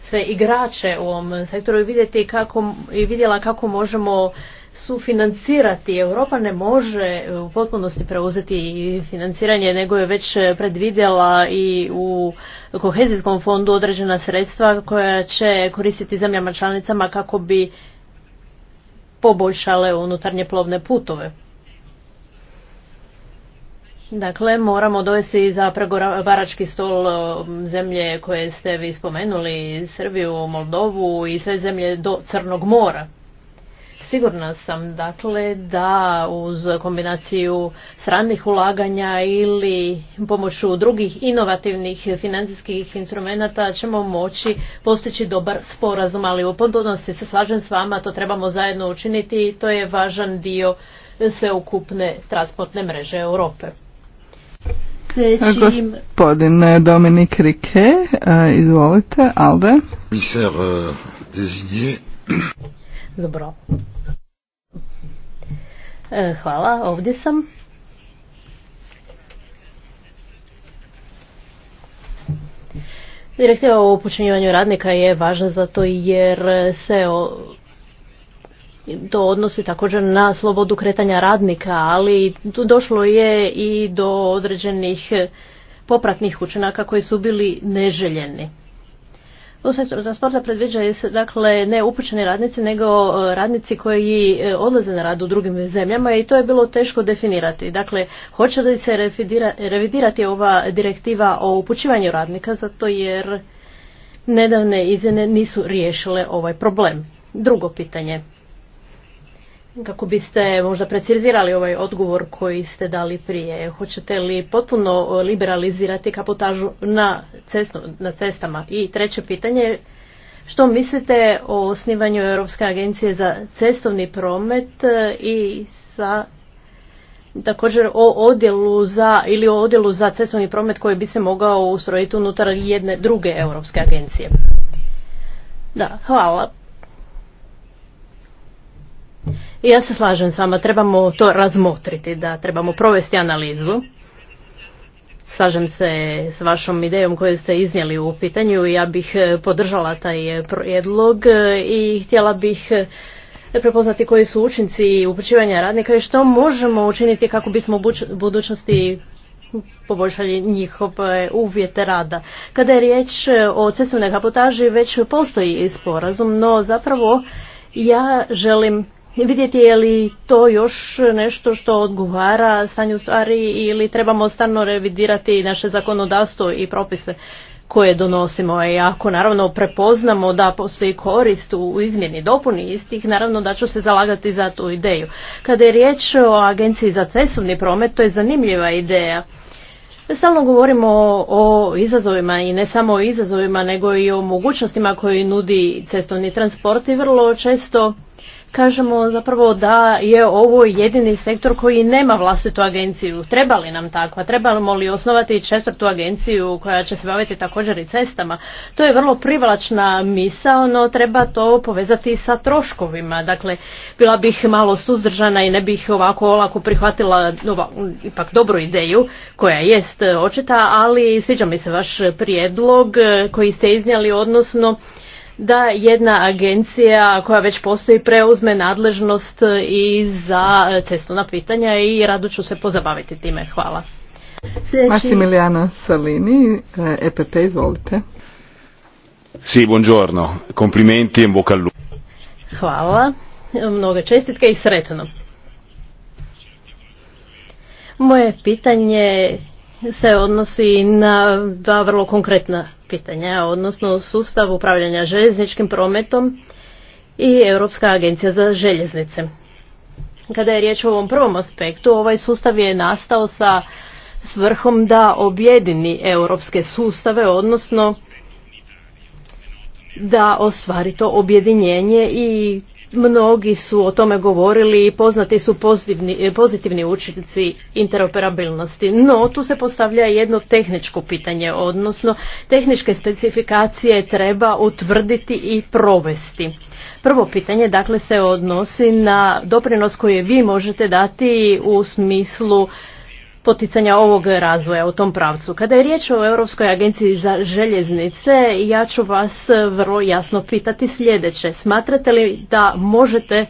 sve igrače u ovom sektoru i vidjeti kako, i vidjela kako možemo sufinancirati. Europa ne može u potpunosti preuzeti financiranje, nego je već predvidjela i u kohezijskom fondu određena sredstva koja će koristiti zemljama članicama kako bi poboljšale unutarnje plovne putove. Dakle, moramo dovesti za pregovarački stol zemlje koje ste vi spomenuli, Srbiju, Moldovu i sve zemlje do Crnog mora. Sigurna sam, dakle, da uz kombinaciju stranih ulaganja ili pomoću drugih inovativnih financijskih instrumenata ćemo moći postići dobar sporazum, ali u potpunosti se slažem s vama, to trebamo zajedno učiniti i to je važan dio sveukupne transportne mreže Europe. Gospodin Dominik Rike, e, izvolite, Alde. Komisar e, Dezinje. Dobro. E, hvala, ovdje sam. Direktiva o upućenjivanju radnika je važna zato jer se to odnosi također na slobodu kretanja radnika, ali tu došlo je i do određenih popratnih učinaka koji su bili neželjeni. U sektoru transporta predviđaju se dakle ne upućeni radnici nego e, radnici koji e, odlaze na rad u drugim zemljama i to je bilo teško definirati. Dakle, hoće li se revidirati ova direktiva o upućivanju radnika zato jer nedavne izjene nisu riješile ovaj problem. Drugo pitanje kako biste možda precizirali ovaj odgovor koji ste dali prije. Hoćete li potpuno liberalizirati kapotažu na, na cestama? I treće pitanje, što mislite o osnivanju Europske agencije za cestovni promet e, i sa također o odjelu za ili o odjelu za cestovni promet koji bi se mogao ustrojiti unutar jedne druge europske agencije. Da, hvala. Ja se slažem s vama, trebamo to razmotriti, da trebamo provesti analizu. Slažem se s vašom idejom koju ste iznijeli u pitanju i ja bih eh, podržala taj eh, prijedlog eh, i htjela bih prepoznati koji su učinci upućivanja radnika i što možemo učiniti kako bismo u budućnosti poboljšali njihove uvjete rada. Kada je riječ o cestovnoj kapotaži već postoji sporazum, no zapravo ja želim vidjeti je li to još nešto što odgovara stanju stvari ili trebamo stalno revidirati naše zakonodavstvo i propise koje donosimo. I ako naravno prepoznamo da postoji korist u izmjeni dopuni istih, naravno da ću se zalagati za tu ideju. Kada je riječ o Agenciji za cestovni promet, to je zanimljiva ideja. Stalno govorimo o izazovima i ne samo o izazovima, nego i o mogućnostima koje nudi cestovni transport i vrlo često kažemo zapravo da je ovo jedini sektor koji nema vlastitu agenciju. Treba li nam takva? Trebamo li osnovati četvrtu agenciju koja će se baviti također i cestama? To je vrlo privlačna misa, no treba to povezati sa troškovima. Dakle, bila bih malo suzdržana i ne bih ovako olako prihvatila ipak dobru ideju koja jest očita, ali sviđa mi se vaš prijedlog koji ste iznijeli, odnosno da jedna agencija koja već postoji preuzme nadležnost i za cestovna pitanja i rado ću se pozabaviti time. Hvala. Sljedeći... Salini, EPP, eh, e izvolite. buongiorno. E in bocca Hvala. Mnoge čestitke i sretno. Moje pitanje se odnosi na dva vrlo konkretna pitanja, odnosno sustav upravljanja željezničkim prometom i Europska agencija za željeznice. Kada je riječ o ovom prvom aspektu, ovaj sustav je nastao sa svrhom da objedini europske sustave, odnosno da ostvari to objedinjenje i Mnogi su o tome govorili i poznati su pozitivni, e, pozitivni učinci interoperabilnosti. No, tu se postavlja jedno tehničko pitanje, odnosno tehničke specifikacije treba utvrditi i provesti. Prvo pitanje dakle se odnosi na doprinos koji vi možete dati u smislu poticanja ovog razvoja u tom pravcu. Kada je riječ o Europskoj agenciji za željeznice, ja ću vas vrlo jasno pitati sljedeće. Smatrate li da možete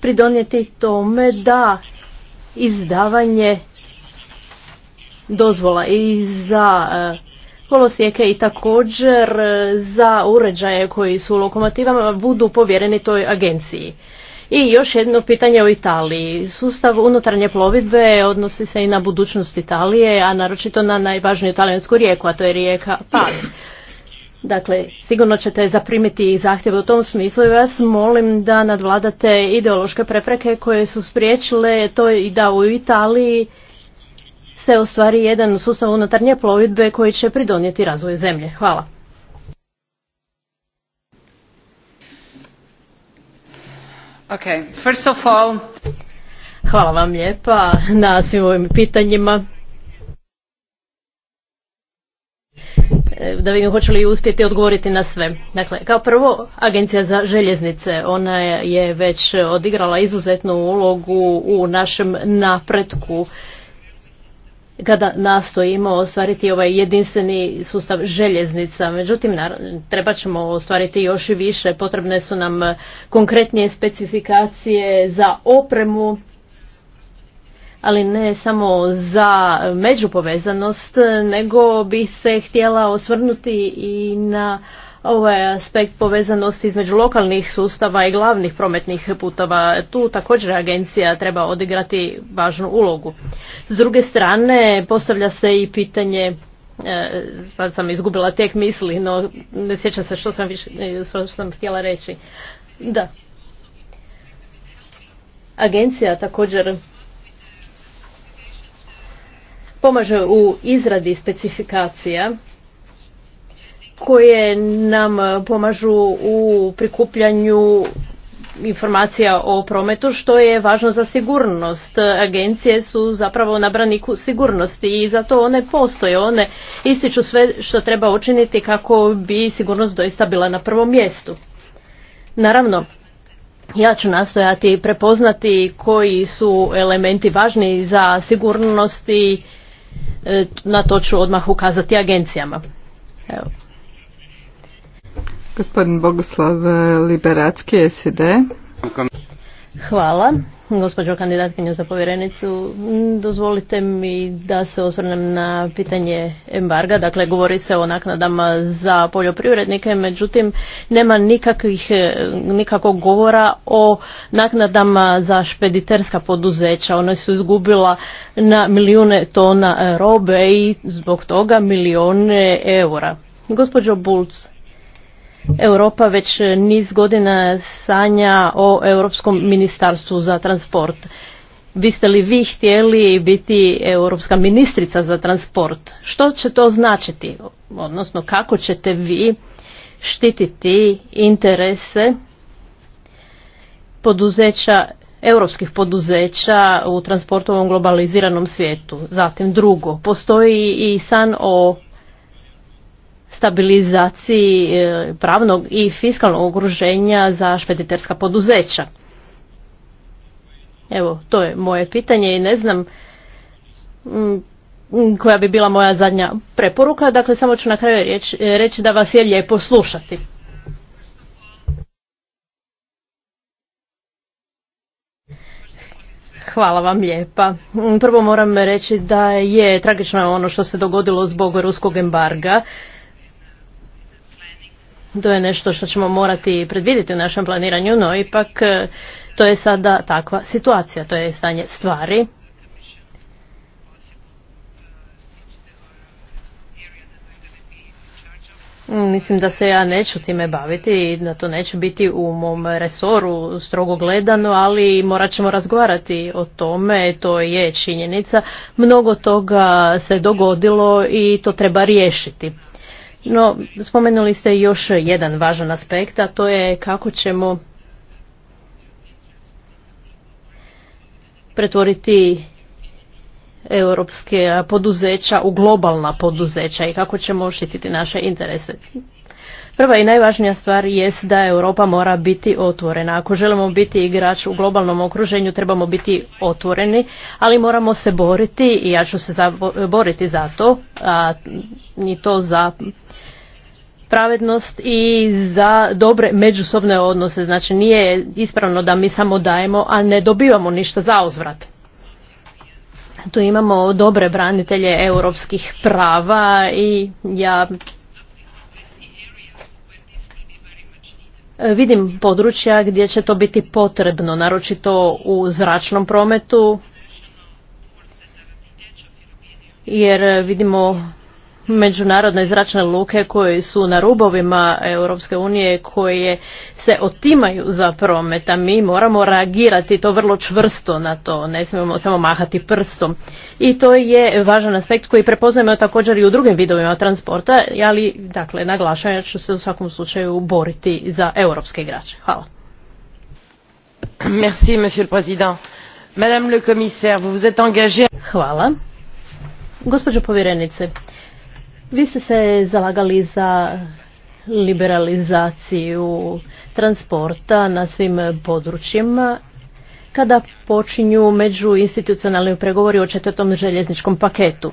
pridonijeti tome da izdavanje dozvola i za e, kolosijeke i također za uređaje koji su u lokomotivama budu povjereni toj agenciji. I još jedno pitanje o Italiji. Sustav unutarnje plovidbe odnosi se i na budućnost Italije, a naročito na najvažniju italijansku rijeku, a to je rijeka Pad. Dakle, sigurno ćete zaprimiti zahtjev u tom smislu i vas molim da nadvladate ideološke prepreke koje su spriječile to i da u Italiji se ostvari jedan sustav unutarnje plovidbe koji će pridonijeti razvoju zemlje. Hvala. Okay. Hvala vam lijepa na svim ovim pitanjima. Da vidim hoću li uspjeti odgovoriti na sve. Dakle, kao prvo, Agencija za željeznice, ona je već odigrala izuzetnu ulogu u našem napretku kada nastojimo ostvariti ovaj jedinstveni sustav željeznica. Međutim, treba ćemo ostvariti još i više. Potrebne su nam konkretnije specifikacije za opremu, ali ne samo za međupovezanost, nego bih se htjela osvrnuti i na ovaj aspekt povezanosti između lokalnih sustava i glavnih prometnih putova. Tu također agencija treba odigrati važnu ulogu. S druge strane, postavlja se i pitanje e, sad sam izgubila tek misli, no ne sjećam se što sam, više, e, što sam htjela reći. Da. Agencija također pomaže u izradi specifikacija koje nam e, pomažu u prikupljanju informacija o prometu što je važno za sigurnost. Agencije su zapravo na braniku sigurnosti i zato one postoje, one ističu sve što treba učiniti kako bi sigurnost doista bila na prvom mjestu. Naravno, ja ću nastojati prepoznati koji su elementi važni za sigurnost i e, na to ću odmah ukazati agencijama. Evo. Gospodin Bogoslav eh, Liberacki, SED. Hvala. Gospođo kandidatkinja za povjerenicu, dozvolite mi da se osvrnem na pitanje embarga. Dakle, govori se o naknadama za poljoprivrednike, međutim, nema nikakvih, eh, nikakvog govora o naknadama za špediterska poduzeća. Ona su izgubila na milijune tona robe i zbog toga milijune eura. Gospođo Bulc, Europa već niz godina sanja o Europskom ministarstvu za transport. Biste li vi htjeli biti europska ministrica za transport? Što će to značiti? Odnosno kako ćete vi štititi interese poduzeća, europskih poduzeća u transportovom globaliziranom svijetu? Zatim drugo, postoji i san o stabilizaciji e, pravnog i fiskalnog okruženja za špediterska poduzeća? Evo, to je moje pitanje i ne znam mm, mm, koja bi bila moja zadnja preporuka, dakle samo ću na kraju e, reći, da vas je lijepo slušati. Hvala vam lijepa. Mm, prvo moram reći da je tragično ono što se dogodilo zbog ruskog embarga. To je nešto što ćemo morati predvidjeti u našem planiranju, no ipak e, to je sada takva situacija, to je stanje stvari. Mislim da se ja neću time baviti i da to neće biti u mom resoru strogo gledano, ali morat ćemo razgovarati o tome, to je činjenica. Mnogo toga se dogodilo i to treba riješiti. No, spomenuli ste još jedan važan aspekt, a to je kako ćemo pretvoriti europske poduzeća u globalna poduzeća i kako ćemo štititi naše interese. Prva i najvažnija stvar jest da Europa mora biti otvorena. Ako želimo biti igrač u globalnom okruženju, trebamo biti otvoreni, ali moramo se boriti i ja ću se boriti za to, a, i to za pravednost i za dobre međusobne odnose. Znači nije ispravno da mi samo dajemo, a ne dobivamo ništa za uzvrat. Tu imamo dobre branitelje europskih prava i ja E, vidim područja gdje će to biti potrebno, naročito u zračnom prometu, jer e, vidimo međunarodne zračne luke koje su na rubovima Europske unije koje se otimaju za promet, a mi moramo reagirati to vrlo čvrsto na to, ne smijemo samo mahati prstom. I to je važan aspekt koji prepoznajemo također i u drugim vidovima transporta, ali dakle naglašavam ja ću se u svakom slučaju boriti za europske igrače. Hvala. Merci, monsieur le président. Madame le commissaire, vous vous êtes Hvala. Gospođo povjerenice, vi ste se zalagali za liberalizaciju transporta na svim područjima kada počinju međuinstitucionalni pregovori o četvrtom željezničkom paketu.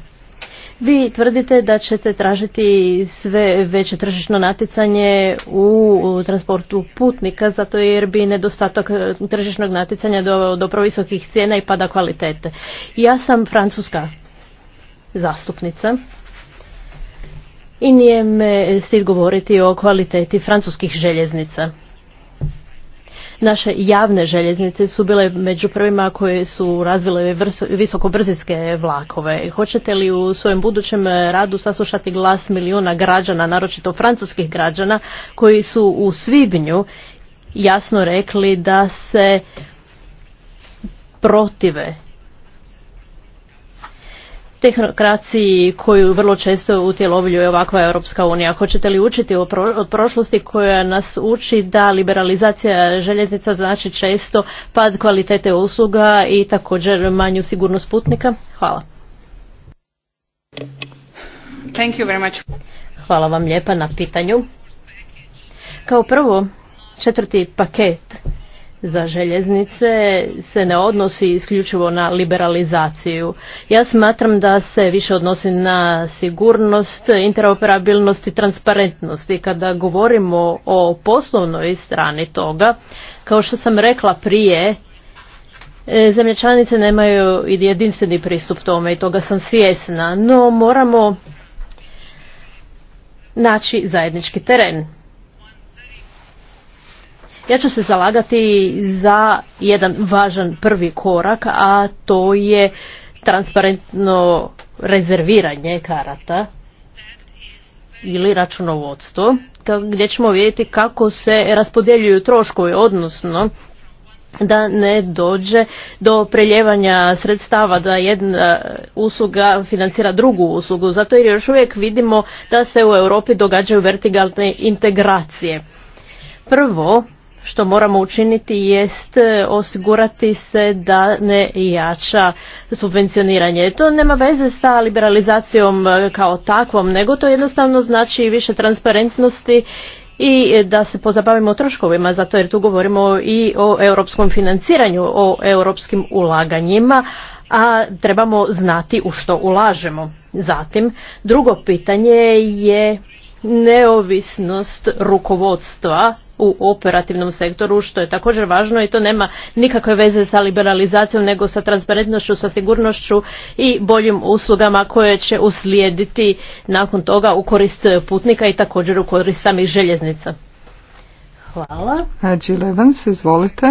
Vi tvrdite da ćete tražiti sve veće tržišno natjecanje u transportu putnika zato jer bi nedostatak tržišnog natjecanja doveo do provisokih cijena i pada kvalitete. Ja sam francuska zastupnica i nije me stid govoriti o kvaliteti francuskih željeznica. Naše javne željeznice su bile među prvima koje su razvile visokobrzinske vlakove. Hoćete li u svojem budućem radu saslušati glas milijuna građana, naročito francuskih građana, koji su u Svibnju jasno rekli da se protive tehnokraciji koju vrlo često utjelovljuje ovakva Europska unija. Hoćete li učiti o prošlosti koja nas uči da liberalizacija željeznica znači često pad kvalitete usluga i također manju sigurnost putnika? Hvala. Thank you very much. Hvala vam lijepa na pitanju. Kao prvo, četvrti paket za željeznice se ne odnosi isključivo na liberalizaciju. Ja smatram da se više odnosi na sigurnost, interoperabilnost i transparentnost. I kada govorimo o poslovnoj strani toga, kao što sam rekla prije, e, zemlje članice nemaju jedinstveni pristup tome i toga sam svjesna, no moramo naći zajednički teren. Ja ću se zalagati za jedan važan prvi korak, a to je transparentno rezerviranje karata ili računovodstvo, gdje ćemo vidjeti kako se raspodjeljuju troškovi, odnosno da ne dođe do preljevanja sredstava da jedna usluga financira drugu uslugu, zato jer još uvijek vidimo da se u Europi događaju vertikalne integracije. Prvo, što moramo učiniti jest e, osigurati se da ne jača subvencioniranje. To nema veze sa liberalizacijom e, kao takvom, nego to jednostavno znači više transparentnosti i e, da se pozabavimo troškovima, zato jer tu govorimo i o europskom financiranju, o europskim ulaganjima, a trebamo znati u što ulažemo. Zatim, drugo pitanje je neovisnost rukovodstva u operativnom sektoru, što je također važno i to nema nikakve veze sa liberalizacijom, nego sa transparentnošću, sa sigurnošću i boljim uslugama koje će uslijediti nakon toga u korist putnika i također u korist samih željeznica. Hvala. Jill Evans, izvolite.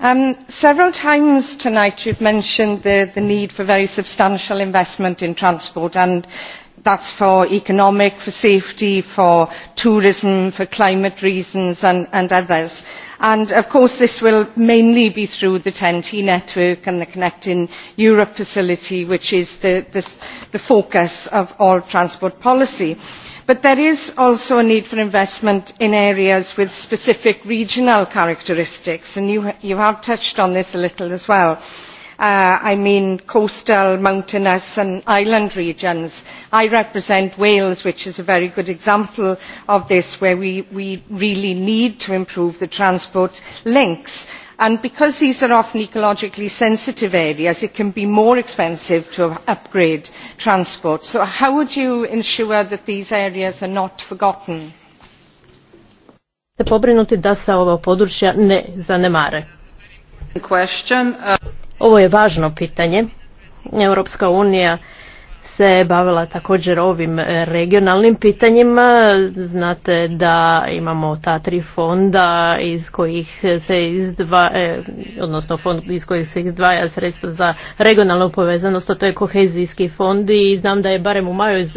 Um, several times tonight you've mentioned the, the need for very substantial investment in transport and that is for economic for safety for tourism for climate reasons and, others of course this will mainly be through the ten t network and the connecting europe facility which is the, focus of all transport policy but there is also a need for investment in areas with specific regional characteristics and you, you have touched on this a little as well. Uh, i mean coastal mountainous and island regions. i represent wales which is a very good example of this where we, we really need to improve the transport links and because these are often ecologically sensitive areas it can be more expensive to upgrade transport. so how would you ensure that these areas are not forgotten? pobrinuti da ne zanemare. Question. Uh, ovo je važno pitanje. Europska unija se bavila također ovim e, regionalnim pitanjima. Znate da imamo ta tri fonda iz kojih se izdvaja e, odnosno fond iz kojih se izdvaja sredstva za regionalnu povezanost, to je kohezijski fond i znam da je barem u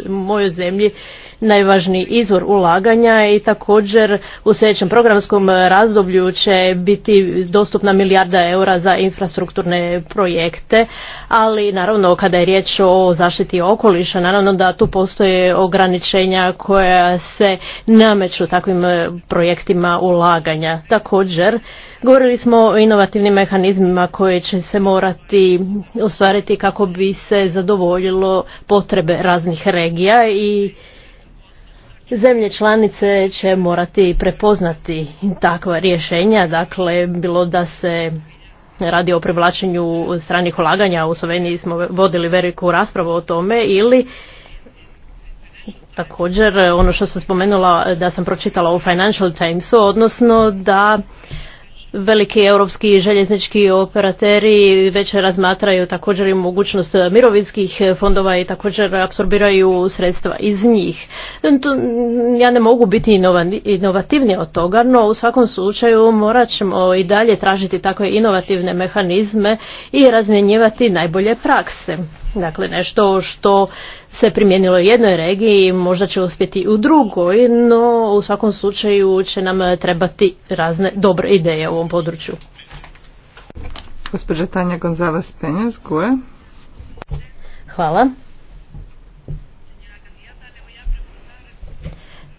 mojoj zemlji najvažniji izvor ulaganja i također u sljedećem programskom razdoblju će biti dostupna milijarda eura za infrastrukturne projekte, ali naravno kada je riječ o zaštiti okoliša, naravno da tu postoje ograničenja koja se nameću takvim projektima ulaganja. Također, Govorili smo o inovativnim mehanizmima koje će se morati ostvariti kako bi se zadovoljilo potrebe raznih regija i Zemlje članice će morati prepoznati takva rješenja, dakle bilo da se radi o privlačenju stranih ulaganja, u Sloveniji smo vodili veliku raspravu o tome ili također ono što sam spomenula da sam pročitala u Financial Timesu, odnosno da Veliki europski željeznički operateri već razmatraju također i mogućnost mirovinskih fondova i također apsorbiraju sredstva iz njih. Ja ne mogu biti inovativni od toga, no u svakom slučaju morat ćemo i dalje tražiti takve inovativne mehanizme i razmjenjivati najbolje prakse. Dakle, nešto što se primijenilo u jednoj regiji možda će uspjeti u drugoj, no u svakom slučaju će nam trebati razne dobre ideje u ovom području. Gospođa Tanja Gonzavas Penjas, Gue. Hvala.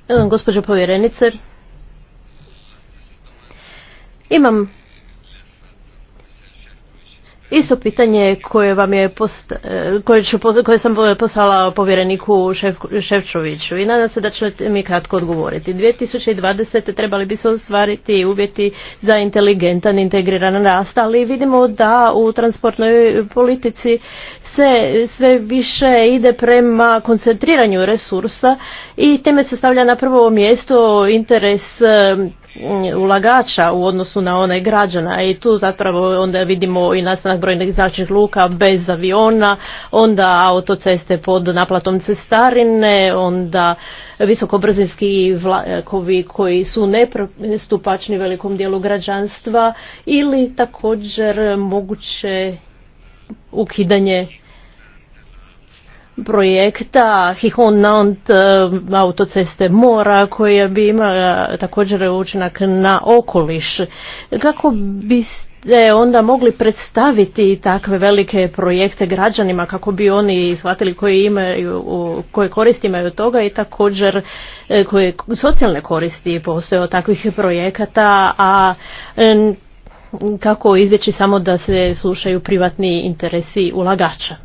E, gospođo povjerenice, imam Isto pitanje koje, vam je e, koje, ću, koje sam poslala povjereniku Šef, Ševčoviću i nadam se da ćete mi kratko odgovoriti. 2020. trebali bi se ostvariti uvjeti za inteligentan, integriran rast, ali vidimo da u transportnoj politici se sve više ide prema koncentriranju resursa i teme se stavlja na prvo mjesto interes e, ulagača u odnosu na one građana i tu zapravo onda vidimo i nastanak brojnih zračnih luka bez aviona, onda autoceste pod naplatom cestarine, onda visokobrzinski vlakovi koji su nepristupačni velikom dijelu građanstva ili također moguće ukidanje projekta Hihon Nant e, autoceste mora koja bi imala također učinak na okoliš. Kako biste onda mogli predstaviti takve velike projekte građanima kako bi oni shvatili koje, imaju, koje koristi imaju toga i također e, koje socijalne koristi postoje od takvih projekata, a e, kako izbjeći samo da se slušaju privatni interesi ulagača?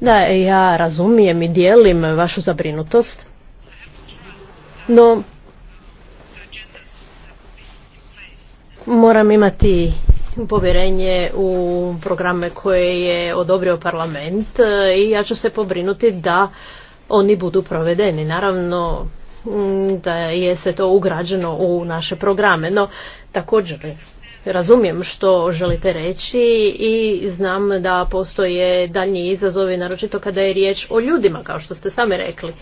Da, ja razumijem i dijelim vašu zabrinutost. No, moram imati povjerenje u programe koje je odobrio parlament e, i ja ću se pobrinuti da oni budu provedeni. Naravno da je se to ugrađeno u naše programe, no također razumijem što želite reći i znam da postoje daljnji izazovi, naročito kada je riječ o ljudima, kao što ste sami rekli.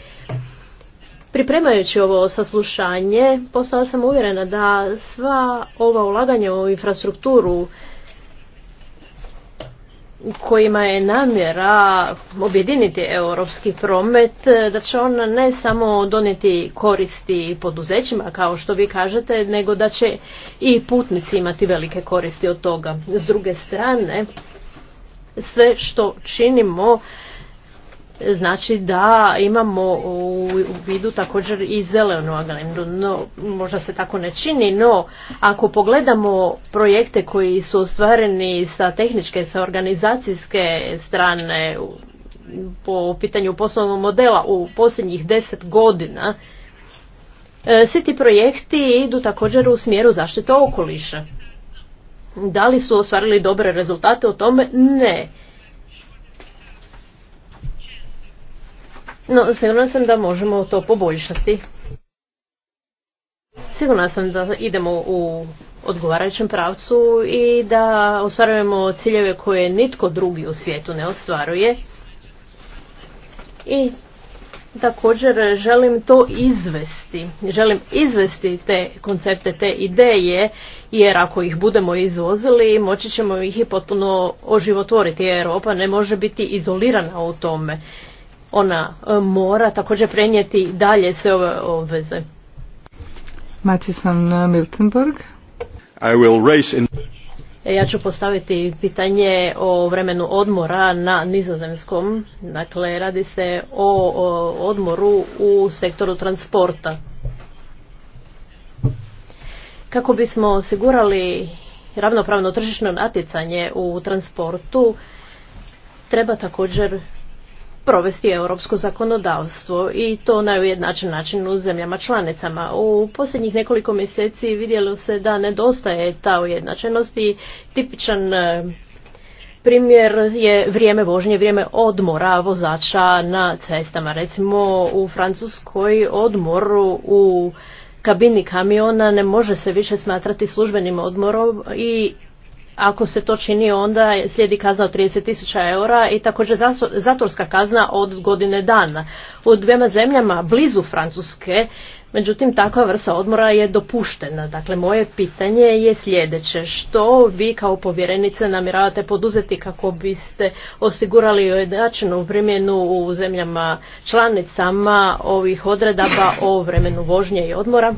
Pripremajući ovo saslušanje, postala sam uvjerena da sva ova ulaganja u infrastrukturu kojima je namjera objediniti europski promet, e, da će on ne samo donijeti koristi poduzećima, kao što vi kažete, nego da će i putnici imati velike koristi od toga. S druge strane, sve što činimo znači da imamo u vidu također i zelenu agendu. No, možda se tako ne čini, no ako pogledamo projekte koji su ostvareni sa tehničke, sa organizacijske strane po pitanju poslovnog modela u posljednjih deset godina, e, svi ti projekti idu također u smjeru zaštite okoliša. Da li su ostvarili dobre rezultate o tome? Ne. No, sigurna sam da možemo to poboljšati. Sigurna sam da idemo u odgovarajućem pravcu i da ostvarujemo ciljeve koje nitko drugi u svijetu ne ostvaruje. I također želim to izvesti. Želim izvesti te koncepte, te ideje, jer ako ih budemo izvozili, moći ćemo ih i potpuno oživotvoriti. Jer Europa ne može biti izolirana u tome ona e, mora također prenijeti dalje sve ove obveze. Matis e, Miltenburg. E, ja ću postaviti pitanje o vremenu odmora na nizozemskom. Dakle, radi se o, o odmoru u sektoru transporta. Kako bismo osigurali ravnopravno tržišno natjecanje u transportu, treba također provesti europsko zakonodavstvo i to na ujednačen način u zemljama članicama. U posljednjih nekoliko mjeseci vidjelo se da nedostaje ta ujednačenost i tipičan e, primjer je vrijeme vožnje, vrijeme odmora vozača na cestama. Recimo u Francuskoj odmoru u kabini kamiona ne može se više smatrati službenim odmorom i ako se to čini, onda slijedi kazna od 30.000 eura i također zatorska kazna od godine dana. U dvema zemljama blizu Francuske, međutim, takva vrsta odmora je dopuštena. Dakle, moje pitanje je sljedeće. Što vi kao povjerenice namiravate poduzeti kako biste osigurali ujednačenu primjenu u zemljama članicama ovih odredaba o vremenu vožnje i odmora?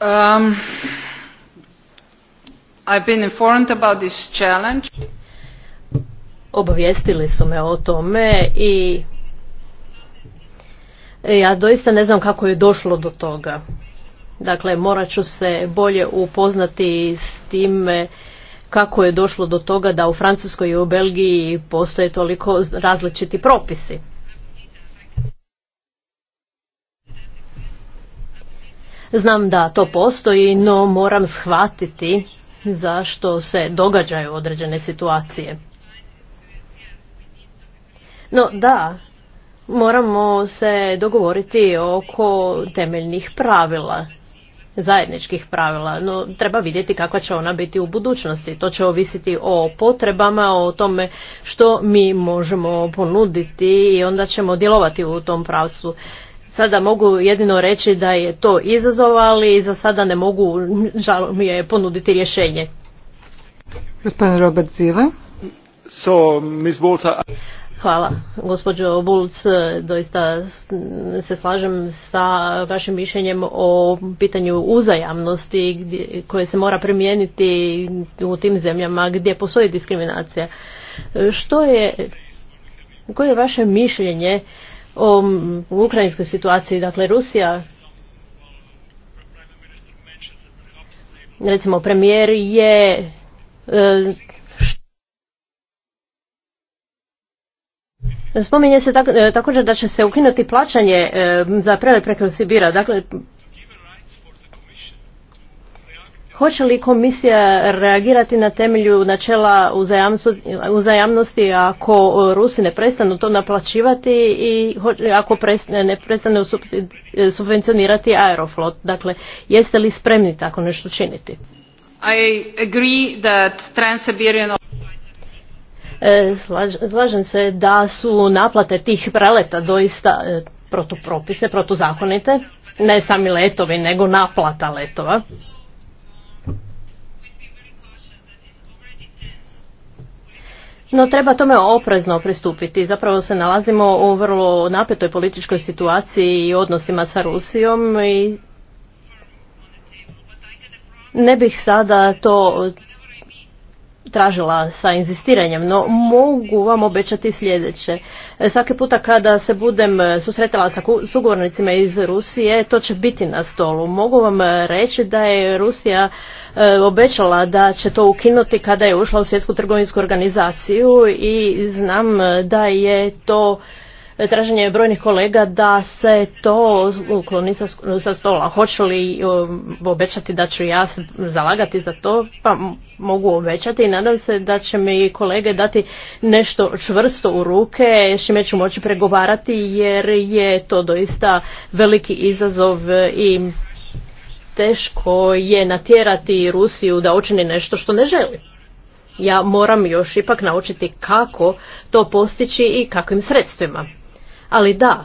Um, I've been informed about this challenge. Obavijestili su me o tome i ja doista ne znam kako je došlo do toga. Dakle, morat ću se bolje upoznati s time kako je došlo do toga da u Francuskoj i u Belgiji postoje toliko različiti propisi. Znam da to postoji, no moram shvatiti zašto se događaju određene situacije. No da, moramo se dogovoriti oko temeljnih pravila, zajedničkih pravila, no treba vidjeti kakva će ona biti u budućnosti. To će ovisiti o potrebama, o tome što mi možemo ponuditi i onda ćemo djelovati u tom pravcu. Sada mogu jedino reći da je to izazov, ali za sada ne mogu, žalom mi je, ponuditi rješenje. Gospodin Robert Zile. So, Hvala, gospođo Bulc, doista se slažem sa vašim mišljenjem o pitanju uzajamnosti koje se mora primijeniti u tim zemljama gdje postoji diskriminacija. Što je, koje je vaše mišljenje o ukrajinskoj situaciji, dakle Rusija. Recimo premijer je e, Spominje se e, također da će se ukinuti plaćanje e, za prele preko Sibira. Dakle, Hoće li komisija reagirati na temelju načela uzajamnosti ako Rusi ne prestanu to naplaćivati i ako ne prestanu subvencionirati Aeroflot? Dakle, jeste li spremni tako nešto činiti? I agree that e, Slažem se da su naplate tih preleta doista e, protupropisne, protuzakonite, ne sami letovi, nego naplata letova. No treba tome oprezno pristupiti. Zapravo se nalazimo u vrlo napetoj političkoj situaciji i odnosima sa Rusijom i ne bih sada to tražila sa inzistiranjem, no mogu vam obećati sljedeće. E, svaki puta kada se budem susretala sa sugovornicima iz Rusije, to će biti na stolu. Mogu vam reći da je Rusija E, obećala da će to ukinuti kada je ušla u svjetsku trgovinsku organizaciju i znam da je to traženje brojnih kolega da se to ukloni sa, sa stola. Hoću li obećati da ću ja zalagati za to? Pa mogu obećati i nadam se da će mi kolege dati nešto čvrsto u ruke s čime ću moći pregovarati jer je to doista veliki izazov i teško je natjerati Rusiju da učini nešto što ne želi. Ja moram još ipak naučiti kako to postići i kakvim sredstvima. Ali da,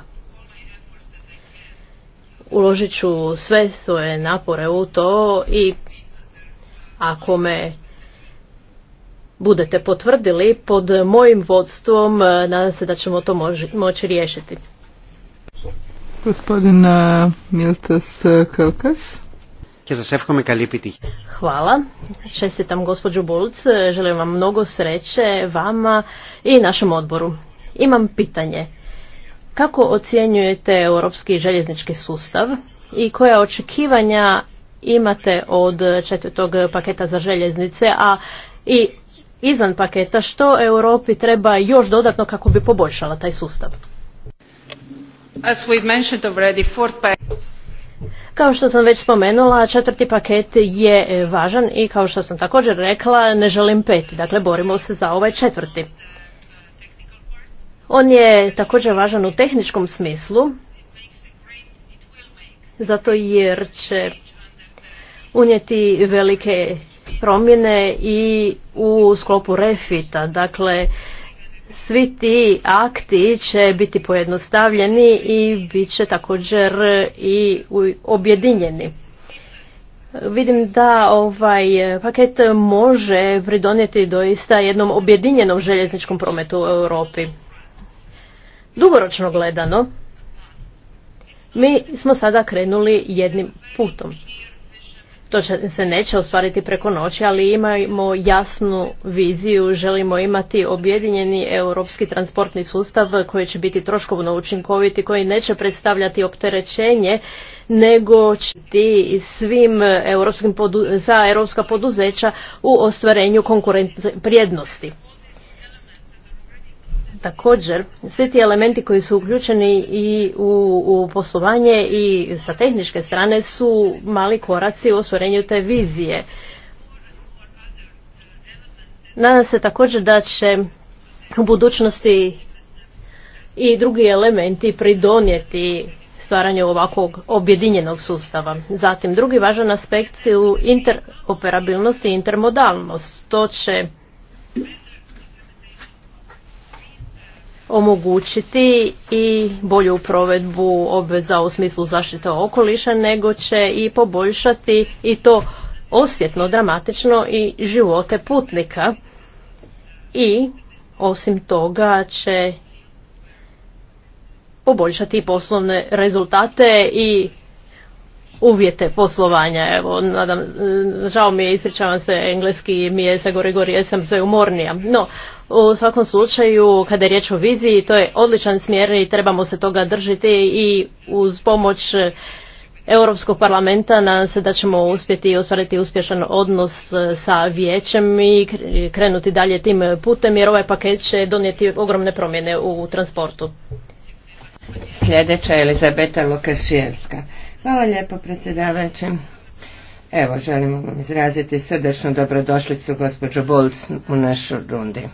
uložit ću sve svoje napore u to i ako me budete potvrdili pod mojim vodstvom, eh, nadam se da ćemo to moći riješiti. Gospodin eh, Miltas Kalkas. Hvala. Čestitam gospođu Bulc. Želim vam mnogo sreće, vama i našem odboru. Imam pitanje. Kako ocjenjujete europski željeznički sustav i koja očekivanja imate od četvrtog paketa za željeznice, a i izvan paketa što Europi treba još dodatno kako bi poboljšala taj sustav? As we've mentioned already, fourth pack kao što sam već spomenula, četvrti paket je e, važan i kao što sam također rekla, ne želim peti, dakle borimo se za ovaj četvrti. On je također važan u tehničkom smislu, zato jer će unijeti velike promjene i u sklopu refita. Dakle, svi ti akti će biti pojednostavljeni i bit će također i objedinjeni. Vidim da ovaj e, paket može pridonijeti doista jednom objedinjenom željezničkom prometu u Europi. Dugoročno gledano, mi smo sada krenuli jednim putom. To se neće ostvariti preko noći, ali imamo jasnu viziju, želimo imati objedinjeni europski transportni sustav koji će biti troškovno učinkoviti, koji neće predstavljati opterećenje, nego će ti svim europskim, sva europska poduzeća u ostvarenju konkurentne prijednosti. Također, svi ti elementi koji su uključeni i u, u poslovanje i sa tehničke strane su mali koraci u ostvarenju te vizije. Nadam se također da će u budućnosti i drugi elementi pridonijeti stvaranju ovakvog objedinjenog sustava. Zatim, drugi važan aspekt su interoperabilnost i intermodalnost. To će omogućiti i bolju provedbu obveza u smislu zaštite okoliša, nego će i poboljšati i to osjetno, dramatično i živote putnika. I osim toga će poboljšati poslovne rezultate i uvjete poslovanja. Evo, nadam, žao mi je, ispričavam se, engleski mi je sa gori, gore, jesam sve umornija. No, u svakom slučaju, kada je riječ o viziji, to je odličan smjer i trebamo se toga držiti i uz pomoć Europskog parlamenta nadam se da ćemo uspjeti ostvariti uspješan odnos sa vijećem i krenuti dalje tim putem jer ovaj paket će donijeti ogromne promjene u transportu. Sljedeća je Elizabeta Lukasijevska. Hvala lijepo predsjedavajući. Evo, želim vam izraziti srdečnu dobrodošlicu gospođo Bolc u našu rundi.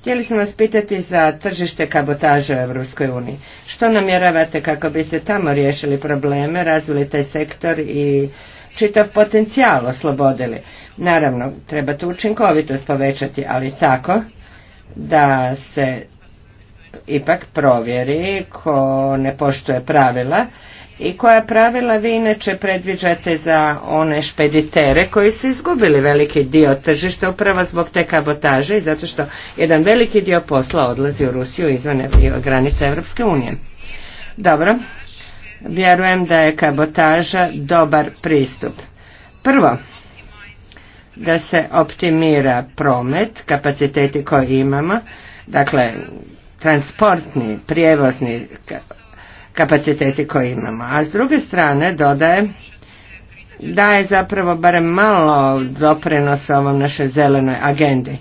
Htjeli smo vas pitati za tržište kabotaže u Europskoj uniji. Što namjeravate kako biste tamo riješili probleme, razvili taj sektor i čitav potencijal oslobodili? Naravno, treba tu učinkovitost povećati, ali tako da se ipak provjeri ko ne poštuje pravila i koja pravila vi inače predviđate za one špeditere koji su izgubili veliki dio tržišta upravo zbog te kabotaže i zato što jedan veliki dio posla odlazi u Rusiju izvan granice Europske unije. Dobro, vjerujem da je kabotaža dobar pristup. Prvo, da se optimira promet, kapaciteti koje imamo, dakle transportni, prijevozni kapaciteti koje imamo. A s druge strane dodaje da je zapravo barem malo doprinos ovom našoj zelenoj agendi.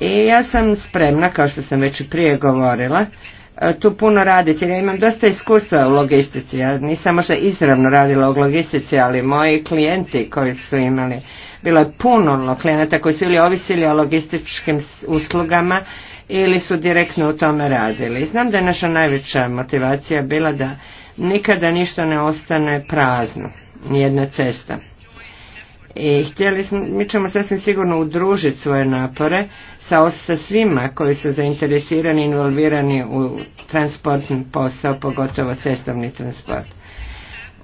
I ja sam spremna, kao što sam već i prije govorila, e, tu puno raditi. Ja imam dosta iskustva u logistici. Ja nisam možda izravno radila u logistici, ali moji klijenti koji su imali, bilo je puno klijenata koji su ili ovisili o logističkim uslugama ili su direktno u tome radili. Znam da je naša najveća motivacija bila da nikada ništa ne ostane prazno, nijedna cesta. I htjeli smo, mi ćemo sasvim sigurno udružiti svoje napore sa, sa svima koji su zainteresirani i involvirani u transportni posao, pogotovo cestovni transport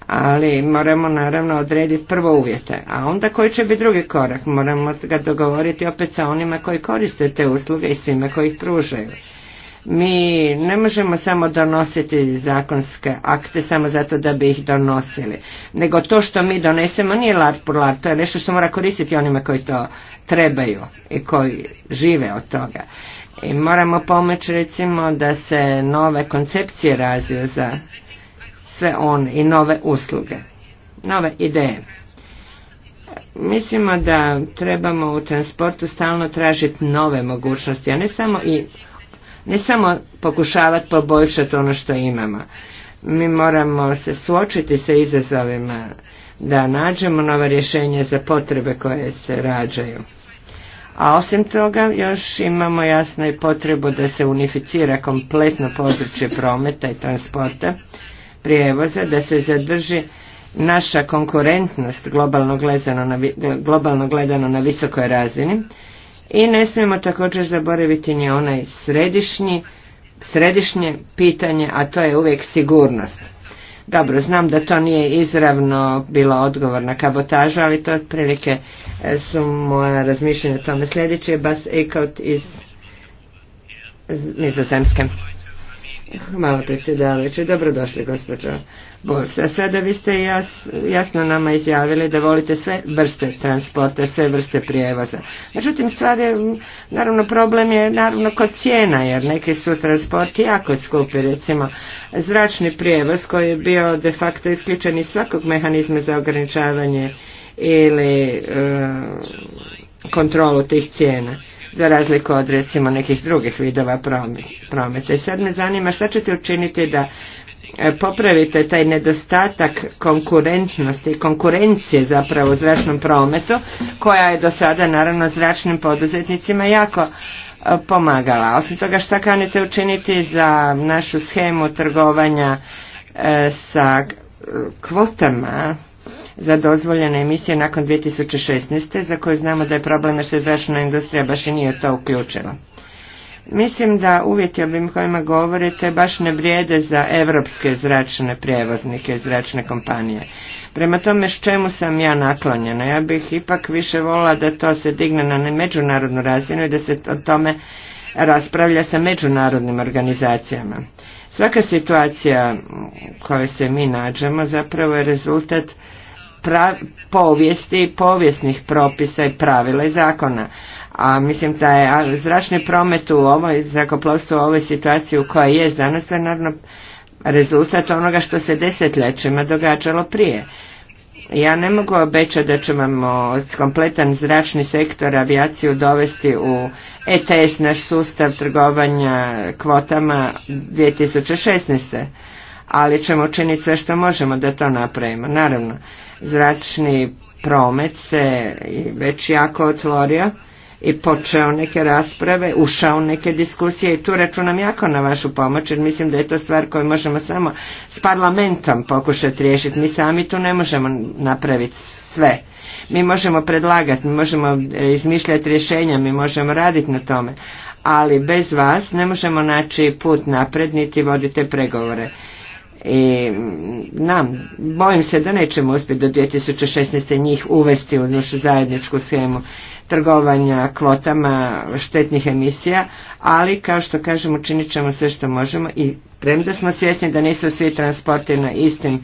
ali moramo naravno odrediti prvo uvjete, a onda koji će biti drugi korak, moramo ga dogovoriti opet sa onima koji koriste te usluge i svima koji ih pružaju. Mi ne možemo samo donositi zakonske akte samo zato da bi ih donosili, nego to što mi donesemo nije lart por lar, to je nešto što mora koristiti onima koji to trebaju i koji žive od toga. I moramo pomoći recimo da se nove koncepcije razviju za sve one i nove usluge, nove ideje. Mislimo da trebamo u transportu stalno tražiti nove mogućnosti, a ne samo i ne samo pokušavati poboljšati ono što imamo. Mi moramo se suočiti sa izazovima da nađemo nova rješenja za potrebe koje se rađaju. A osim toga još imamo jasno i potrebu da se unificira kompletno područje prometa i transporta prijevoza, da se zadrži naša konkurentnost globalno gledano na, globalno gledano na visokoj razini i ne smijemo također zaboraviti ni onaj središnji, središnje pitanje, a to je uvijek sigurnost. Dobro, znam da to nije izravno bilo odgovor na kabotažu, ali to otprilike e, su moja razmišljenja o tome. sljedeće. je Bas iz Nizozemske. Hvala predsjedavajući. Dobrodošli gospođo Bolca. A sada vi ste jasno nama izjavili da volite sve vrste transporta, sve vrste prijevoza. Međutim, stvar je, naravno problem je naravno kod cijena, jer neki su transporti jako skupi, recimo zračni prijevoz koji je bio de facto isključen iz svakog mehanizma za ograničavanje ili eh, kontrolu tih cijena za razliku od recimo nekih drugih vidova prometa. I sad me zanima šta ćete učiniti da e, popravite taj nedostatak konkurentnosti i konkurencije zapravo u zračnom prometu koja je do sada naravno zračnim poduzetnicima jako e, pomagala. Osim toga šta kanite učiniti za našu schemu trgovanja e, sa kvotama za dozvoljene emisije nakon 2016. za koju znamo da je problem jer se zračna industrija baš i nije to uključila. Mislim da uvjeti o kojima govorite baš ne vrijede za evropske zračne prijevoznike, zračne kompanije. Prema tome s čemu sam ja naklonjena? Ja bih ipak više volila da to se digne na međunarodnu razinu i da se o tome raspravlja sa međunarodnim organizacijama. Svaka situacija u kojoj se mi nađemo zapravo je rezultat povijesti, povijesnih propisa i pravila i zakona. A mislim da je zračni promet u ovoj zrakoplovstvu u ovoj situaciji u kojoj je danas je naravno rezultat onoga što se desetljećima događalo prije. Ja ne mogu obećati da ćemo kompletan zračni sektor avijaciju dovesti u ETS, naš sustav trgovanja kvotama 2016. Ali ćemo učiniti sve što možemo da to napravimo, naravno zračni promet se već jako otvorio i počeo neke rasprave, ušao neke diskusije i tu računam jako na vašu pomoć jer mislim da je to stvar koju možemo samo s parlamentom pokušati riješiti. Mi sami tu ne možemo napraviti sve. Mi možemo predlagati, mi možemo e, izmišljati rješenja, mi možemo raditi na tome, ali bez vas ne možemo naći put napred niti vodite pregovore i nam, bojim se da nećemo uspjeti do 2016. njih uvesti u našu zajedničku schemu trgovanja kvotama štetnih emisija, ali kao što kažemo činit ćemo sve što možemo i premda smo svjesni da nisu svi transporti na istim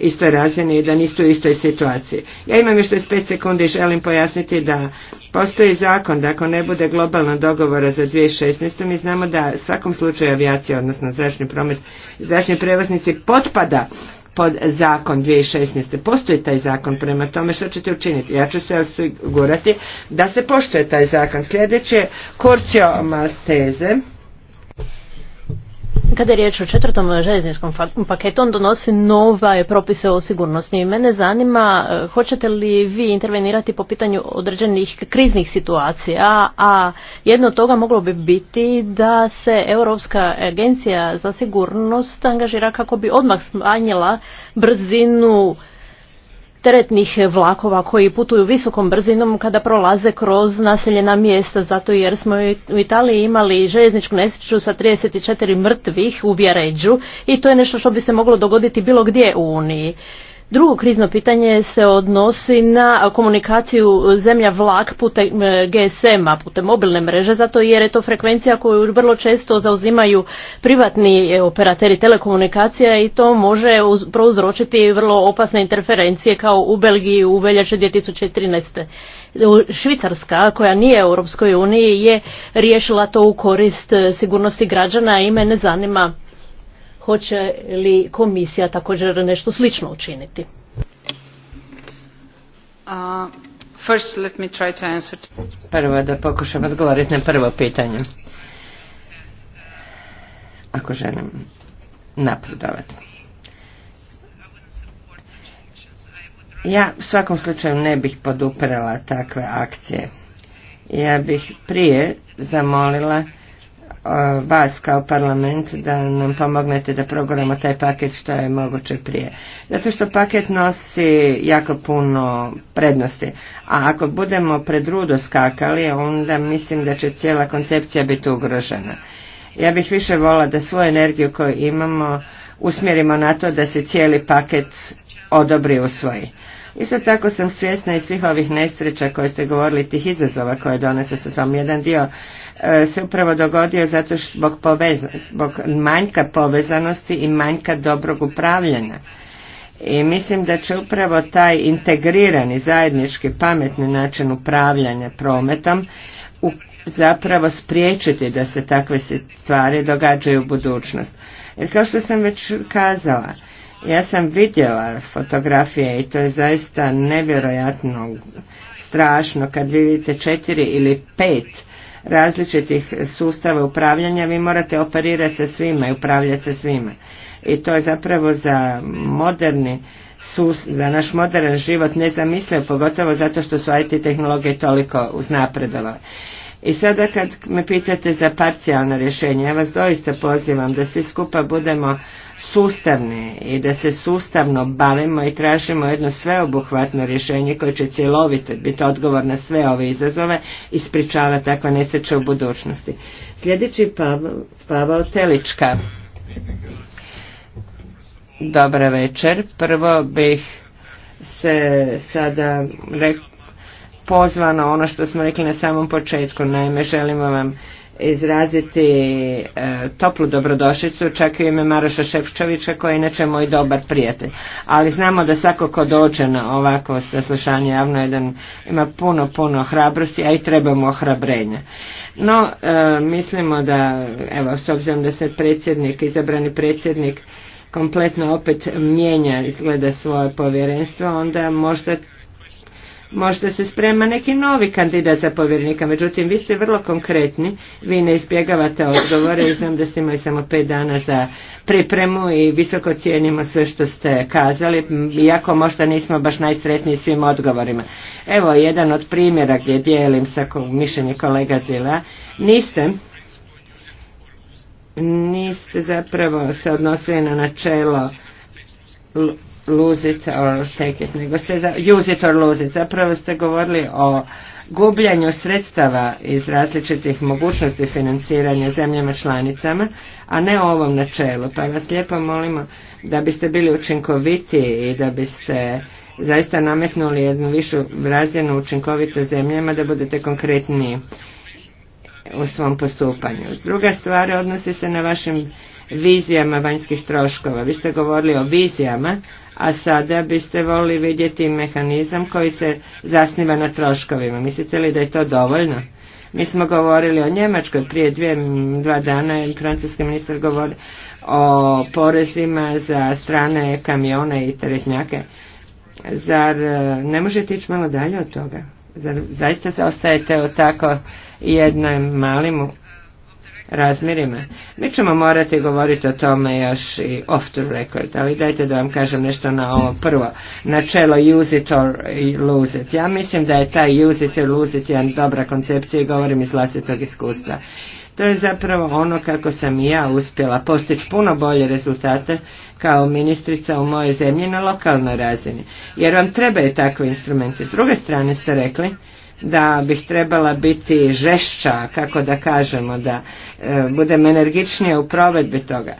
istoj razini i da nisu u istoj situaciji. Ja imam još 5 sekundi i želim pojasniti da postoji zakon da ako ne bude globalnog dogovora za 2016. mi znamo da svakom slučaju avijacija, odnosno zračni promet, zračni prevoznici potpada pod zakon 2016. Postoji taj zakon prema tome što ćete učiniti. Ja ću se osigurati da se poštuje taj zakon. Sljedeće, Kurcio Malteze. Kada je riječ o četvrtom željezničkom paketu, on donosi nove propise o sigurnosti. I mene zanima, e, hoćete li vi intervenirati po pitanju određenih kriznih situacija, a jedno od toga moglo bi biti da se Europska agencija za sigurnost angažira kako bi odmah smanjila brzinu teretnih vlakova koji putuju visokom brzinom kada prolaze kroz naseljena mjesta, zato jer smo u Italiji imali željezničku nesreću sa 34 mrtvih u Vjeređu i to je nešto što bi se moglo dogoditi bilo gdje u Uniji. Drugo krizno pitanje se odnosi na komunikaciju zemlja vlak putem e, GSM-a, putem mobilne mreže, zato jer je to frekvencija koju vrlo često zauzimaju privatni e, operateri telekomunikacija i to može prouzročiti vrlo opasne interferencije kao u Belgiji u veljače 2013. E, Švicarska, koja nije u Europskoj uniji, je riješila to u korist sigurnosti građana i mene zanima hoće li komisija također nešto slično učiniti? Uh, first let me Prvo da pokušam odgovoriti na prvo pitanje. Ako želim napredovati. Ja u svakom slučaju ne bih poduprala takve akcije. Ja bih prije zamolila vas kao parlament da nam pomognete da proguramo taj paket što je moguće prije. Zato što paket nosi jako puno prednosti. A ako budemo pred rudo skakali, onda mislim da će cijela koncepcija biti ugrožena. Ja bih više vola da svoju energiju koju imamo usmjerimo na to da se cijeli paket odobri u usvoji. Isto tako sam svjesna iz svih ovih nesreća koje ste govorili, tih izazova koje donose sa sam jedan dio E, se upravo dogodio zato što zbog, zbog manjka povezanosti i manjka dobrog upravljanja. I mislim da će upravo taj integrirani zajednički pametni način upravljanja prometom zapravo spriječiti da se takve stvari događaju u budućnost. Jer kao što sam već kazala, ja sam vidjela fotografije i to je zaista nevjerojatno strašno kad vidite četiri ili pet različitih sustava upravljanja, vi morate operirati sa svima i upravljati sa svima. I to je zapravo za moderni sus, za naš modern život zamislio, pogotovo zato što su IT tehnologije toliko uznapredovale. I sada kad me pitate za parcijalne rješenje, ja vas doista pozivam da svi skupa budemo sustavne i da se sustavno bavimo i tražimo jedno sveobuhvatno rješenje koje će cjelovito biti odgovor na sve ove izazove i spričava takva nesreća u budućnosti. Sljedeći Pavel Telička. Dobar večer. Prvo bih se sada rekao pozvano ono što smo rekli na samom početku. Naime, želimo vam izraziti e, toplu dobrodošlicu čak i ime Maroša Šepčovića koji je inače moj dobar prijatelj. Ali znamo da svako ko dođe na ovako saslušanje javno jedan ima puno, puno hrabrosti, a i trebamo ohrabrenja. No, e, mislimo da, evo, s obzirom da se predsjednik, izabrani predsjednik kompletno opet mijenja izgleda svoje povjerenstvo, onda možda možda se sprema neki novi kandidat za povjernika, međutim vi ste vrlo konkretni, vi ne izbjegavate odgovore i znam da ste imali samo pet dana za pripremu i visoko cijenimo sve što ste kazali, iako možda nismo baš najsretniji svim odgovorima. Evo jedan od primjera gdje dijelim sa mišljenje kolega Zila, niste niste zapravo se odnosili na načelo lose it or take it, nego ste za, use it or lose it. Zapravo ste govorili o gubljanju sredstava iz različitih mogućnosti financiranja zemljama članicama, a ne o ovom načelu. Pa vas lijepo molimo da biste bili učinkoviti i da biste zaista nametnuli jednu višu razinu učinkovito zemljama da budete konkretniji u svom postupanju. Druga stvar odnosi se na vašim vizijama vanjskih troškova. Vi ste govorili o vizijama, a sada biste volili vidjeti mehanizam koji se zasniva na troškovima. Mislite li da je to dovoljno? Mi smo govorili o Njemačkoj prije dvije, dva dana je francuski ministar govori o porezima za strane kamione i teretnjake. Zar e, ne možete ići malo dalje od toga? Zar zaista ostajete o tako jednom malim razmirima. Mi ćemo morati govoriti o tome još i off the record, ali dajte da vam kažem nešto na ovo prvo. Načelo use it or lose it. Ja mislim da je taj use it or lose it jedan dobra koncepcija i govorim iz vlastitog iskustva. To je zapravo ono kako sam i ja uspjela postići puno bolje rezultate kao ministrica u mojoj zemlji na lokalnoj razini. Jer vam trebaju takvi instrumenti. S druge strane ste rekli da bih trebala biti žešća, kako da kažemo, da Eh, budem energičnija u provedbi toga.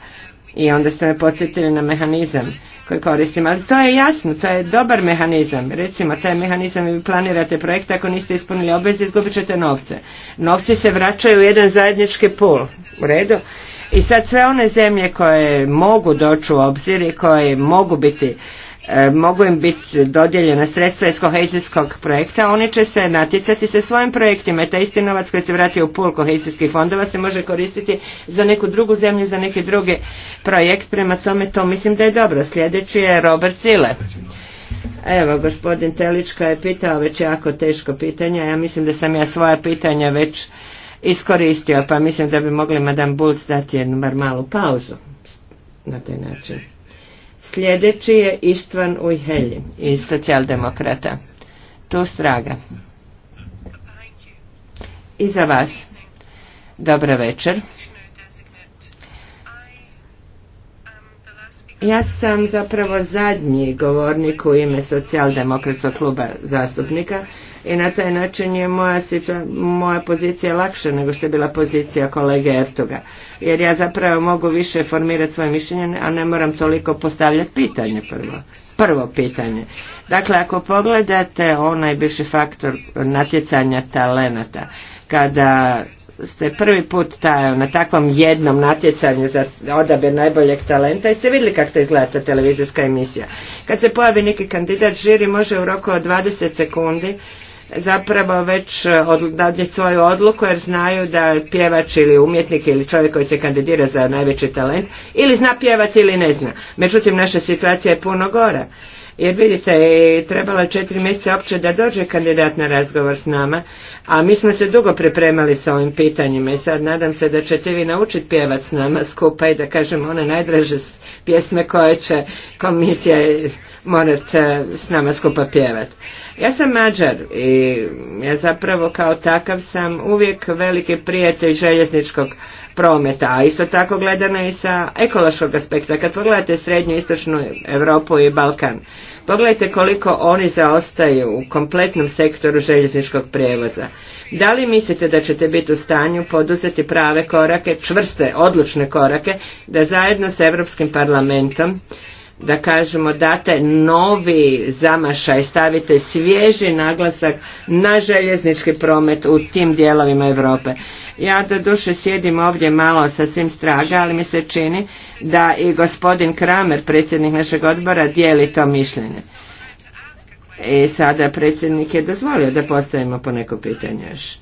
I onda ste me podsjetili na mehanizam koji koristim. Ali to je jasno, to je dobar mehanizam. Recimo, taj mehanizam vi planirate projekte, ako niste ispunili obveze, izgubit ćete novce. Novci se vraćaju u jedan zajednički pul. U redu? I sad sve one zemlje koje mogu doći u obzir i koje mogu biti E, mogu im biti dodijeljena sredstva iz kohezijskog projekta, oni će se natjecati sa svojim projektima. Taj isti novac koji se vrati u pul kohezijskih fondova se može koristiti za neku drugu zemlju, za neki drugi projekt. Prema tome to mislim da je dobro. Sljedeći je Robert Cile. Evo, gospodin Telička je pitao već jako teško pitanje. Ja mislim da sam ja svoja pitanja već iskoristio, pa mislim da bi mogli Madame Bulc dati jednu bar malu pauzu na taj način. Sljedeći je Istvan Ujhelji iz socijaldemokrata. Tu straga. I za vas. Dobro večer. Ja sam zapravo zadnji govornik u ime socijaldemokratskog kluba zastupnika i na taj način je moja, situa moja pozicija lakša nego što je bila pozicija kolege Ertuga. Jer ja zapravo mogu više formirati svoje mišljenje, a ne moram toliko postavljati pitanje prvo. Prvo pitanje. Dakle, ako pogledate onaj bivši faktor natjecanja talenata, kada ste prvi put taj, na takvom jednom natjecanju za odabir najboljeg talenta i ste vidjeli kako to izgleda ta televizijska emisija. Kad se pojavi neki kandidat, žiri može u roku od 20 sekundi zapravo već e, dadnje svoju odluku jer znaju da pjevač ili umjetnik ili čovjek koji se kandidira za najveći talent ili zna pjevati ili ne zna. Međutim, naša situacija je puno gora. Jer vidite, trebalo je četiri mjeseca opće da dođe kandidat na razgovor s nama, a mi smo se dugo pripremali sa ovim pitanjima i sad nadam se da ćete vi naučiti pjevat s nama skupa i da kažemo one najdraže pjesme koje će komisija morate s nama skupa pjevat Ja sam Mađar i ja zapravo kao takav sam uvijek veliki prijatelj željezničkog prometa, a isto tako gledana i sa ekološkog aspekta. Kad pogledate srednju istočnu Europu i Balkan, pogledajte koliko oni zaostaju u kompletnom sektoru željezničkog prijevoza. Da li mislite da ćete biti u stanju poduzeti prave korake, čvrste, odlučne korake, da zajedno s Europskim parlamentom da kažemo date novi zamašaj, stavite svježi naglasak na željeznički promet u tim dijelovima Europe. Ja do duše sjedim ovdje malo sa svim straga, ali mi se čini da i gospodin Kramer, predsjednik našeg odbora, dijeli to mišljenje. I e, sada predsjednik je dozvolio da postavimo po neko pitanje još.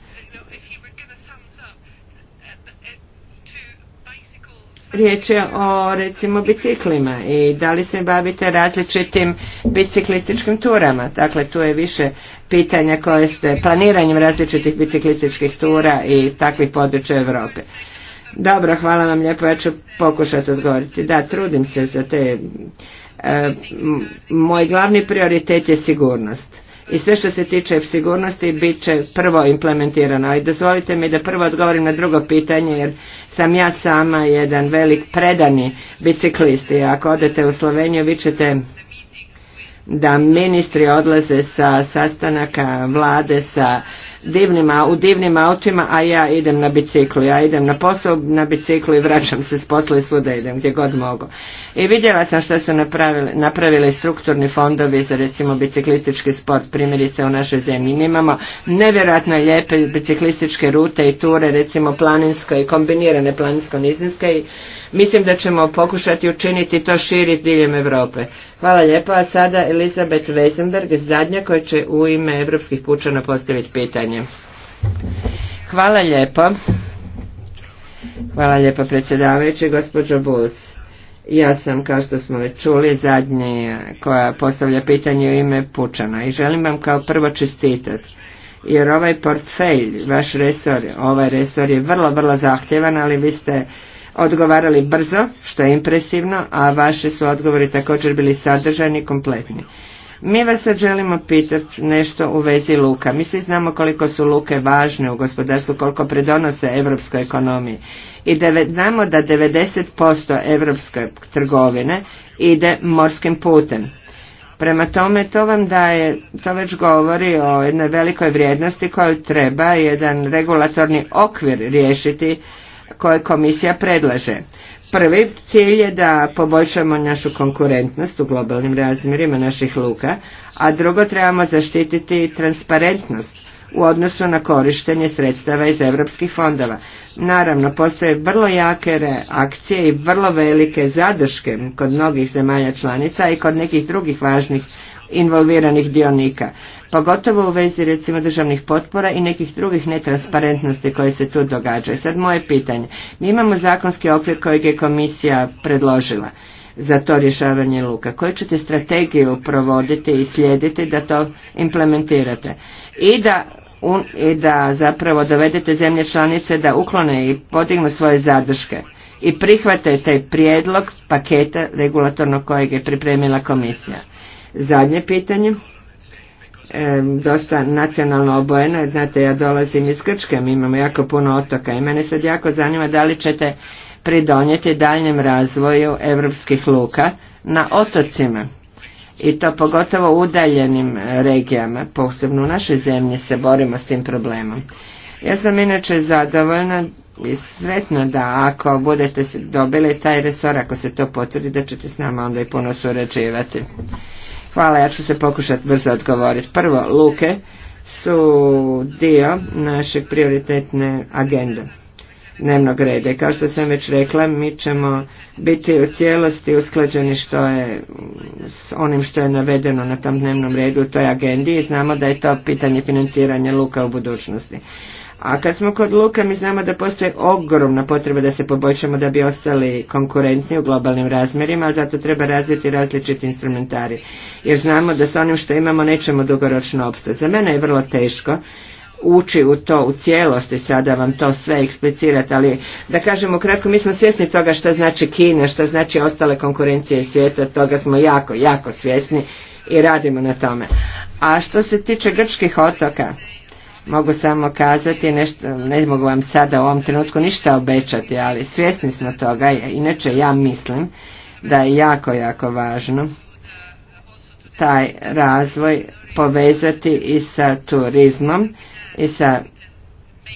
Riječ je o recimo biciklima i da li se bavite različitim biciklističkim turama. Dakle, tu je više pitanja koje ste planiranjem različitih biciklističkih tura i takvih područja Europe. Dobro, hvala vam lijepo, ja ću pokušati odgovoriti. Da, trudim se za te. E, moj glavni prioritet je sigurnost i sve što se tiče sigurnosti bit će prvo implementirano. I dozvolite mi da prvo odgovorim na drugo pitanje jer sam ja sama jedan velik predani biciklist i ako odete u Sloveniju vi ćete da ministri odlaze sa sastanaka vlade sa divnim, u divnim autima, a ja idem na biciklu. Ja idem na posao na biciklu i vraćam se s posla i svuda idem, gdje god mogu. I vidjela sam što su napravili, napravili strukturni fondovi za recimo biciklistički sport, primjerice u našoj zemlji. Mi imamo nevjerojatno lijepe biciklističke rute i ture, recimo planinsko i kombinirane planinsko-nizinske i mislim da ćemo pokušati učiniti to širi diljem Europe. Hvala lijepo, a sada Elizabeth Weisenberg, zadnja koja će u ime Evropskih pučana postaviti pitanje. Hvala lijepo. Hvala lijepo predsjedavajući gospođo Bulc. Ja sam, kao što smo već čuli, zadnji eh, koja postavlja pitanje u ime Pučana i želim vam kao prvo čestitati. Jer ovaj portfelj, vaš resor, ovaj resor je vrlo, vrlo zahtjevan, ali vi ste odgovarali brzo, što je impresivno, a vaši su odgovori također bili sadržajni i kompletni. Mi vas sad želimo pitati nešto u vezi luka. Mi svi znamo koliko su luke važne u gospodarstvu, koliko predonose europskoj ekonomiji. I znamo da 90% europske trgovine ide morskim putem. Prema tome, to vam daje, to već govori o jednoj velikoj vrijednosti koju treba jedan regulatorni okvir riješiti koje komisija predlaže. Prvi cilj je da poboljšamo našu konkurentnost u globalnim razmjerima naših luka, a drugo trebamo zaštititi transparentnost u odnosu na korištenje sredstava iz europskih fondova. Naravno, postoje vrlo jake reakcije i vrlo velike zadrške kod mnogih zemalja članica i kod nekih drugih važnih involviranih dionika pogotovo u vezi recimo državnih potpora i nekih drugih netransparentnosti koje se tu događaju. Sad moje pitanje. Mi imamo zakonski okvir kojeg je komisija predložila za to rješavanje luka. Koju ćete strategiju provoditi i slijediti da to implementirate? I da i da zapravo dovedete zemlje članice da uklone i podignu svoje zadrške i prihvate taj prijedlog paketa regulatornog kojeg je pripremila komisija. Zadnje pitanje dosta nacionalno obojeno, znate ja dolazim iz Grčke, mi imamo jako puno otoka i mene sad jako zanima da li ćete pridonijeti daljnjem razvoju evropskih luka na otocima i to pogotovo u udaljenim e, regijama, posebno u našoj zemlji se borimo s tim problemom. Ja sam inače zadovoljna i sretna da ako budete dobili taj resor, ako se to potvrdi, da ćete s nama onda i puno surađivati. Hvala, ja ću se pokušati brzo odgovoriti. Prvo, luke su dio naše prioritetne agende dnevnog reda. I kao što sam već rekla, mi ćemo biti u cijelosti usklađeni što je s onim što je navedeno na tom dnevnom redu u toj agendi i znamo da je to pitanje financiranja luka u budućnosti. A kad smo kod luka mi znamo da postoji ogromna potreba da se poboljšamo da bi ostali konkurentni u globalnim razmjerima, ali zato treba razviti različiti instrumentari. Jer znamo da sa onim što imamo nećemo dugoročno opstati. Za mene je vrlo teško ući u to u cijelosti, sada vam to sve eksplicirati, ali da kažemo kratko, mi smo svjesni toga što znači Kina, što znači ostale konkurencije svijeta, toga smo jako, jako svjesni i radimo na tome. A što se tiče grčkih otoka, Mogu samo kazati, nešto, ne mogu vam sada u ovom trenutku ništa obećati, ali svjesni smo toga. Inače ja mislim da je jako, jako važno taj razvoj povezati i sa turizmom i sa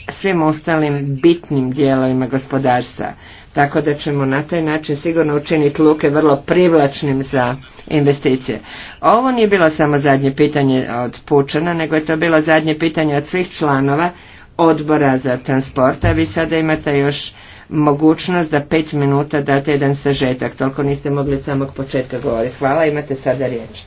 svim ostalim bitnim dijelovima gospodarstva. Tako da ćemo na taj način sigurno učiniti luke vrlo privlačnim za investicije. Ovo nije bilo samo zadnje pitanje od Pučana, nego je to bilo zadnje pitanje od svih članova odbora za transporta. a vi sada imate još mogućnost da pet minuta date jedan sažetak. Toliko niste mogli od samog početka govoriti. Hvala, imate sada riječ.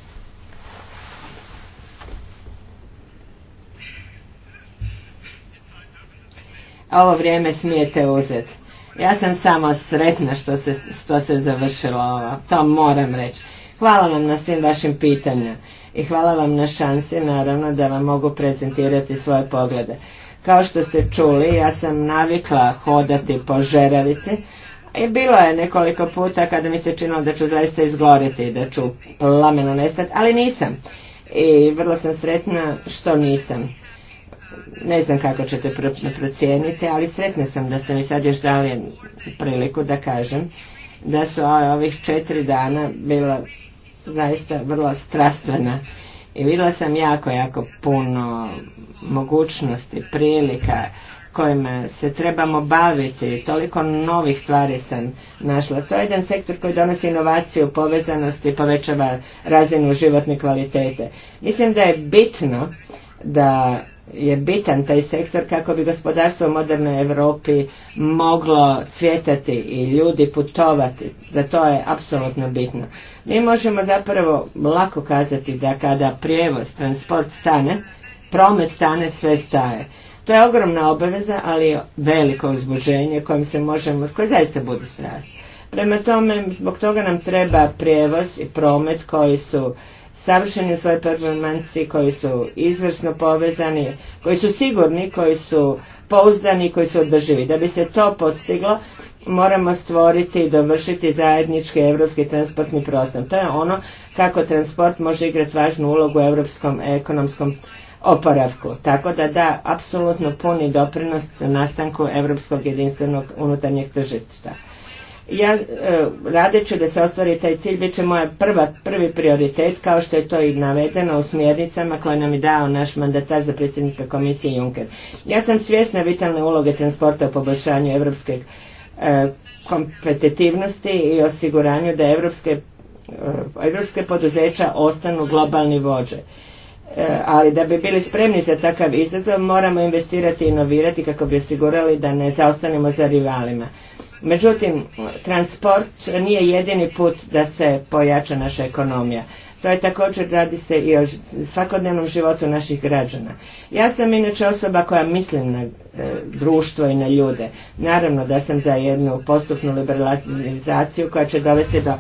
ovo vrijeme smijete uzeti. Ja sam samo sretna što se, se završilo ovo, to moram reći. Hvala vam na svim vašim pitanjima i hvala vam na šansi naravno da vam mogu prezentirati svoje poglede. Kao što ste čuli, ja sam navikla hodati po žeravici i bilo je nekoliko puta kada mi se činilo da ću zaista izgoriti i da ću plameno nestati, ali nisam. I vrlo sam sretna što nisam ne znam kako ćete procijeniti, ali sretna sam da ste mi sad još dali priliku da kažem da su ovih četiri dana bila zaista vrlo strastvena i vidjela sam jako, jako puno mogućnosti, prilika kojima se trebamo baviti. Toliko novih stvari sam našla. To je jedan sektor koji donosi inovaciju, povezanost i povećava razinu životne kvalitete. Mislim da je bitno da je bitan taj sektor kako bi gospodarstvo u modernoj Europi moglo cvjetati i ljudi putovati. Za to je apsolutno bitno. Mi možemo zapravo lako kazati da kada prijevoz, transport stane, promet stane, sve staje. To je ogromna obaveza, ali veliko uzbuđenje kojim se možemo, koje zaista budu strasti. Prema tome, zbog toga nam treba prijevoz i promet koji su savršeni svoje svojoj performanci, koji su izvrsno povezani, koji su sigurni, koji su pouzdani, koji su održivi. Da bi se to postiglo, moramo stvoriti i dovršiti zajednički europski transportni prostor. To je ono kako transport može igrati važnu ulogu u europskom ekonomskom oporavku. Tako da da apsolutno puni doprinos nastanku europskog jedinstvenog unutarnjeg tržišta. Ja e, radeću da se ostvari taj cilj, bit će moja prva, prvi prioritet kao što je to i navedeno u smjernicama koje nam je dao naš mandatar za predsjednika komisije Juncker. Ja sam svjesna vitalne uloge transporta u poboljšanju evropske e, kompetitivnosti i osiguranju da evropske, e, evropske poduzeća ostanu globalni vođe ali da bi bili spremni za takav izazov moramo investirati i inovirati kako bi osigurali da ne zaostanemo za rivalima. Međutim, transport nije jedini put da se pojača naša ekonomija. To je također radi se i o svakodnevnom životu naših građana. Ja sam inače osoba koja mislim na e, društvo i na ljude. Naravno da sam za jednu postupnu liberalizaciju koja će dovesti do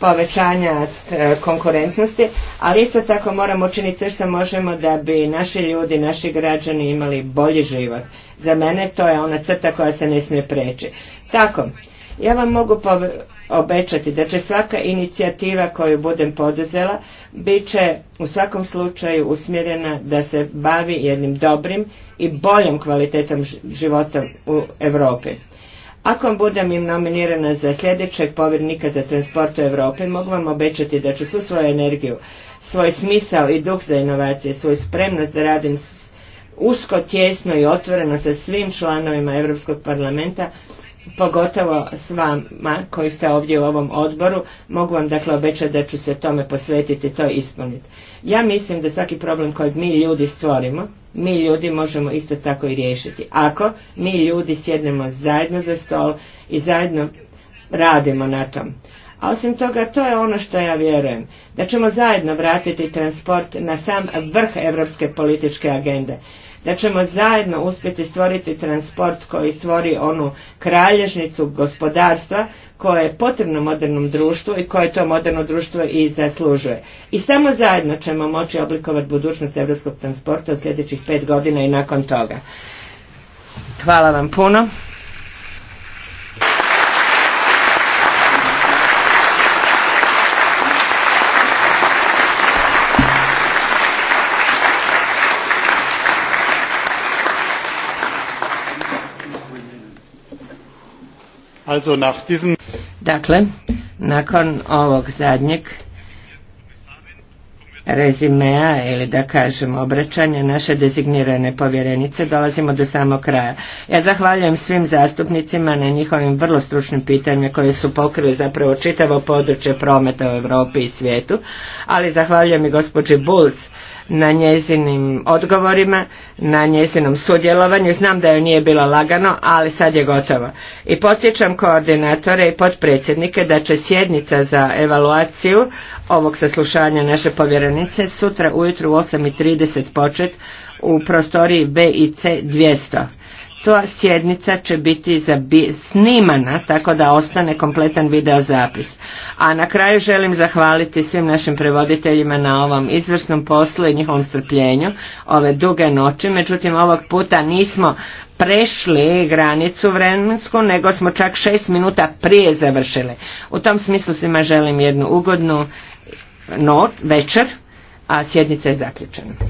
povećanja e, konkurentnosti, ali isto tako moramo učiniti sve što možemo da bi naši ljudi, naši građani imali bolji život za mene to je ona crta koja se ne smije preći. Tako, ja vam mogu obećati da će svaka inicijativa koju budem poduzela bit će u svakom slučaju usmjerena da se bavi jednim dobrim i boljom kvalitetom života u Europi. Ako budem im nominirana za sljedećeg povjernika za transport u Europi, mogu vam obećati da ću svu svoju energiju, svoj smisao i duh za inovacije, svoju spremnost da radim usko, tjesno i otvoreno sa svim članovima Europskog parlamenta, pogotovo s vama koji ste ovdje u ovom odboru. Mogu vam dakle obećati da ću se tome posvetiti, to ispuniti. Ja mislim da svaki problem koji mi ljudi stvorimo, mi ljudi možemo isto tako i riješiti. Ako mi ljudi sjednemo zajedno za stol i zajedno radimo na tom. A osim toga, to je ono što ja vjerujem, da ćemo zajedno vratiti transport na sam vrh evropske političke agende da ćemo zajedno uspjeti stvoriti transport koji stvori onu kralježnicu gospodarstva koje je potrebno modernom društvu i koje to moderno društvo i zaslužuje. I samo zajedno ćemo moći oblikovati budućnost europskog transporta u sljedećih pet godina i nakon toga. Hvala vam puno. Dakle, nakon ovog zadnjeg rezimea ili da kažem obraćanja naše dezignirane povjerenice dolazimo do samog kraja. Ja zahvaljujem svim zastupnicima na njihovim vrlo stručnim pitanjima koje su pokrili zapravo čitavo područje prometa u Europi i svijetu, ali zahvaljujem i gospođi Bulc na njezinim odgovorima, na njezinom sudjelovanju. Znam da joj nije bilo lagano, ali sad je gotovo. I podsjećam koordinatore i potpredsjednike da će sjednica za evaluaciju ovog saslušanja naše povjerenice sutra ujutro u 8.30 počet u prostoriji B i C 200 ta sjednica će biti snimana tako da ostane kompletan video zapis. A na kraju želim zahvaliti svim našim prevoditeljima na ovom izvrsnom poslu i njihovom strpljenju ove duge noći. Međutim, ovog puta nismo prešli granicu vremensku, nego smo čak šest minuta prije završili. U tom smislu svima želim jednu ugodnu večer, a sjednica je zaključena.